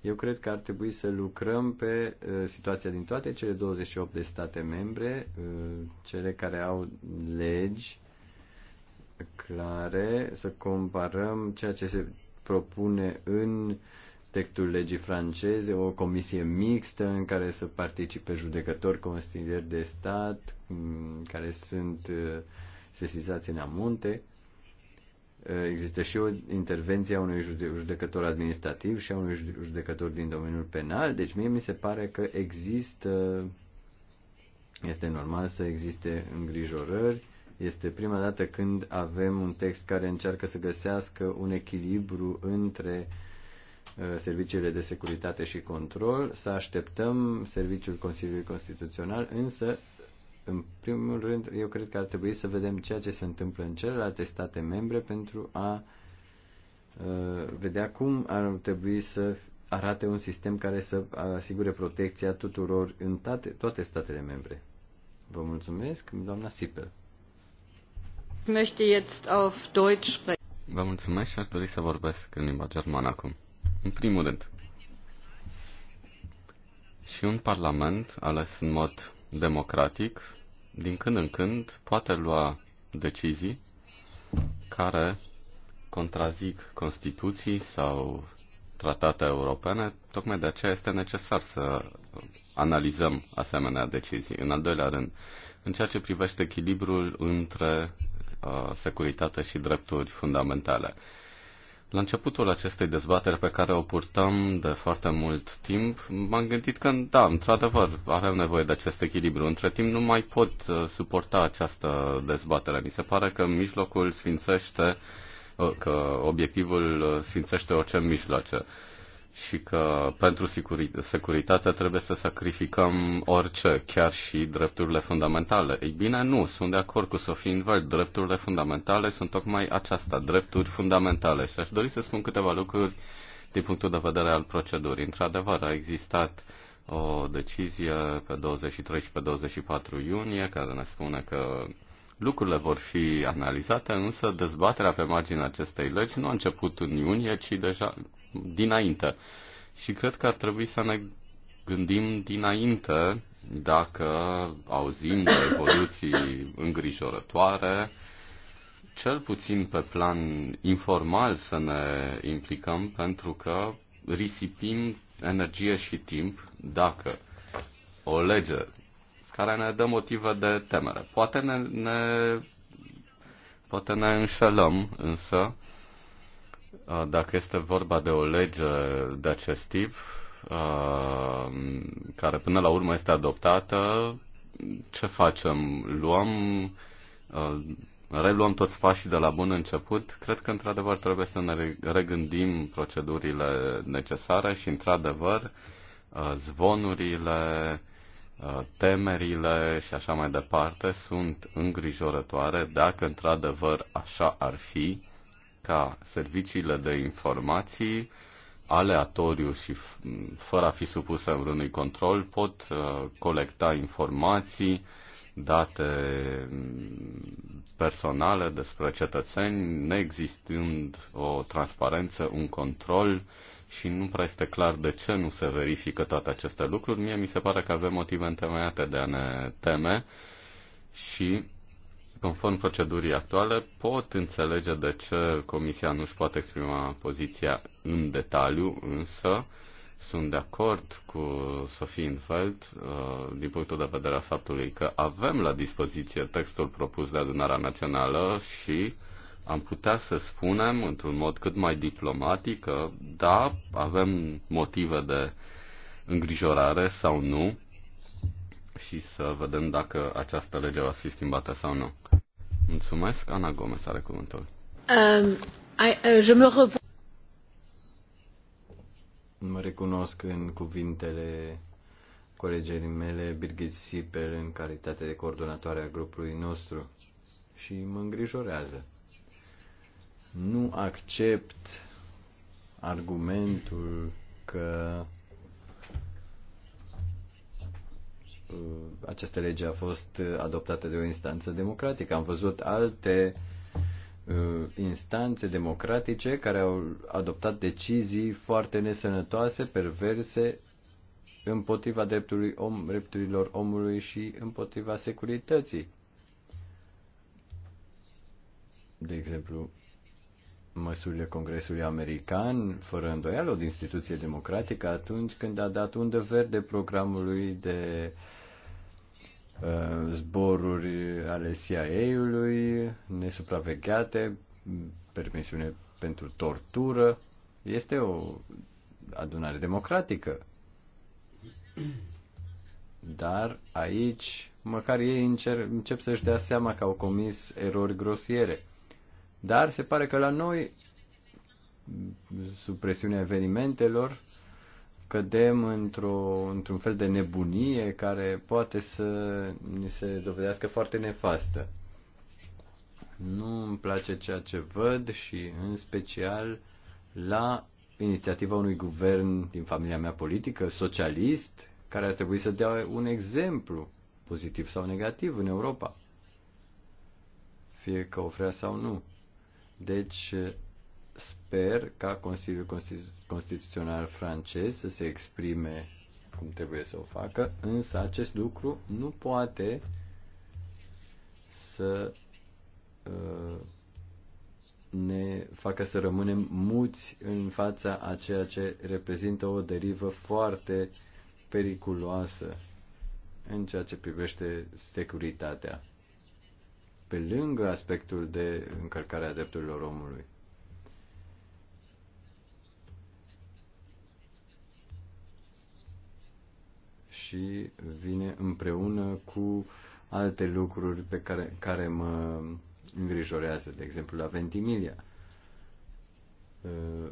eu cred că ar trebui să lucrăm pe uh, situația din toate cele 28 de state membre, uh, cele care au legi clare, să comparăm ceea ce se propune în textul legii franceze, o comisie mixtă în care să participe judecători, consilieri de stat, mm, care sunt uh, sesizați în amunte. Uh, există și o intervenție a unui judecător administrativ și a unui judecător din domeniul penal, deci mie mi se pare că există, este normal să existe îngrijorări este prima dată când avem un text care încearcă să găsească un echilibru între uh, serviciile de securitate și control, să așteptăm serviciul Consiliului Constituțional, însă, în primul rând, eu cred că ar trebui să vedem ceea ce se întâmplă în celelalte state membre pentru a uh, vedea cum ar trebui să arate un sistem care să asigure protecția tuturor în toate, toate statele membre. Vă mulțumesc, doamna Sipel. Möchte jetzt auf Deutsch sprechen. Vă mulțumesc și aș dori să vorbesc în limba germană acum. În primul rând, și un parlament ales în mod democratic, din când în când, poate lua decizii care contrazic Constituții sau tratate europene. Tocmai de aceea este necesar să analizăm asemenea decizii. În al doilea rând, în ceea ce privește echilibrul între Uh, securitate și drepturi fundamentale. La începutul acestei dezbateri pe care o purtăm de foarte mult timp, m-am gândit că, da, într-adevăr, avem nevoie de acest echilibru. Între timp nu mai pot uh, suporta această dezbatere. Mi se pare că mijlocul sfințește, uh, că obiectivul sfințește orice mijloace și că pentru securitate trebuie să sacrificăm orice, chiar și drepturile fundamentale. Ei bine, nu, sunt de acord cu Sofie Invel. Drepturile fundamentale sunt tocmai aceasta, drepturi fundamentale. Și aș dori să spun câteva lucruri din punctul de vedere al procedurii. Într-adevăr, a existat o decizie pe 23 și pe 24 iunie care ne spune că Lucrurile vor fi analizate, însă dezbaterea pe marginea acestei legi nu a început în iunie, ci deja dinainte. Și cred că ar trebui să ne gândim dinainte dacă auzim de evoluții îngrijorătoare, cel puțin pe plan informal să ne implicăm, pentru că risipim energie și timp dacă o lege care ne dă motive de temere. Poate ne, ne, poate ne înșelăm, însă, uh, dacă este vorba de o lege de acest tip, uh, care până la urmă este adoptată, ce facem? Luăm, uh, reluăm toți pașii de la bun început? Cred că, într-adevăr, trebuie să ne regândim procedurile necesare și, într-adevăr, zvonurile Uh, temerile și așa mai departe sunt îngrijorătoare dacă într-adevăr așa ar fi ca serviciile de informații aleatoriu și fără a fi supuse vreunui control pot uh, colecta informații, date mm, personale despre cetățeni, neexistând o transparență, un control uh, și nu prea este clar de ce nu se verifică toate aceste lucruri. Mie mi se pare că avem motive întemeiate de a ne teme și, conform procedurii actuale, pot înțelege de ce Comisia nu își poate exprima poziția în detaliu, însă sunt de acord cu Sofie Infeld uh, din punctul de vedere a faptului că avem la dispoziție textul propus de adunarea națională și uh, am putea să spunem, într-un mod cât mai diplomatic, că da, avem motive de îngrijorare sau nu și să vedem dacă această lege va fi schimbată sau nu. Mulțumesc. Ana Gomez are cuvântul. Um, I, uh, je me rev- mă recunosc în cuvintele colegii mele, Birgit Sipel, în calitate de coordonatoare a grupului nostru și mă îngrijorează. Nu accept argumentul că uh, această lege a fost uh, adoptată de o instanță democratică. Am văzut alte uh, instanțe democratice care au adoptat decizii foarte nesănătoase, perverse, împotriva dreptului om, drepturilor omului și împotriva securității. De exemplu, măsurile Congresului American, fără îndoială o instituție democratică, atunci când a dat undă verde programului de uh, zboruri ale CIA-ului, nesupravegheate, permisiune pentru tortură. Este o adunare democratică. Dar aici, măcar ei încep, încep să-și dea seama că au comis erori grosiere dar se pare că la noi, sub presiunea evenimentelor, cădem într-o, într-un fel de nebunie care poate să ni se dovedească foarte nefastă. Nu îmi place ceea ce văd și, în special, la inițiativa unui guvern din familia mea politică, socialist, care ar trebui să dea un exemplu, pozitiv sau negativ, în Europa. Fie că o vrea sau nu. Deci, sper ca Consiliul Constituțional francez să se exprime cum trebuie să o facă, însă acest lucru nu poate să uh, ne facă să rămânem muți în fața a ceea ce reprezintă o derivă foarte periculoasă în ceea ce privește securitatea pe lângă aspectul de încărcare a drepturilor omului. Și vine împreună cu alte lucruri pe care, care mă îngrijorează, de exemplu la Ventimilia. Uh,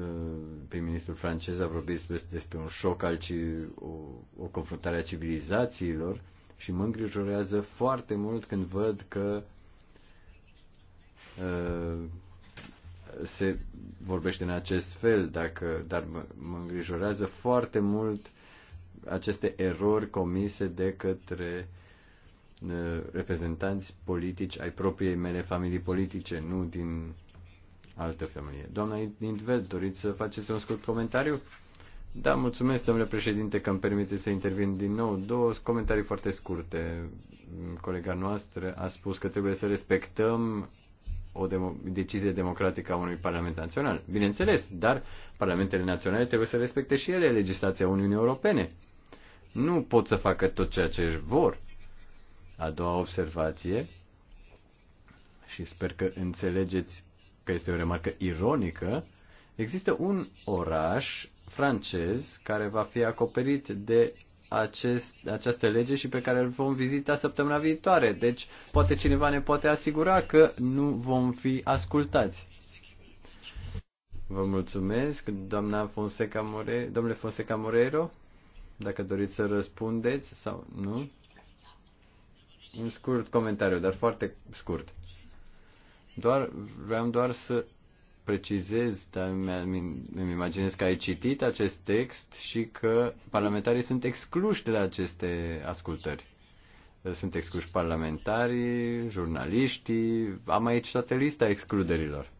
uh, prim-ministrul francez a vorbit despre un șoc al ci, o, o confruntare a civilizațiilor și mă îngrijorează foarte mult când văd că uh, se vorbește în acest fel, dacă, dar mă, mă îngrijorează foarte mult aceste erori comise de către uh, reprezentanți politici ai propriei mele familii politice, nu din altă familie. Doamna Intveld, doriți să faceți un scurt comentariu? Da, mulțumesc, domnule președinte, că îmi permite să intervin din nou. Două comentarii foarte scurte. Colega noastră a spus că trebuie să respectăm o demo- decizie democratică a unui Parlament Național. Bineînțeles, dar Parlamentele Naționale trebuie să respecte și ele legislația Uniunii Europene. Nu pot să facă tot ceea ce își vor. A doua observație, și sper că înțelegeți că este o remarcă ironică, există un oraș francez care va fi acoperit de acest, această lege și pe care îl vom vizita săptămâna viitoare. Deci, poate cineva ne poate asigura că nu vom fi ascultați. Vă mulțumesc, doamna Fonseca More, domnule Fonseca Morero, dacă doriți să răspundeți sau nu. Un scurt comentariu, dar foarte scurt. Doar, vreau doar să precizez, dar îmi imaginez că ai citit acest text și că parlamentarii sunt excluși de la aceste ascultări. Sunt excluși parlamentarii, jurnaliștii, am aici toată lista excluderilor.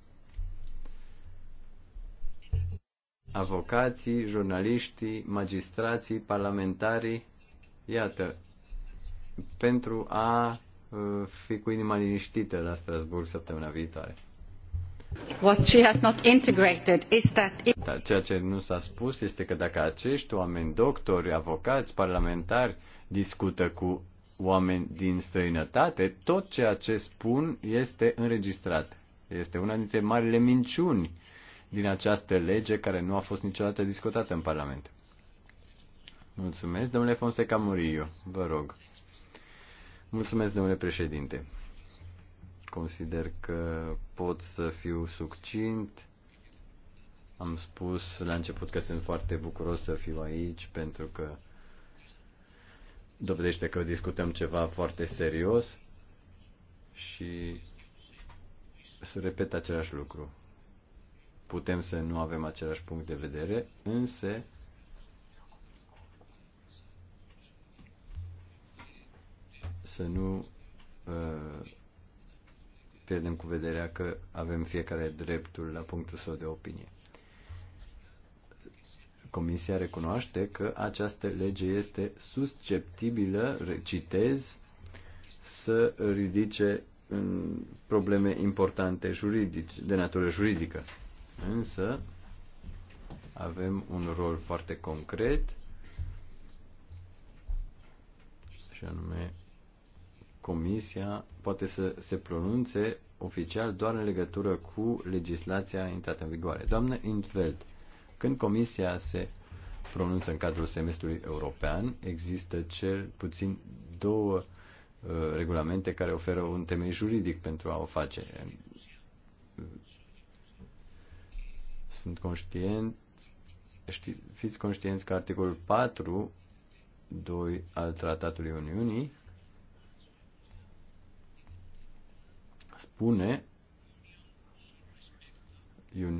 Avocații, jurnaliștii, magistrații, parlamentarii, iată, pentru a uh, fi cu inima liniștită la Strasburg săptămâna viitoare. What she has not integrated is that it... Ceea ce nu s-a spus este că dacă acești oameni, doctori, avocați, parlamentari, discută cu oameni din străinătate, tot ceea ce spun este înregistrat. Este una dintre marile minciuni din această lege care nu a fost niciodată discutată în Parlament. Mulțumesc, domnule Fonseca Murillo, vă rog. Mulțumesc, domnule președinte. Consider că pot să fiu succint. Am spus la început că sunt foarte bucuros să fiu aici pentru că dovedește că discutăm ceva foarte serios și să repet același lucru. Putem să nu avem același punct de vedere, însă să nu uh, pierdem cu vederea că avem fiecare dreptul la punctul său de opinie. Comisia recunoaște că această lege este susceptibilă, recitez, să ridice în probleme importante juridice, de natură juridică. Însă avem un rol foarte concret și anume Comisia poate să se pronunțe oficial doar în legătură cu legislația intrată în vigoare. Doamnă Intveld, când Comisia se pronunță în cadrul semestrului european, există cel puțin două uh, regulamente care oferă un temei juridic pentru a o face. Sunt conștient, ști, fiți conștienți că articolul 4 2 al Tratatului Uniunii spune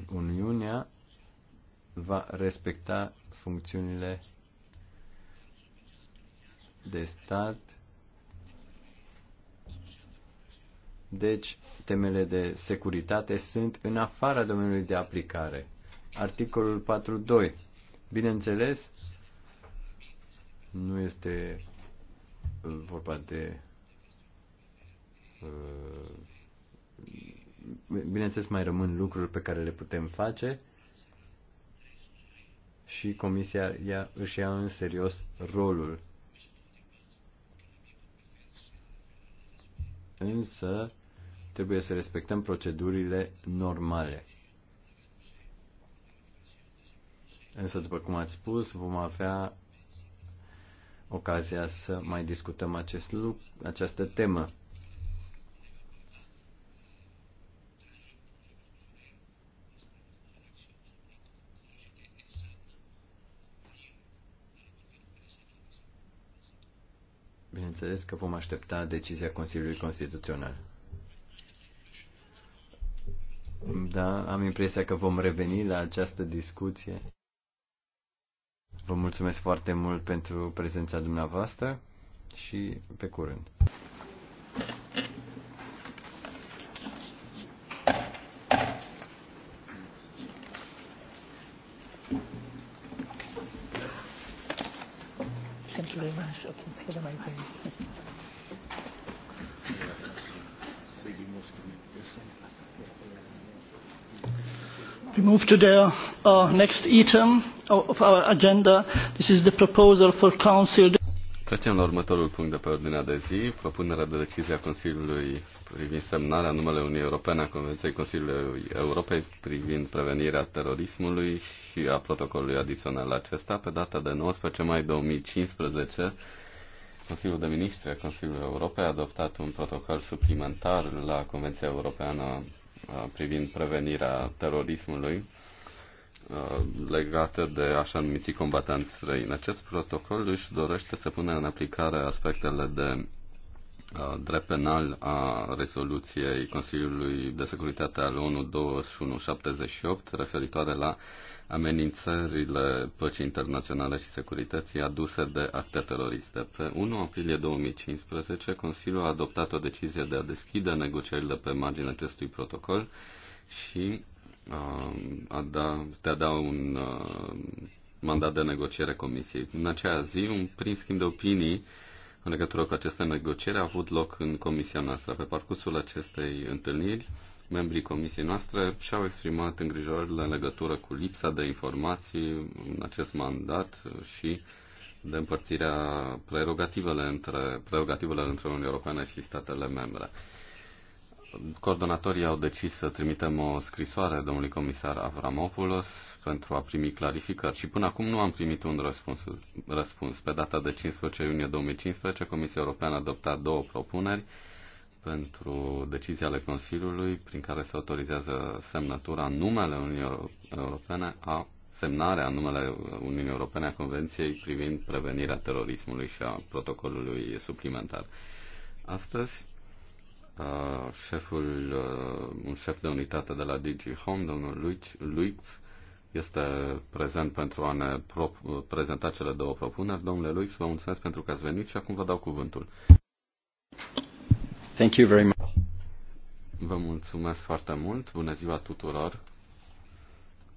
Uniunea va respecta funcțiunile de stat. Deci, temele de securitate sunt în afara domeniului de aplicare. Articolul 4.2. Bineînțeles, nu este uh, vorba de uh, bineînțeles, mai rămân lucruri pe care le putem face și Comisia ia, își ia în serios rolul. Însă, trebuie să respectăm procedurile normale. Însă, după cum ați spus, vom avea ocazia să mai discutăm acest lucru, această temă. înțeles că vom aștepta decizia Consiliului Constituțional. Da, am impresia că vom reveni la această discuție. Vă mulțumesc foarte mult pentru prezența dumneavoastră și pe curând. move to the uh, next item of our agenda. This is the proposal for Council. Trecem la următorul punct de pe ordinea de zi, propunerea de decizie a Consiliului privind semnarea numele Uniunii Europene a Convenției Consiliului Europei privind prevenirea terorismului și a protocolului adițional acesta pe data de 19 mai 2015 Consiliul de Ministri al Consiliului Europei a adoptat un protocol suplimentar la Convenția Europeană Uh, privind prevenirea terorismului uh, legate de așa numiți combatanți străini. Acest protocol își dorește să pună în aplicare aspectele de uh, drept penal a rezoluției Consiliului de Securitate al ONU 2178 referitoare la uh, amenințările păcii internaționale și securității aduse de acte teroriste. Pe 1 aprilie 2015, Consiliul a adoptat o decizie de a deschide negocierile pe marginea acestui protocol și um, a da, de a da un um, mandat de negociere Comisiei. În acea zi, un prim schimb de opinii în legătură cu aceste negocieri a avut loc în comisia noastră. Pe parcursul acestei întâlniri, membrii comisiei noastre și-au exprimat îngrijorările în legătură cu lipsa de informații în acest mandat și de împărțirea prerogativele între, prerogativele între Uniunea Europeană și statele membre coordonatorii au decis să trimitem o scrisoare domnului comisar Avramopoulos pentru a primi clarificări și până acum nu am primit un răspuns. răspuns. Pe data de 15 iunie 2015, Comisia Europeană a adoptat două propuneri pentru decizia ale Consiliului prin care se autorizează semnătura în numele Uniunii Europene a semnarea în numele Uniunii Europene a Convenției privind prevenirea terorismului și a protocolului suplimentar. Astăzi șeful, uh, un șef de unitate de la DG Home, domnul Luix, este prezent pentru a ne pro- prezenta cele două propuneri. Domnule Luix, vă mulțumesc pentru că ați venit și acum vă dau cuvântul. Thank you very much. Vă mulțumesc foarte mult. Bună ziua tuturor.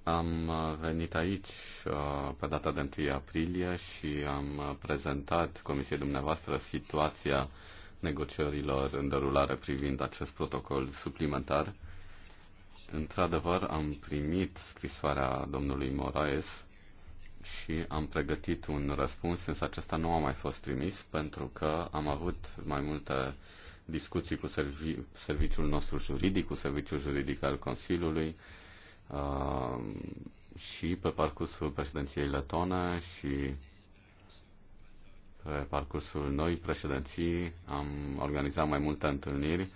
Am venit aici pe data de 1 aprilie și am prezentat Comisiei dumneavoastră situația negocierilor în derulare privind acest protocol suplimentar. Într-adevăr, am primit scrisoarea domnului Moraes și am pregătit un răspuns, însă acesta nu a mai fost trimis pentru că am avut mai multe discuții cu servi- serviciul nostru juridic, cu serviciul juridic al Consiliului uh, și pe parcursul președinției letone și pe parcursul noi președinții am organizat mai multe întâlniri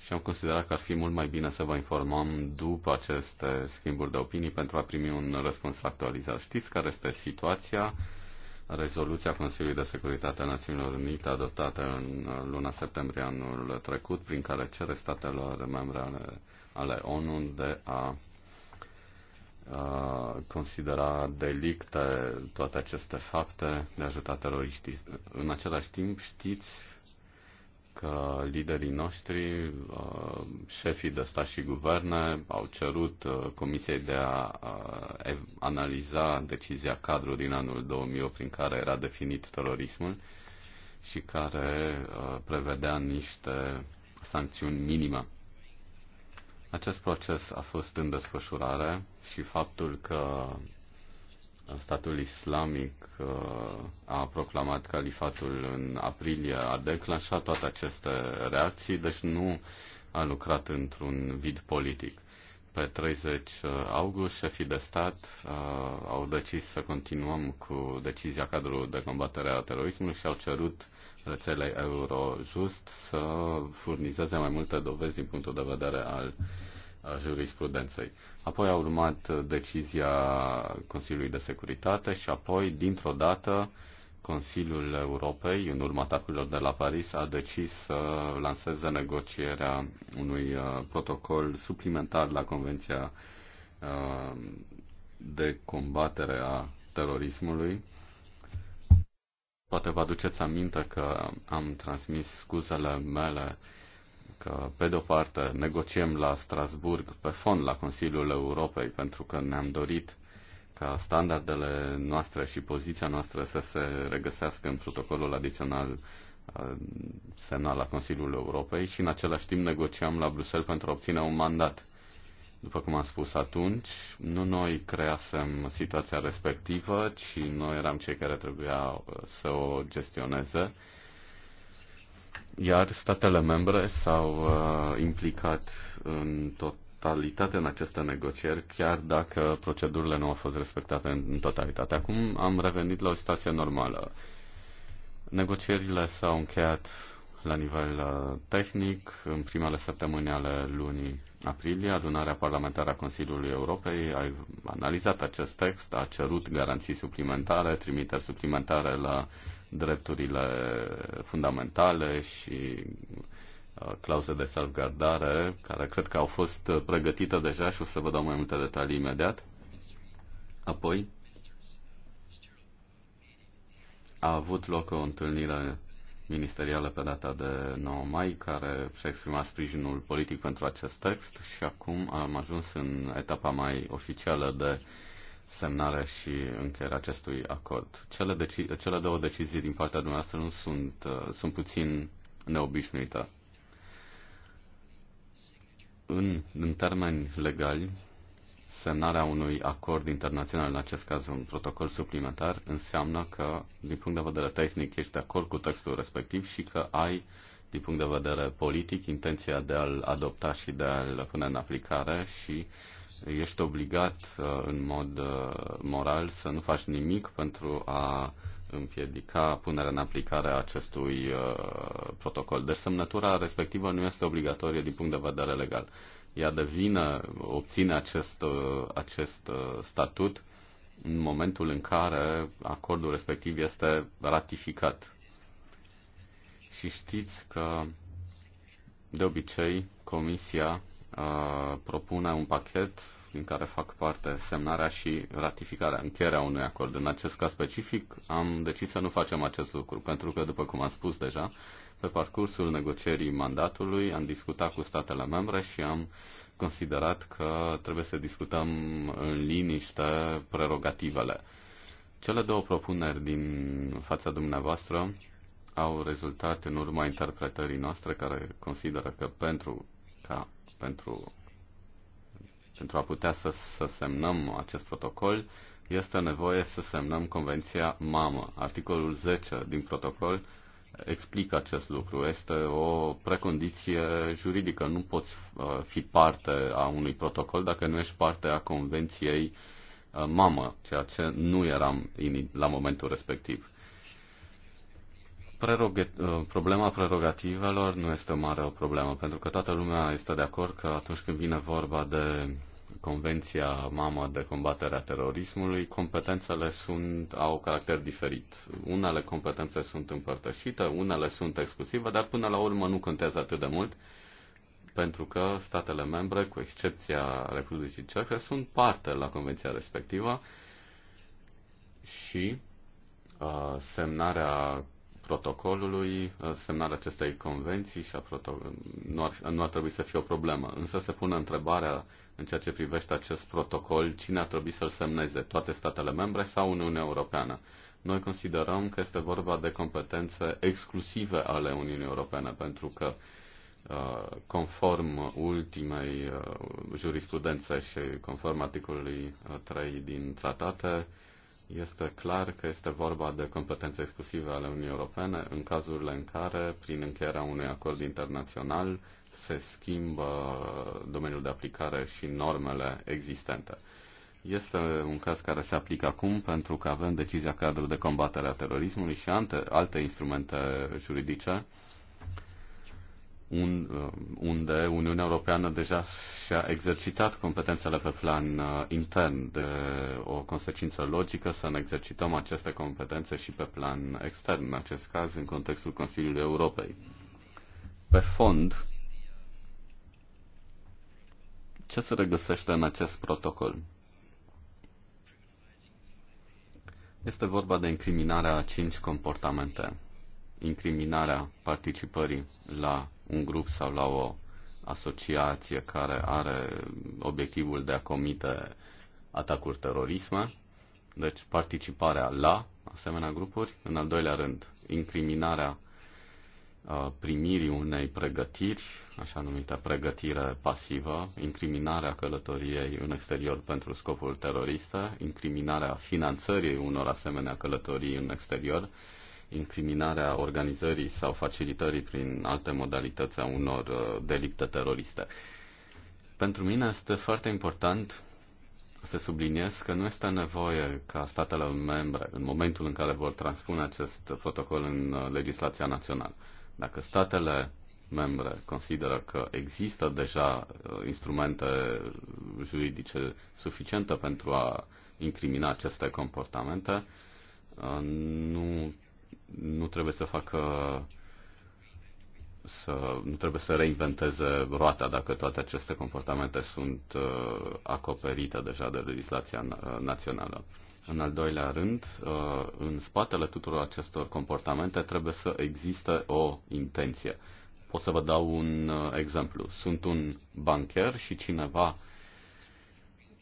și am considerat că ar fi mult mai bine să vă informăm după aceste schimburi de opinii pentru a primi un răspuns actualizat. Știți care este situația? Rezoluția Consiliului de Securitate a Națiunilor Unite adoptată în luna septembrie anul trecut, prin care cere statelor membre ale, ale ONU de a considera delicte toate aceste fapte de a ajuta teroriștii. În același timp știți că liderii noștri, șefii de stat și guverne, au cerut Comisiei de a analiza decizia cadru din anul 2008 prin care era definit terorismul și care prevedea niște sancțiuni minime acest proces a fost în desfășurare și faptul că statul islamic uh, a proclamat califatul în aprilie a declanșat toate aceste reacții, deci nu a lucrat într-un vid politic. Pe 30 uh, august, șefii de stat uh, au decis să continuăm cu decizia cadrului de combatere a terorismului și au cerut rețelei Eurojust să furnizeze mai multe dovezi din punctul de vedere al jurisprudenței. Apoi a urmat decizia Consiliului de Securitate și apoi, dintr-o dată, Consiliul Europei, în urma atacurilor de la Paris, a decis să lanseze negocierea unui uh, protocol suplimentar la Convenția uh, de combatere a terorismului Poate vă aduceți aminte că am transmis scuzele mele că, pe de-o parte, negociem la Strasburg pe fond la Consiliul Europei pentru că ne-am dorit ca standardele noastre și poziția noastră să se regăsească în protocolul adițional uh, semnat la Consiliul Europei și în același timp negociam la Bruxelles pentru a obține un mandat. După cum am spus atunci, nu noi creasem situația respectivă, ci noi eram cei care trebuia uh, să o gestioneze. Iar statele membre s-au uh, implicat în totalitate în aceste negocieri, chiar dacă procedurile nu au fost respectate în totalitate. Acum am revenit la o situație normală. Negocierile s-au încheiat la nivel uh, tehnic în primele săptămâni ale lunii aprilie. Adunarea parlamentară a Consiliului Europei a analizat acest text, a cerut garanții suplimentare, trimiteri suplimentare la drepturile fundamentale și uh, clauze de salvgardare, care cred că au fost pregătite deja și o să vă dau mai multe detalii imediat. Apoi, a avut loc o întâlnire ministerială pe data de 9 mai, care și-a exprimat sprijinul politic pentru acest text și acum am ajuns în etapa mai oficială de semnare și încheierea acestui acord. Cele, deci- cele două decizii din partea dumneavoastră nu sunt, uh, sunt puțin neobișnuite. În, în termeni legali, semnarea unui acord internațional, în acest caz un protocol suplimentar, înseamnă că, din punct de vedere tehnic, ești de acord cu textul respectiv și că ai, din punct de vedere politic, intenția de a-l adopta și de a-l pune în aplicare și ești obligat, uh, în mod uh, moral, să nu faci nimic pentru a împiedica punerea în aplicare a acestui uh, protocol. Deci semnătura respectivă nu este obligatorie din punct de vedere legal ea devine, obține acest, uh, acest uh, statut în momentul în care acordul respectiv este ratificat. Și știți că de obicei Comisia a, uh, propune un pachet din care fac parte semnarea și ratificarea, încheierea unui acord. În acest caz specific am decis să nu facem acest lucru, pentru că, după cum am spus deja, pe parcursul negocierii mandatului am discutat cu statele membre și am considerat că trebuie să discutăm în liniște prerogativele. Cele două propuneri din fața dumneavoastră au rezultat în urma interpretării noastre care consideră că pentru, ca, pentru, pentru a putea să, să semnăm acest protocol este nevoie să semnăm Convenția Mamă. Articolul 10 din protocol explică acest lucru. Este o precondiție juridică. Nu poți uh, fi parte a unui protocol dacă nu ești parte a convenției uh, mamă, ceea ce nu eram la momentul respectiv. Uh, problema prerogativelor nu este o mare o problemă, pentru că toată lumea este de acord că atunci când vine vorba de Convenția Mamă de combatere a terorismului, competențele sunt, au caracter diferit. Unele competențe sunt împărtășite, unele sunt exclusive, dar până la urmă nu contează atât de mult, pentru că statele membre, cu excepția Republicii Cehe, sunt parte la convenția respectivă și uh, semnarea protocolului, uh, semnarea acestei convenții și a nu, ar, nu ar trebui să fie o problemă. Însă se pune întrebarea în ceea ce privește acest protocol, cine ar trebui să-l semneze, toate statele membre sau Uniunea Europeană. Noi considerăm că este vorba de competențe exclusive ale Uniunii Europene, pentru că uh, conform ultimei uh, jurisprudențe și conform articolului 3 uh, din tratate, este clar că este vorba de competențe exclusive ale Uniunii Europene în cazurile în care, prin încheierea unui acord internațional, se schimbă domeniul de aplicare și normele existente. Este un caz care se aplică acum pentru că avem decizia cadrul de combatere a terorismului și alte, alte instrumente juridice un, uh, unde Uniunea Europeană deja și-a exercitat competențele pe plan uh, intern de o consecință logică să ne exercităm aceste competențe și pe plan extern, în acest caz în contextul Consiliului Europei. Pe fond, ce se regăsește în acest protocol? Este vorba de incriminarea a cinci comportamente. Incriminarea participării la un grup sau la o asociație care are obiectivul de a comite atacuri terorisme, deci participarea la asemenea grupuri, în al doilea rând, incriminarea Uh, primirii unei pregătiri, așa numită pregătire pasivă, incriminarea călătoriei în exterior pentru scopul teroriste, incriminarea finanțării unor asemenea călătorii în exterior, incriminarea organizării sau facilitării prin alte modalități a unor uh, delicte teroriste. Pentru mine este foarte important să subliniez că nu este nevoie ca statele membre, în momentul în care vor transpune acest protocol în uh, legislația națională, dacă statele membre consideră că există deja uh, instrumente juridice suficiente pentru a incrimina aceste comportamente, uh, nu, nu trebuie să facă să, nu trebuie să reinventeze roata dacă toate aceste comportamente sunt uh, acoperite deja de legislația na- uh, națională. În al doilea rând, uh, în spatele tuturor acestor comportamente trebuie să existe o intenție. Pot să vă dau un uh, exemplu. Sunt un bancher și cineva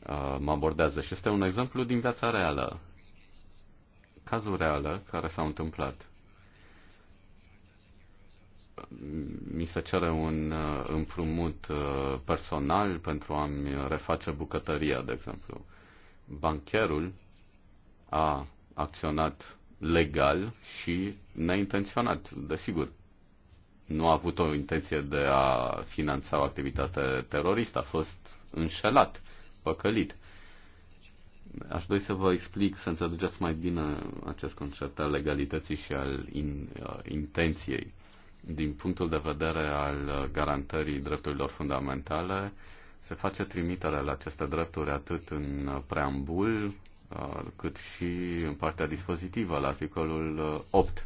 uh, mă abordează și este un exemplu din viața reală. Cazul reală care s-au întâmplat. Mi se cere un împrumut personal pentru a-mi reface bucătăria, de exemplu. Bancherul a acționat legal și neintenționat, desigur. Nu a avut o intenție de a finanța o activitate teroristă, a fost înșelat, păcălit. Aș dori să vă explic, să înțelegeți mai bine acest concept al legalității și al in, uh, intenției. Din punctul de vedere al garantării drepturilor fundamentale, se face trimitere la aceste drepturi atât în preambul Uh, cât și în partea dispozitivă la articolul 8. Uh,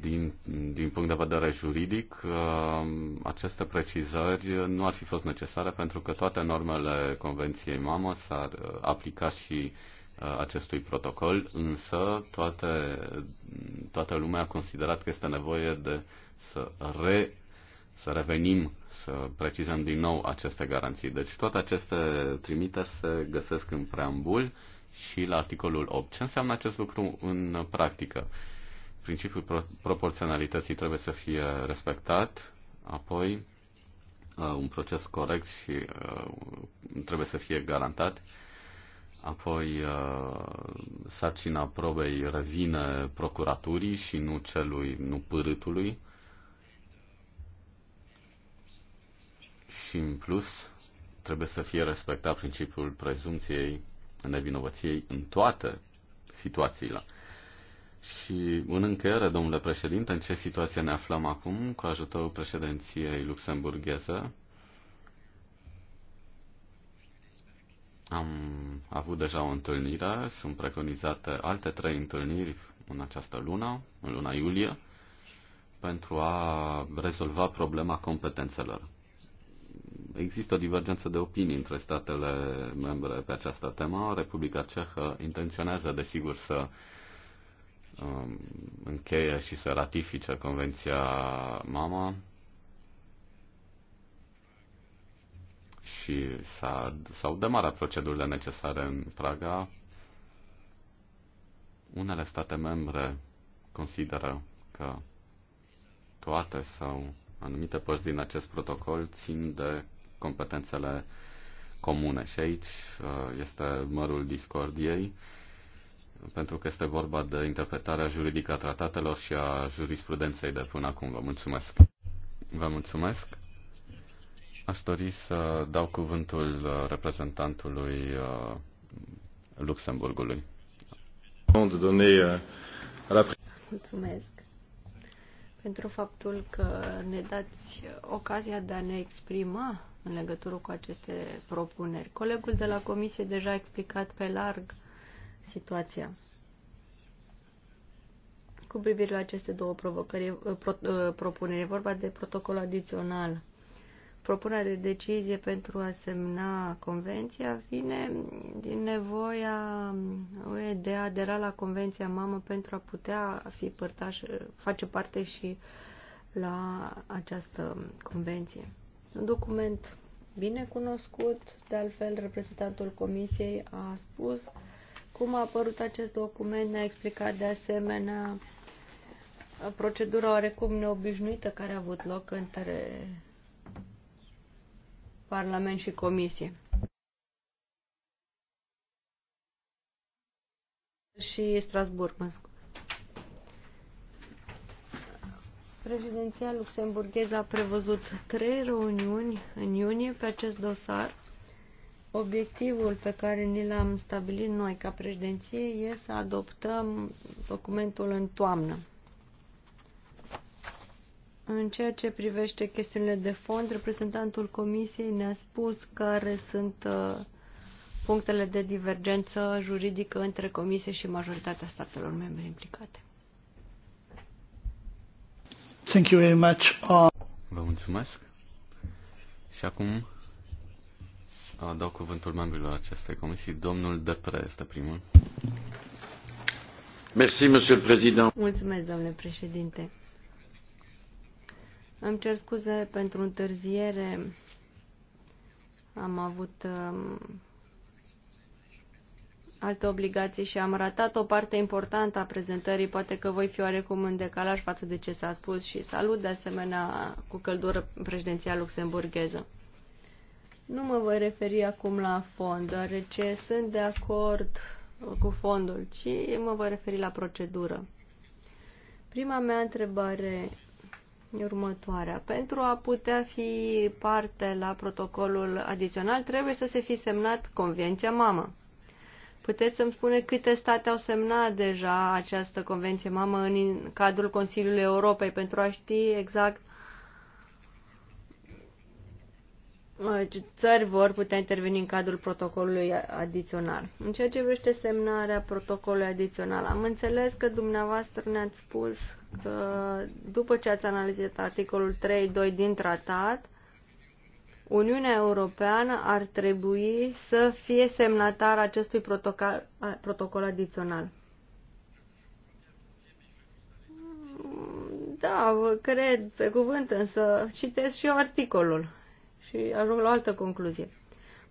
din, din punct de vedere juridic, uh, aceste precizări nu ar fi fost necesare pentru că toate normele Convenției Mamă s-ar aplica și acestui protocol, însă toate, toată lumea a considerat că este nevoie de să, re, să revenim, să precizăm din nou aceste garanții. Deci toate aceste trimiteri se găsesc în preambul și la articolul 8. Ce înseamnă acest lucru în practică? Principiul pro- proporționalității trebuie să fie respectat, apoi uh, un proces corect și uh, trebuie să fie garantat. Apoi uh, sarcina probei revine procuraturii și nu celui, nu pârâtului. Și în plus trebuie să fie respectat principiul prezumției nevinovăției în toate situațiile. Și în încheiere, domnule președinte, în ce situație ne aflăm acum cu ajutorul președinției luxemburgheze? Am avut deja o întâlnire, sunt preconizate alte trei întâlniri în această lună, în luna iulie, pentru a rezolva problema competențelor există o divergență de opinii între statele membre pe această temă. Republica Cehă intenționează, desigur, să um, încheie și să ratifice Convenția MAMA și s-au demarat procedurile necesare în Praga. Unele state membre consideră că toate sau anumite părți din acest protocol țin de competențele comune și aici uh, este mărul discordiei pentru că este vorba de interpretarea juridică a tratatelor și a jurisprudenței de până acum. Vă mulțumesc. Vă mulțumesc. Aș dori să dau cuvântul uh, reprezentantului uh, Luxemburgului. Mulțumesc pentru faptul că ne dați ocazia de a ne exprima în legătură cu aceste propuneri. Colegul de la comisie deja a explicat pe larg situația cu privire la aceste două provocări, eh, pro, eh, propuneri. E vorba de protocol adițional propunerea de decizie pentru a semna convenția vine din nevoia UE de a adera la convenția mamă pentru a putea fi părtaș, face parte și la această convenție. Un document bine cunoscut, de altfel reprezentantul comisiei a spus cum a apărut acest document, ne-a explicat de asemenea procedura oarecum neobișnuită care a avut loc între Parlament și Comisie. Și Strasburg, mă scuze. Președinția luxemburgheză a prevăzut trei reuniuni în iunie pe acest dosar. Obiectivul pe care ni l-am stabilit noi ca președinție e să adoptăm documentul în toamnă, în ceea ce privește chestiunile de fond, reprezentantul Comisiei ne-a spus care sunt uh, punctele de divergență juridică între Comisie și majoritatea statelor membre implicate. Thank you very much. Uh, Vă mulțumesc. Și acum uh, dau cuvântul membrilor acestei comisii. Domnul Depre este primul. Merci, Mulțumesc, domnule președinte. Îmi cer scuze pentru întârziere. Am avut um, alte obligații și am ratat o parte importantă a prezentării. Poate că voi fi oarecum în decalaj față de ce s-a spus și salut de asemenea cu căldură președinția luxemburgheză. Nu mă voi referi acum la fond, deoarece sunt de acord uh, cu fondul, ci mă voi referi la procedură. Prima mea întrebare următoarea. Pentru a putea fi parte la protocolul adițional, trebuie să se fi semnat Convenția Mamă. Puteți să-mi spune câte state au semnat deja această Convenție Mamă în cadrul Consiliului Europei pentru a ști exact uh, Uh, țări vor putea interveni în cadrul protocolului adițional. În ceea ce privește semnarea protocolului adițional, am înțeles că dumneavoastră ne-ați spus că după ce ați analizat articolul 3.2 din tratat, Uniunea Europeană ar trebui să fie semnatar acestui protocol, protocol adițional. Da, cred pe cuvânt, însă citesc și eu articolul și ajung la o altă concluzie.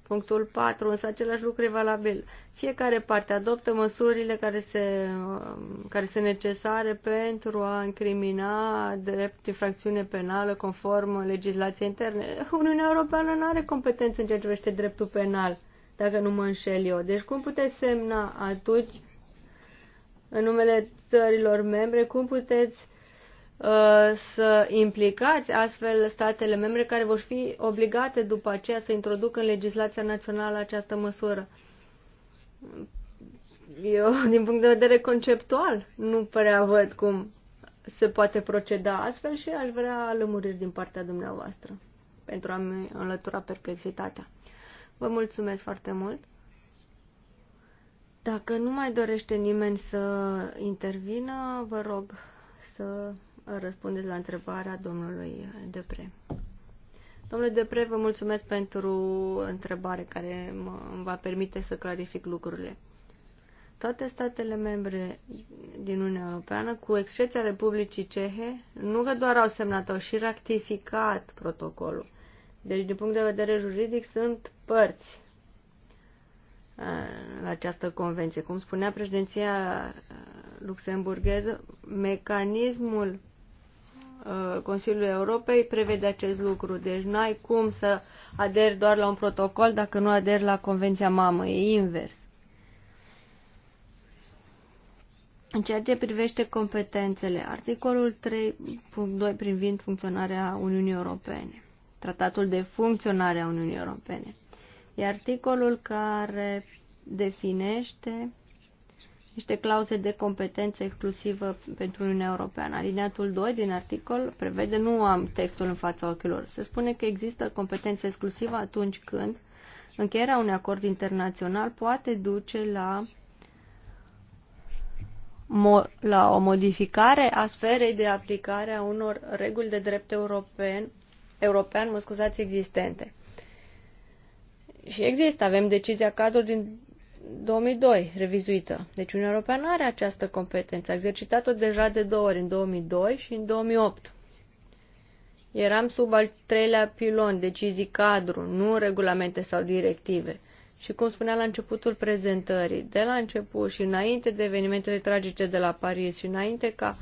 Punctul 4, însă același lucru e valabil. Fiecare parte adoptă măsurile care, se, um, care sunt necesare pentru a incrimina drept infracțiune penală conform legislației interne. Uniunea Europeană nu are competență în ceea ce privește dreptul penal, dacă nu mă înșel eu. Deci cum puteți semna atunci, în numele țărilor membre, cum puteți Uh, să implicați astfel statele membre care vor fi obligate după aceea să introducă în legislația națională această măsură. Eu, din punct de vedere conceptual, nu prea văd cum se poate proceda astfel și aș vrea lămuriri din partea dumneavoastră pentru a-mi înlătura perplexitatea. Vă mulțumesc foarte mult! Dacă nu mai dorește nimeni să intervină, vă rog să răspundeți la întrebarea domnului Depre. Domnule Depre, vă mulțumesc pentru întrebare care mă va permite să clarific lucrurile. Toate statele membre din Uniunea Europeană, cu excepția Republicii Cehe, nu că doar au semnat, au și ratificat protocolul. Deci, din punct de vedere juridic, sunt părți la această convenție. Cum spunea președinția luxemburgheză, mecanismul Uh, Consiliului Europei prevede acest lucru. Deci n-ai cum să aderi doar la un protocol dacă nu aderi la Convenția Mamă. E invers. În ceea ce privește competențele, articolul 3.2 privind funcționarea Uniunii Europene, tratatul de funcționare a Uniunii Europene, e articolul care definește niște clauze de competență exclusivă pentru Uniunea Europeană. Alineatul 2 din articol prevede, nu am textul în fața ochilor, se spune că există competență exclusivă atunci când încheierea unui acord internațional poate duce la, mo- la o modificare a sferei de aplicare a unor reguli de drept european, european mă scuzați, existente. Și există, avem decizia cadru din 2002, revizuită. Deci Uniunea Europeană are această competență, a exercitat-o deja de două ori, în 2002 și în 2008. Eram sub al treilea pilon, decizii cadru, nu regulamente sau directive. Și cum spunea la începutul prezentării, de la început și înainte de evenimentele tragice de la Paris și înainte ca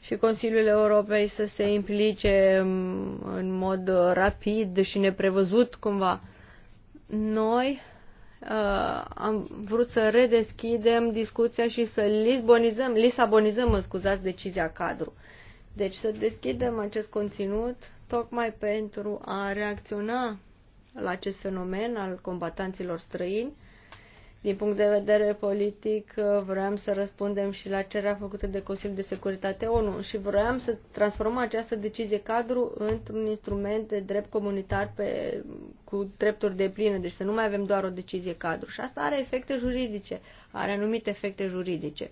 și Consiliul Europei să se implice mm, în mod rapid și neprevăzut cumva, noi uh, am vrut să redeschidem discuția și să lisbonizăm, lisabonizăm, mă scuzați, decizia cadru. Deci să deschidem acest conținut tocmai pentru a reacționa la acest fenomen al combatanților străini din punct de vedere politic, vroiam să răspundem și la cererea făcută de Consiliul de Securitate ONU și vroiam să transformăm această decizie cadru într-un instrument de drept comunitar pe, cu drepturi de plină, deci să nu mai avem doar o decizie cadru. Și asta are efecte juridice, are anumite efecte juridice.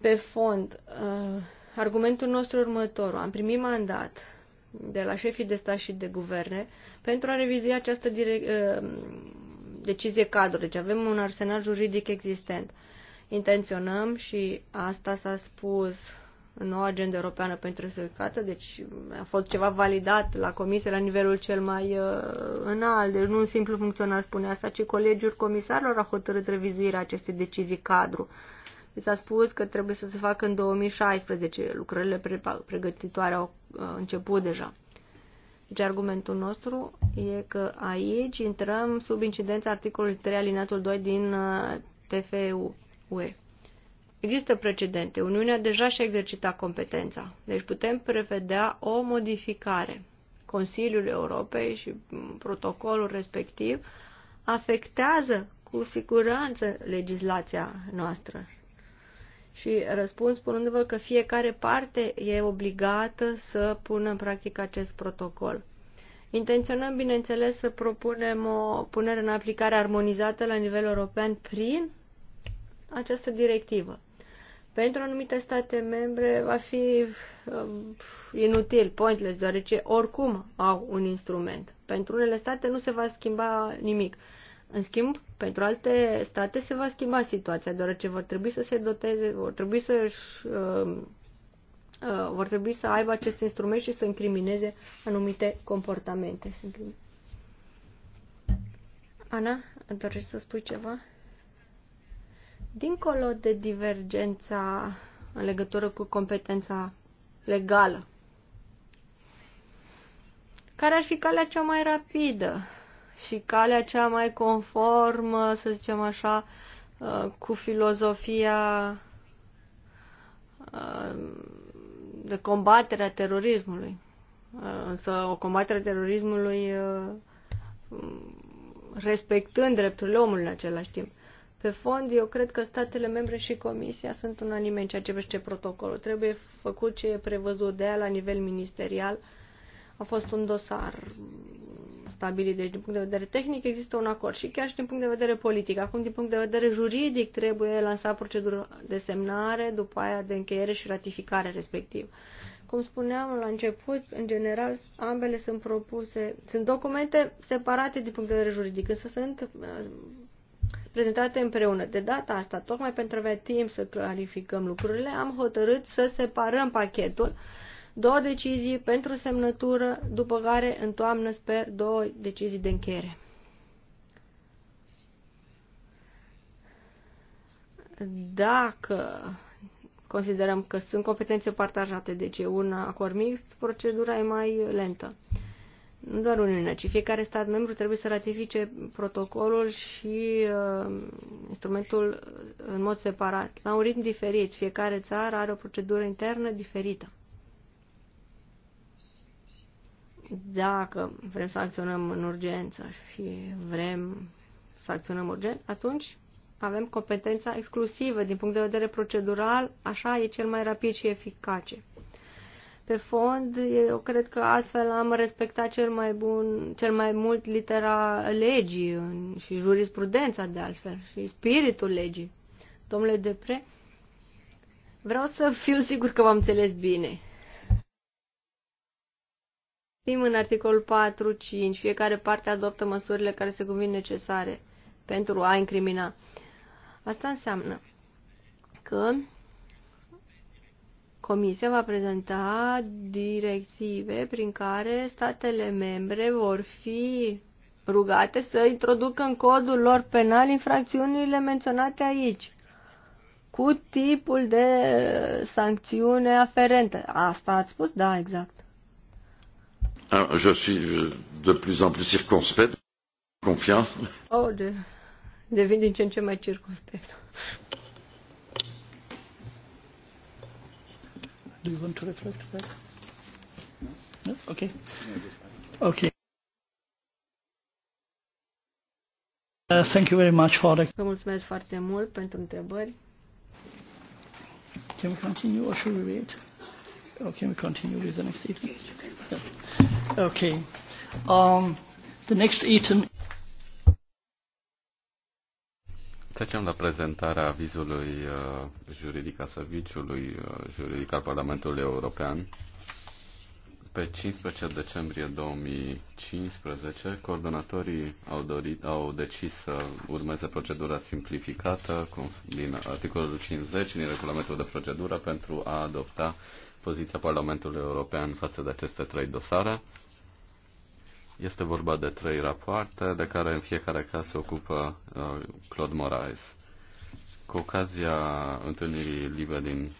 Pe fond, uh, argumentul nostru următor: am primit mandat de la șefii de stat și de guverne pentru a revizui această direcție. Uh, decizie cadru, deci avem un arsenal juridic existent. Intenționăm și asta s-a spus în noua agenda europeană pentru securitate, deci a fost ceva validat la comisie la nivelul cel mai uh, înalt, deci nu un simplu funcționar spune asta, ci colegiul comisarilor a hotărât revizuirea acestei decizii cadru. Deci s-a spus că trebuie să se facă în 2016, lucrările pregătitoare au uh, început deja. Deci argumentul nostru e că aici intrăm sub incidența articolului 3 alineatul 2 din uh, TFUE. Există precedente. Uniunea deja și-a exercitat competența. Deci putem prevedea o modificare. Consiliul Europei și mm, protocolul respectiv afectează cu siguranță legislația noastră și răspund spunându-vă că fiecare parte e obligată să pună în practică acest protocol. Intenționăm, bineînțeles, să propunem o punere în aplicare armonizată la nivel european prin această directivă. Pentru anumite state membre va fi um, inutil, pointless, deoarece oricum au un instrument. Pentru unele state nu se va schimba nimic. În schimb, pentru alte state se va schimba situația, deoarece vor trebui să se doteze, vor trebui să își, uh, uh, vor trebui să aibă acest instrument și să incrimineze anumite comportamente. Ana, dorești să spui ceva? Dincolo de divergența în legătură cu competența legală, care ar fi calea cea mai rapidă și calea cea mai conformă, să zicem așa, uh, cu filozofia uh, de combatere a terorismului. Uh, însă o combatere a terorismului mm, respectând drepturile omului în același timp. Pe fond, eu cred că statele membre și Comisia sunt unanime în ceea ce privește protocolul. Trebuie făcut ce e prevăzut de ea la nivel ministerial. A fost un dosar stabilit. Deci, din punct de vedere tehnic, există un acord și chiar și din punct de vedere politic. Acum, din punct de vedere juridic, trebuie lansat procedură de semnare, după aia de încheiere și ratificare respectiv. Cum spuneam la început, în general, ambele sunt propuse, sunt documente separate din punct de vedere juridic, însă sunt uh, prezentate împreună. De data asta, tocmai pentru a avea timp să clarificăm lucrurile, am hotărât să separăm pachetul două decizii pentru semnătură, după care în toamnă sper două decizii de încheiere. Dacă considerăm că sunt competențe partajate, deci e un acord mixt, procedura e mai lentă. Nu doar Uniunea, ci fiecare stat membru trebuie să ratifice protocolul și uh, instrumentul în mod separat, la un ritm diferit. Fiecare țară are o procedură internă diferită. Dacă vrem să acționăm în urgență și vrem să acționăm urgent, atunci avem competența exclusivă din punct de vedere procedural, așa e cel mai rapid și eficace. Pe fond, eu cred că astfel am respectat cel mai, bun, cel mai mult litera legii și jurisprudența de altfel și spiritul legii. Domnule Depre, vreau să fiu sigur că v-am înțeles bine. Stim în articolul 4.5. Fiecare parte adoptă măsurile care se cuvin necesare pentru a incrimina. Asta înseamnă că Comisia va prezenta directive prin care statele membre vor fi rugate să introducă în codul lor penal infracțiunile menționate aici cu tipul de sancțiune aferentă. Asta ați spus? Da, exact. Ah, je suis de plus en plus circonspect, confiant. Oh, de, devin din ce în ce mai circonspect. Do you want to reflect that? No? Okay. Okay. Uh, thank you very much for the... Vă mulțumesc foarte mult pentru întrebări. Can we continue or should we wait? Oh, can we continue with the next item? Yes, you can. Okay. Um, the next item. Trecem la prezentarea avizului uh, juridic a serviciului uh, juridic al Parlamentului European. Pe 15 decembrie 2015, coordonatorii au, dorit, au decis să urmeze procedura simplificată din articolul 50 din regulamentul de procedură pentru a adopta uh, poziția Parlamentului European față de aceste trei dosare. Este vorba de trei rapoarte, de care în fiecare caz se ocupă uh, Claude Moraes. Cu ocazia întâlnirii libe din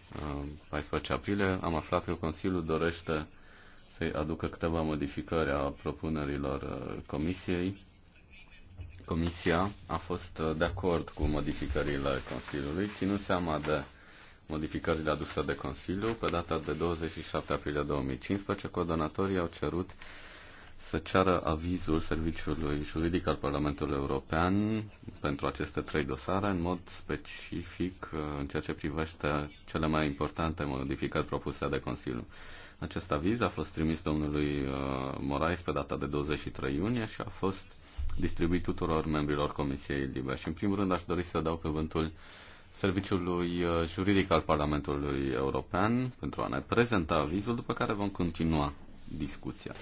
uh, 14 aprilie, am aflat că Consiliul dorește să-i aducă câteva modificări a propunerilor uh, Comisiei. Comisia a fost uh, de acord cu modificările Consiliului, ținând seama de uh, modificările aduse de Consiliu. Pe data de 27 aprilie 2015, coordonatorii au cerut să ceară avizul Serviciului Juridic al Parlamentului European pentru aceste trei dosare, în mod specific uh, în ceea ce privește cele mai importante modificări propuse de Consiliu. Acest aviz a fost trimis domnului uh, Moraes pe data de 23 iunie și a fost distribuit tuturor membrilor Comisiei Libe. Și în primul rând aș dori să dau cuvântul Serviciului uh, Juridic al Parlamentului European pentru a ne prezenta avizul, după care vom continua discuția.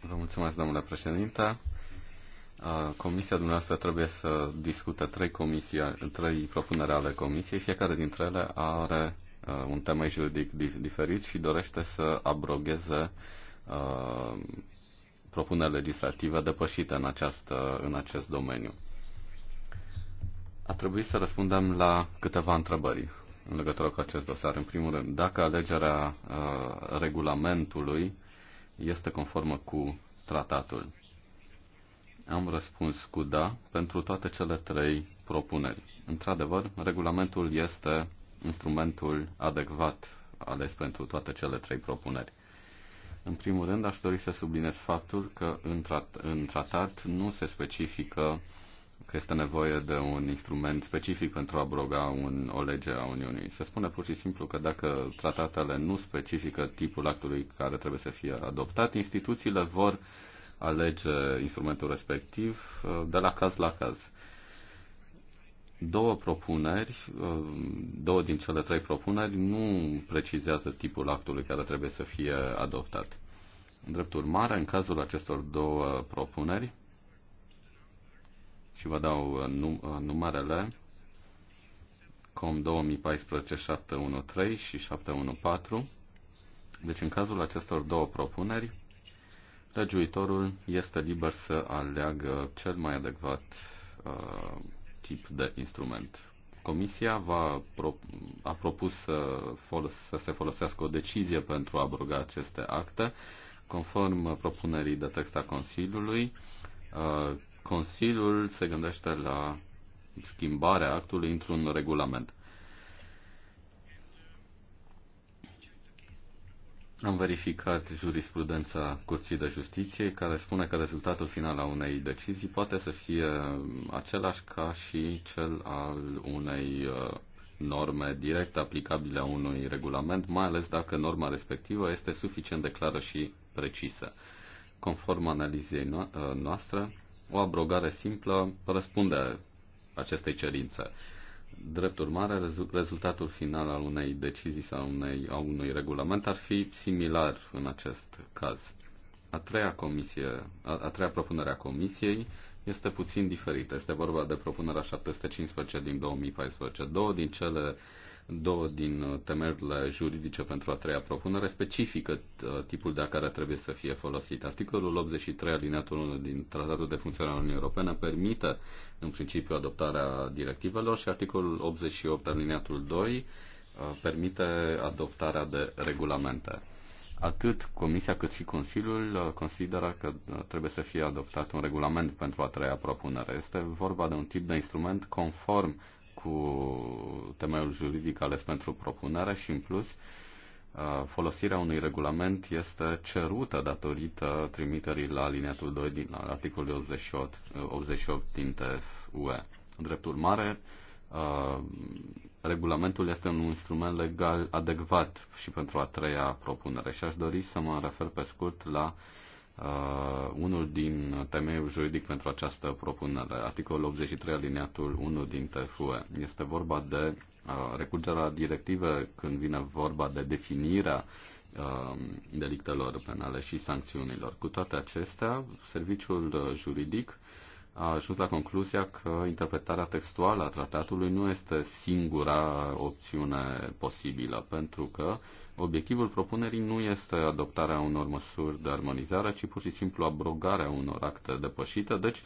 Vă mulțumesc, domnule președinte. Uh, comisia dumneavoastră trebuie să discute trei, comisii, trei propuneri ale comisiei. Fiecare dintre ele are Uh, un temei juridic diferit și dorește să abrogeze uh, propuneri legislative depășite în, această, în acest domeniu. A trebuit să răspundem la câteva întrebări în legătură cu acest dosar. În primul rând, dacă alegerea uh, regulamentului este conformă cu tratatul. Am răspuns cu da pentru toate cele trei propuneri. Într-adevăr, regulamentul este instrumentul adecvat ales pentru toate cele trei propuneri. În primul rând, aș dori să subliniez faptul că în, trat, în tratat nu se specifică că este nevoie de un instrument specific pentru a abroga un, o lege a Uniunii. Se spune pur și simplu că dacă tratatele nu specifică tipul actului care trebuie să fie adoptat, instituțiile vor alege instrumentul respectiv uh, de la caz la caz două propuneri, uh, două din cele trei propuneri nu precizează tipul actului care trebuie să fie adoptat. În drept urmare, în cazul acestor două propuneri, și vă dau uh, num- uh, numerele, COM 2014-713 și 714, deci în cazul acestor două propuneri, legiuitorul este liber să aleagă cel mai adecvat uh, tip de instrument. Comisia va pro, a propus să, folos, să se folosească o decizie pentru a abroga aceste acte, conform propunerii de text a Consiliului. Uh, Consiliul se gândește la schimbarea actului într-un regulament. Am verificat jurisprudența Curții de Justiție, care spune că rezultatul final a unei decizii poate să fie același ca și cel al unei uh, norme direct aplicabile a unui regulament, mai ales dacă norma respectivă este suficient de clară și precisă. Conform analizei uh, noastre, o abrogare simplă răspunde acestei cerințe. Drept urmare, rezultatul final al unei decizii sau unei, a unui regulament ar fi similar în acest caz. A treia, comisie, a, a treia propunere a Comisiei este puțin diferită. Este vorba de propunerea 715 din 2014. Două din cele Două din uh, temerile juridice pentru a treia propunere specifică uh, tipul de care trebuie să fie folosit. Articolul 83 alineatul 1 din Tratatul de Funcționare al Uniunii Europene permite în principiu adoptarea directivelor și articolul 88 alineatul 2 uh, permite adoptarea de regulamente. Atât Comisia cât și Consiliul consideră că trebuie să fie adoptat un regulament pentru a treia propunere. Este vorba de un tip de instrument conform cu temeiul juridic ales pentru propunere și, în plus, uh, folosirea unui regulament este cerută datorită trimiterii la alineatul 2 din articolul 88, 88 din TFUE. Drept urmare, uh, regulamentul este un instrument legal adecvat și pentru a treia propunere și aș dori să mă refer pe scurt la uh, uh, unul din temeiul juridic pentru această propunere, articolul 83 aliniatul 1 din TFUE. Este vorba de uh, recurgerea directive când vine vorba de definirea uh, delictelor penale și sancțiunilor. Cu toate acestea, serviciul juridic a ajuns la concluzia că interpretarea textuală a tratatului nu este singura opțiune posibilă, pentru că uh, Obiectivul propunerii nu este adoptarea unor măsuri de armonizare, ci pur și simplu abrogarea unor acte depășite, deci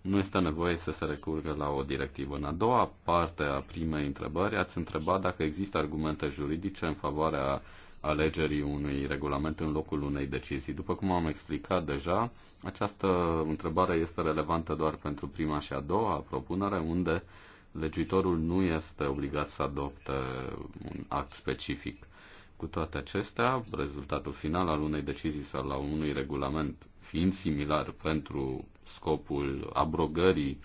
nu este nevoie să se recurgă la o directivă. În a doua parte a primei întrebări ați întrebat dacă există argumente juridice în favoarea alegerii unui regulament în locul unei decizii. După cum am explicat deja, această întrebare este relevantă doar pentru prima și a doua propunere, unde legitorul nu este obligat să adopte un act specific. Cu toate acestea, rezultatul final al unei decizii sau la unui regulament fiind similar pentru scopul abrogării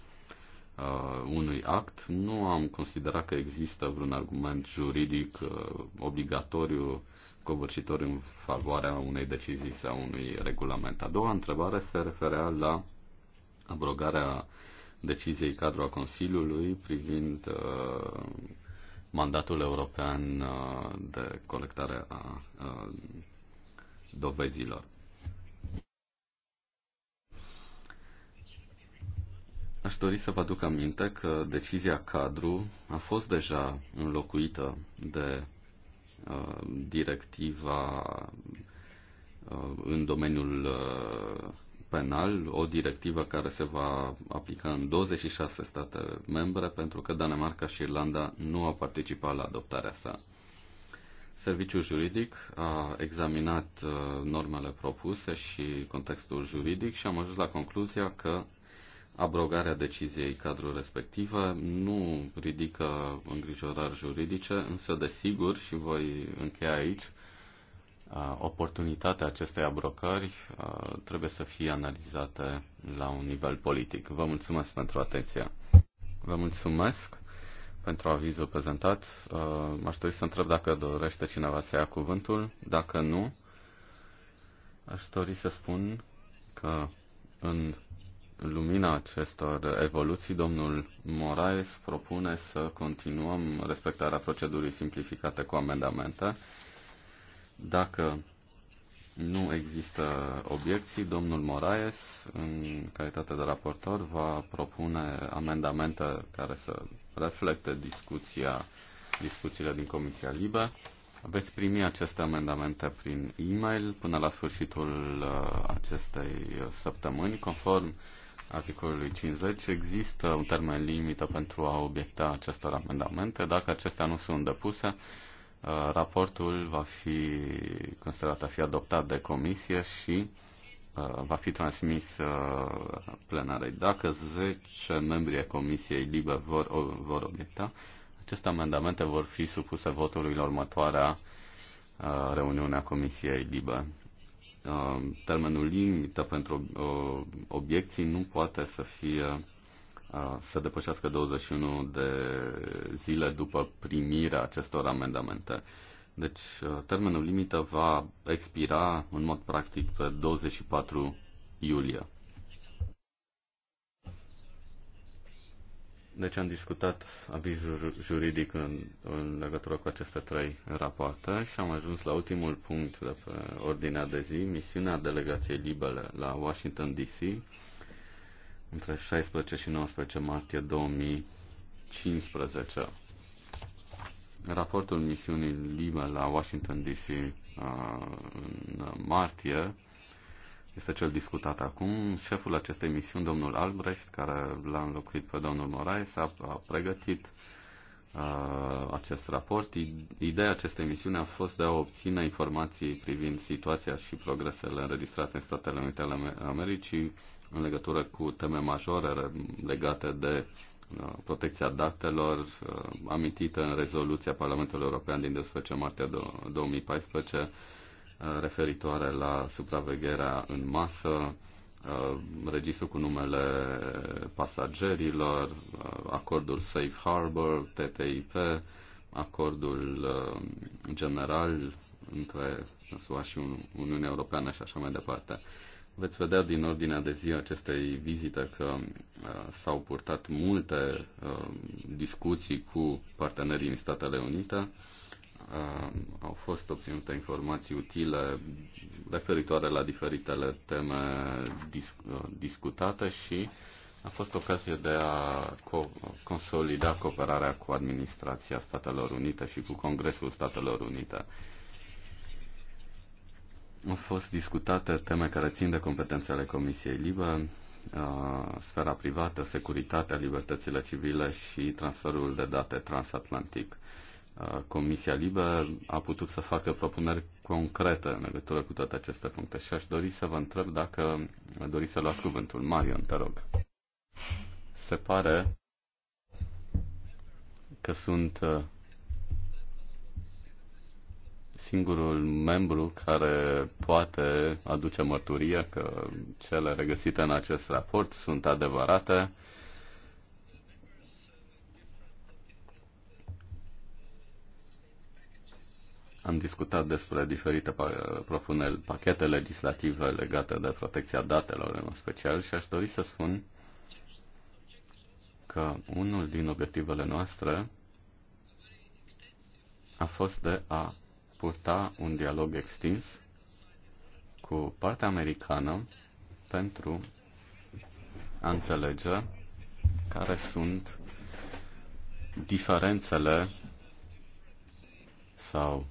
uh, unui act, nu am considerat că există vreun argument juridic uh, obligatoriu covârșitor în favoarea unei decizii sau unui regulament. A doua întrebare se referea la abrogarea deciziei cadru a Consiliului privind uh, mandatul european uh, de colectare a uh, dovezilor. Aș dori să vă aduc aminte că decizia cadru a fost deja înlocuită de uh, directiva uh, în domeniul uh, penal, o directivă care se va aplica în 26 state membre, pentru că Danemarca și Irlanda nu au participat la adoptarea sa. Serviciul juridic a examinat uh, normele propuse și contextul juridic și am ajuns la concluzia că abrogarea deciziei cadrul respective nu ridică îngrijorări juridice, însă desigur, și voi încheia aici, oportunitatea acestei abrocări trebuie să fie analizate la un nivel politic. Vă mulțumesc pentru atenție. Vă mulțumesc pentru avizul prezentat. Aș dori să întreb dacă dorește cineva să ia cuvântul. Dacă nu, aș dori să spun că în lumina acestor evoluții, domnul Moraes propune să continuăm respectarea procedurii simplificate cu amendamente dacă nu există obiecții, domnul Moraes, în calitate de raportor, va propune amendamente care să reflecte discuția, discuțiile din Comisia Libe. Veți primi aceste amendamente prin e-mail până la sfârșitul uh, acestei uh, săptămâni. Conform articolului 50 există un termen limită pentru a obiecta acestor amendamente. Dacă acestea nu sunt depuse, Uh, raportul va fi considerat a fi adoptat de comisie și uh, va fi transmis uh, plenarei. Dacă 10 membri ai Comisiei Libe vor, vor obiecta, aceste amendamente vor fi supuse votului la următoarea reuniune a Comisiei Libe. Termenul limită pentru obiecții nu poate să fie să depășească 21 de zile după primirea acestor amendamente. Deci termenul limită va expira în mod practic pe 24 iulie. Deci am discutat avizul juridic în, în legătură cu aceste trei rapoarte și am ajuns la ultimul punct de pe ordinea de zi, misiunea delegației libere la Washington DC între 16 și 19 martie 2015. Raportul misiunii Lima la Washington DC uh, în martie este cel discutat acum. Șeful acestei misiuni, domnul Albrecht, care l-a înlocuit pe domnul Moraes, a, a pregătit uh, acest raport. Ideea acestei misiuni a fost de a obține informații privind situația și progresele înregistrate în Statele Unite ale Americii în legătură cu teme majore legate de uh, protecția datelor, uh, amintită în rezoluția Parlamentului European din 12 martie 2014, uh, referitoare la supravegherea în masă, registru cu numele pasagerilor, acordul Safe Harbor, TTIP, acordul general între SUA și Uniunea Europeană și așa mai departe. Veți vedea din ordinea de zi acestei vizite că uh, s-au purtat multe uh, discuții cu partenerii din Statele Unite. Uh, au fost obținute informații utile referitoare la diferitele teme dis- uh, discutate și a fost ocazie de a co- consolida cooperarea cu administrația Statelor Unite și cu Congresul Statelor Unite. Uh, au fost discutate teme care țin de competențele Comisiei Libe, uh, sfera privată, securitatea, libertățile civile și transferul de date transatlantic. Uh, Comisia Libe a putut să facă propuneri concrete în legătură cu toate aceste puncte și aș dori să vă întreb dacă doriți să luați cuvântul. Marion, te rog. Se pare că sunt uh, singurul membru care poate aduce mărturie că cele regăsite în acest raport sunt adevărate. Am discutat despre diferite propuneri, pachete legislative legate de protecția datelor în special și aș dori să spun că unul din obiectivele noastre a fost de a purta un dialog extins cu partea americană pentru a înțelege care sunt diferențele sau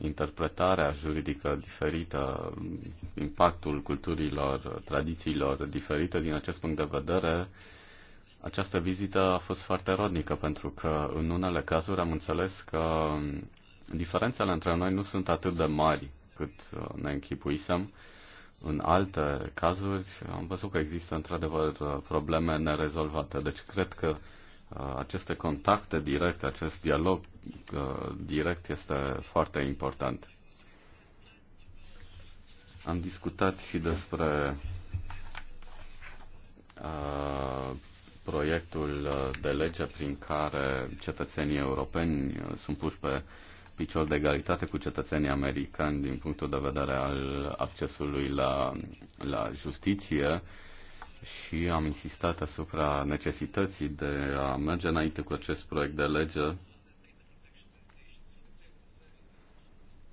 interpretarea juridică diferită, impactul culturilor, tradițiilor diferite din acest punct de vedere, această vizită a fost foarte rodnică pentru că în unele cazuri am înțeles că diferențele între noi nu sunt atât de mari cât uh, ne închipuisem. În alte cazuri am văzut că există într-adevăr uh, probleme nerezolvate. Deci cred că uh, aceste contacte directe, acest dialog direct este foarte important. Am discutat și despre proiectul uh, de lege prin care cetățenii europeni uh, sunt puși pe picior de egalitate cu cetățenii americani din punctul de vedere al accesului la, la justiție și am insistat asupra necesității de a merge înainte cu acest proiect de lege.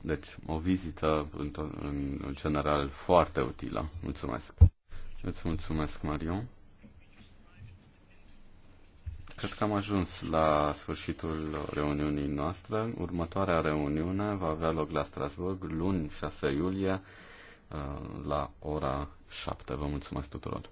Deci, o vizită, în, în general, foarte utilă. Mulțumesc. Îți mulțumesc, Marion. Cred că am ajuns la sfârșitul reuniunii noastre. Următoarea reuniune va avea loc la Strasburg luni 6 iulie uh, la ora 7. Vă mulțumesc tuturor!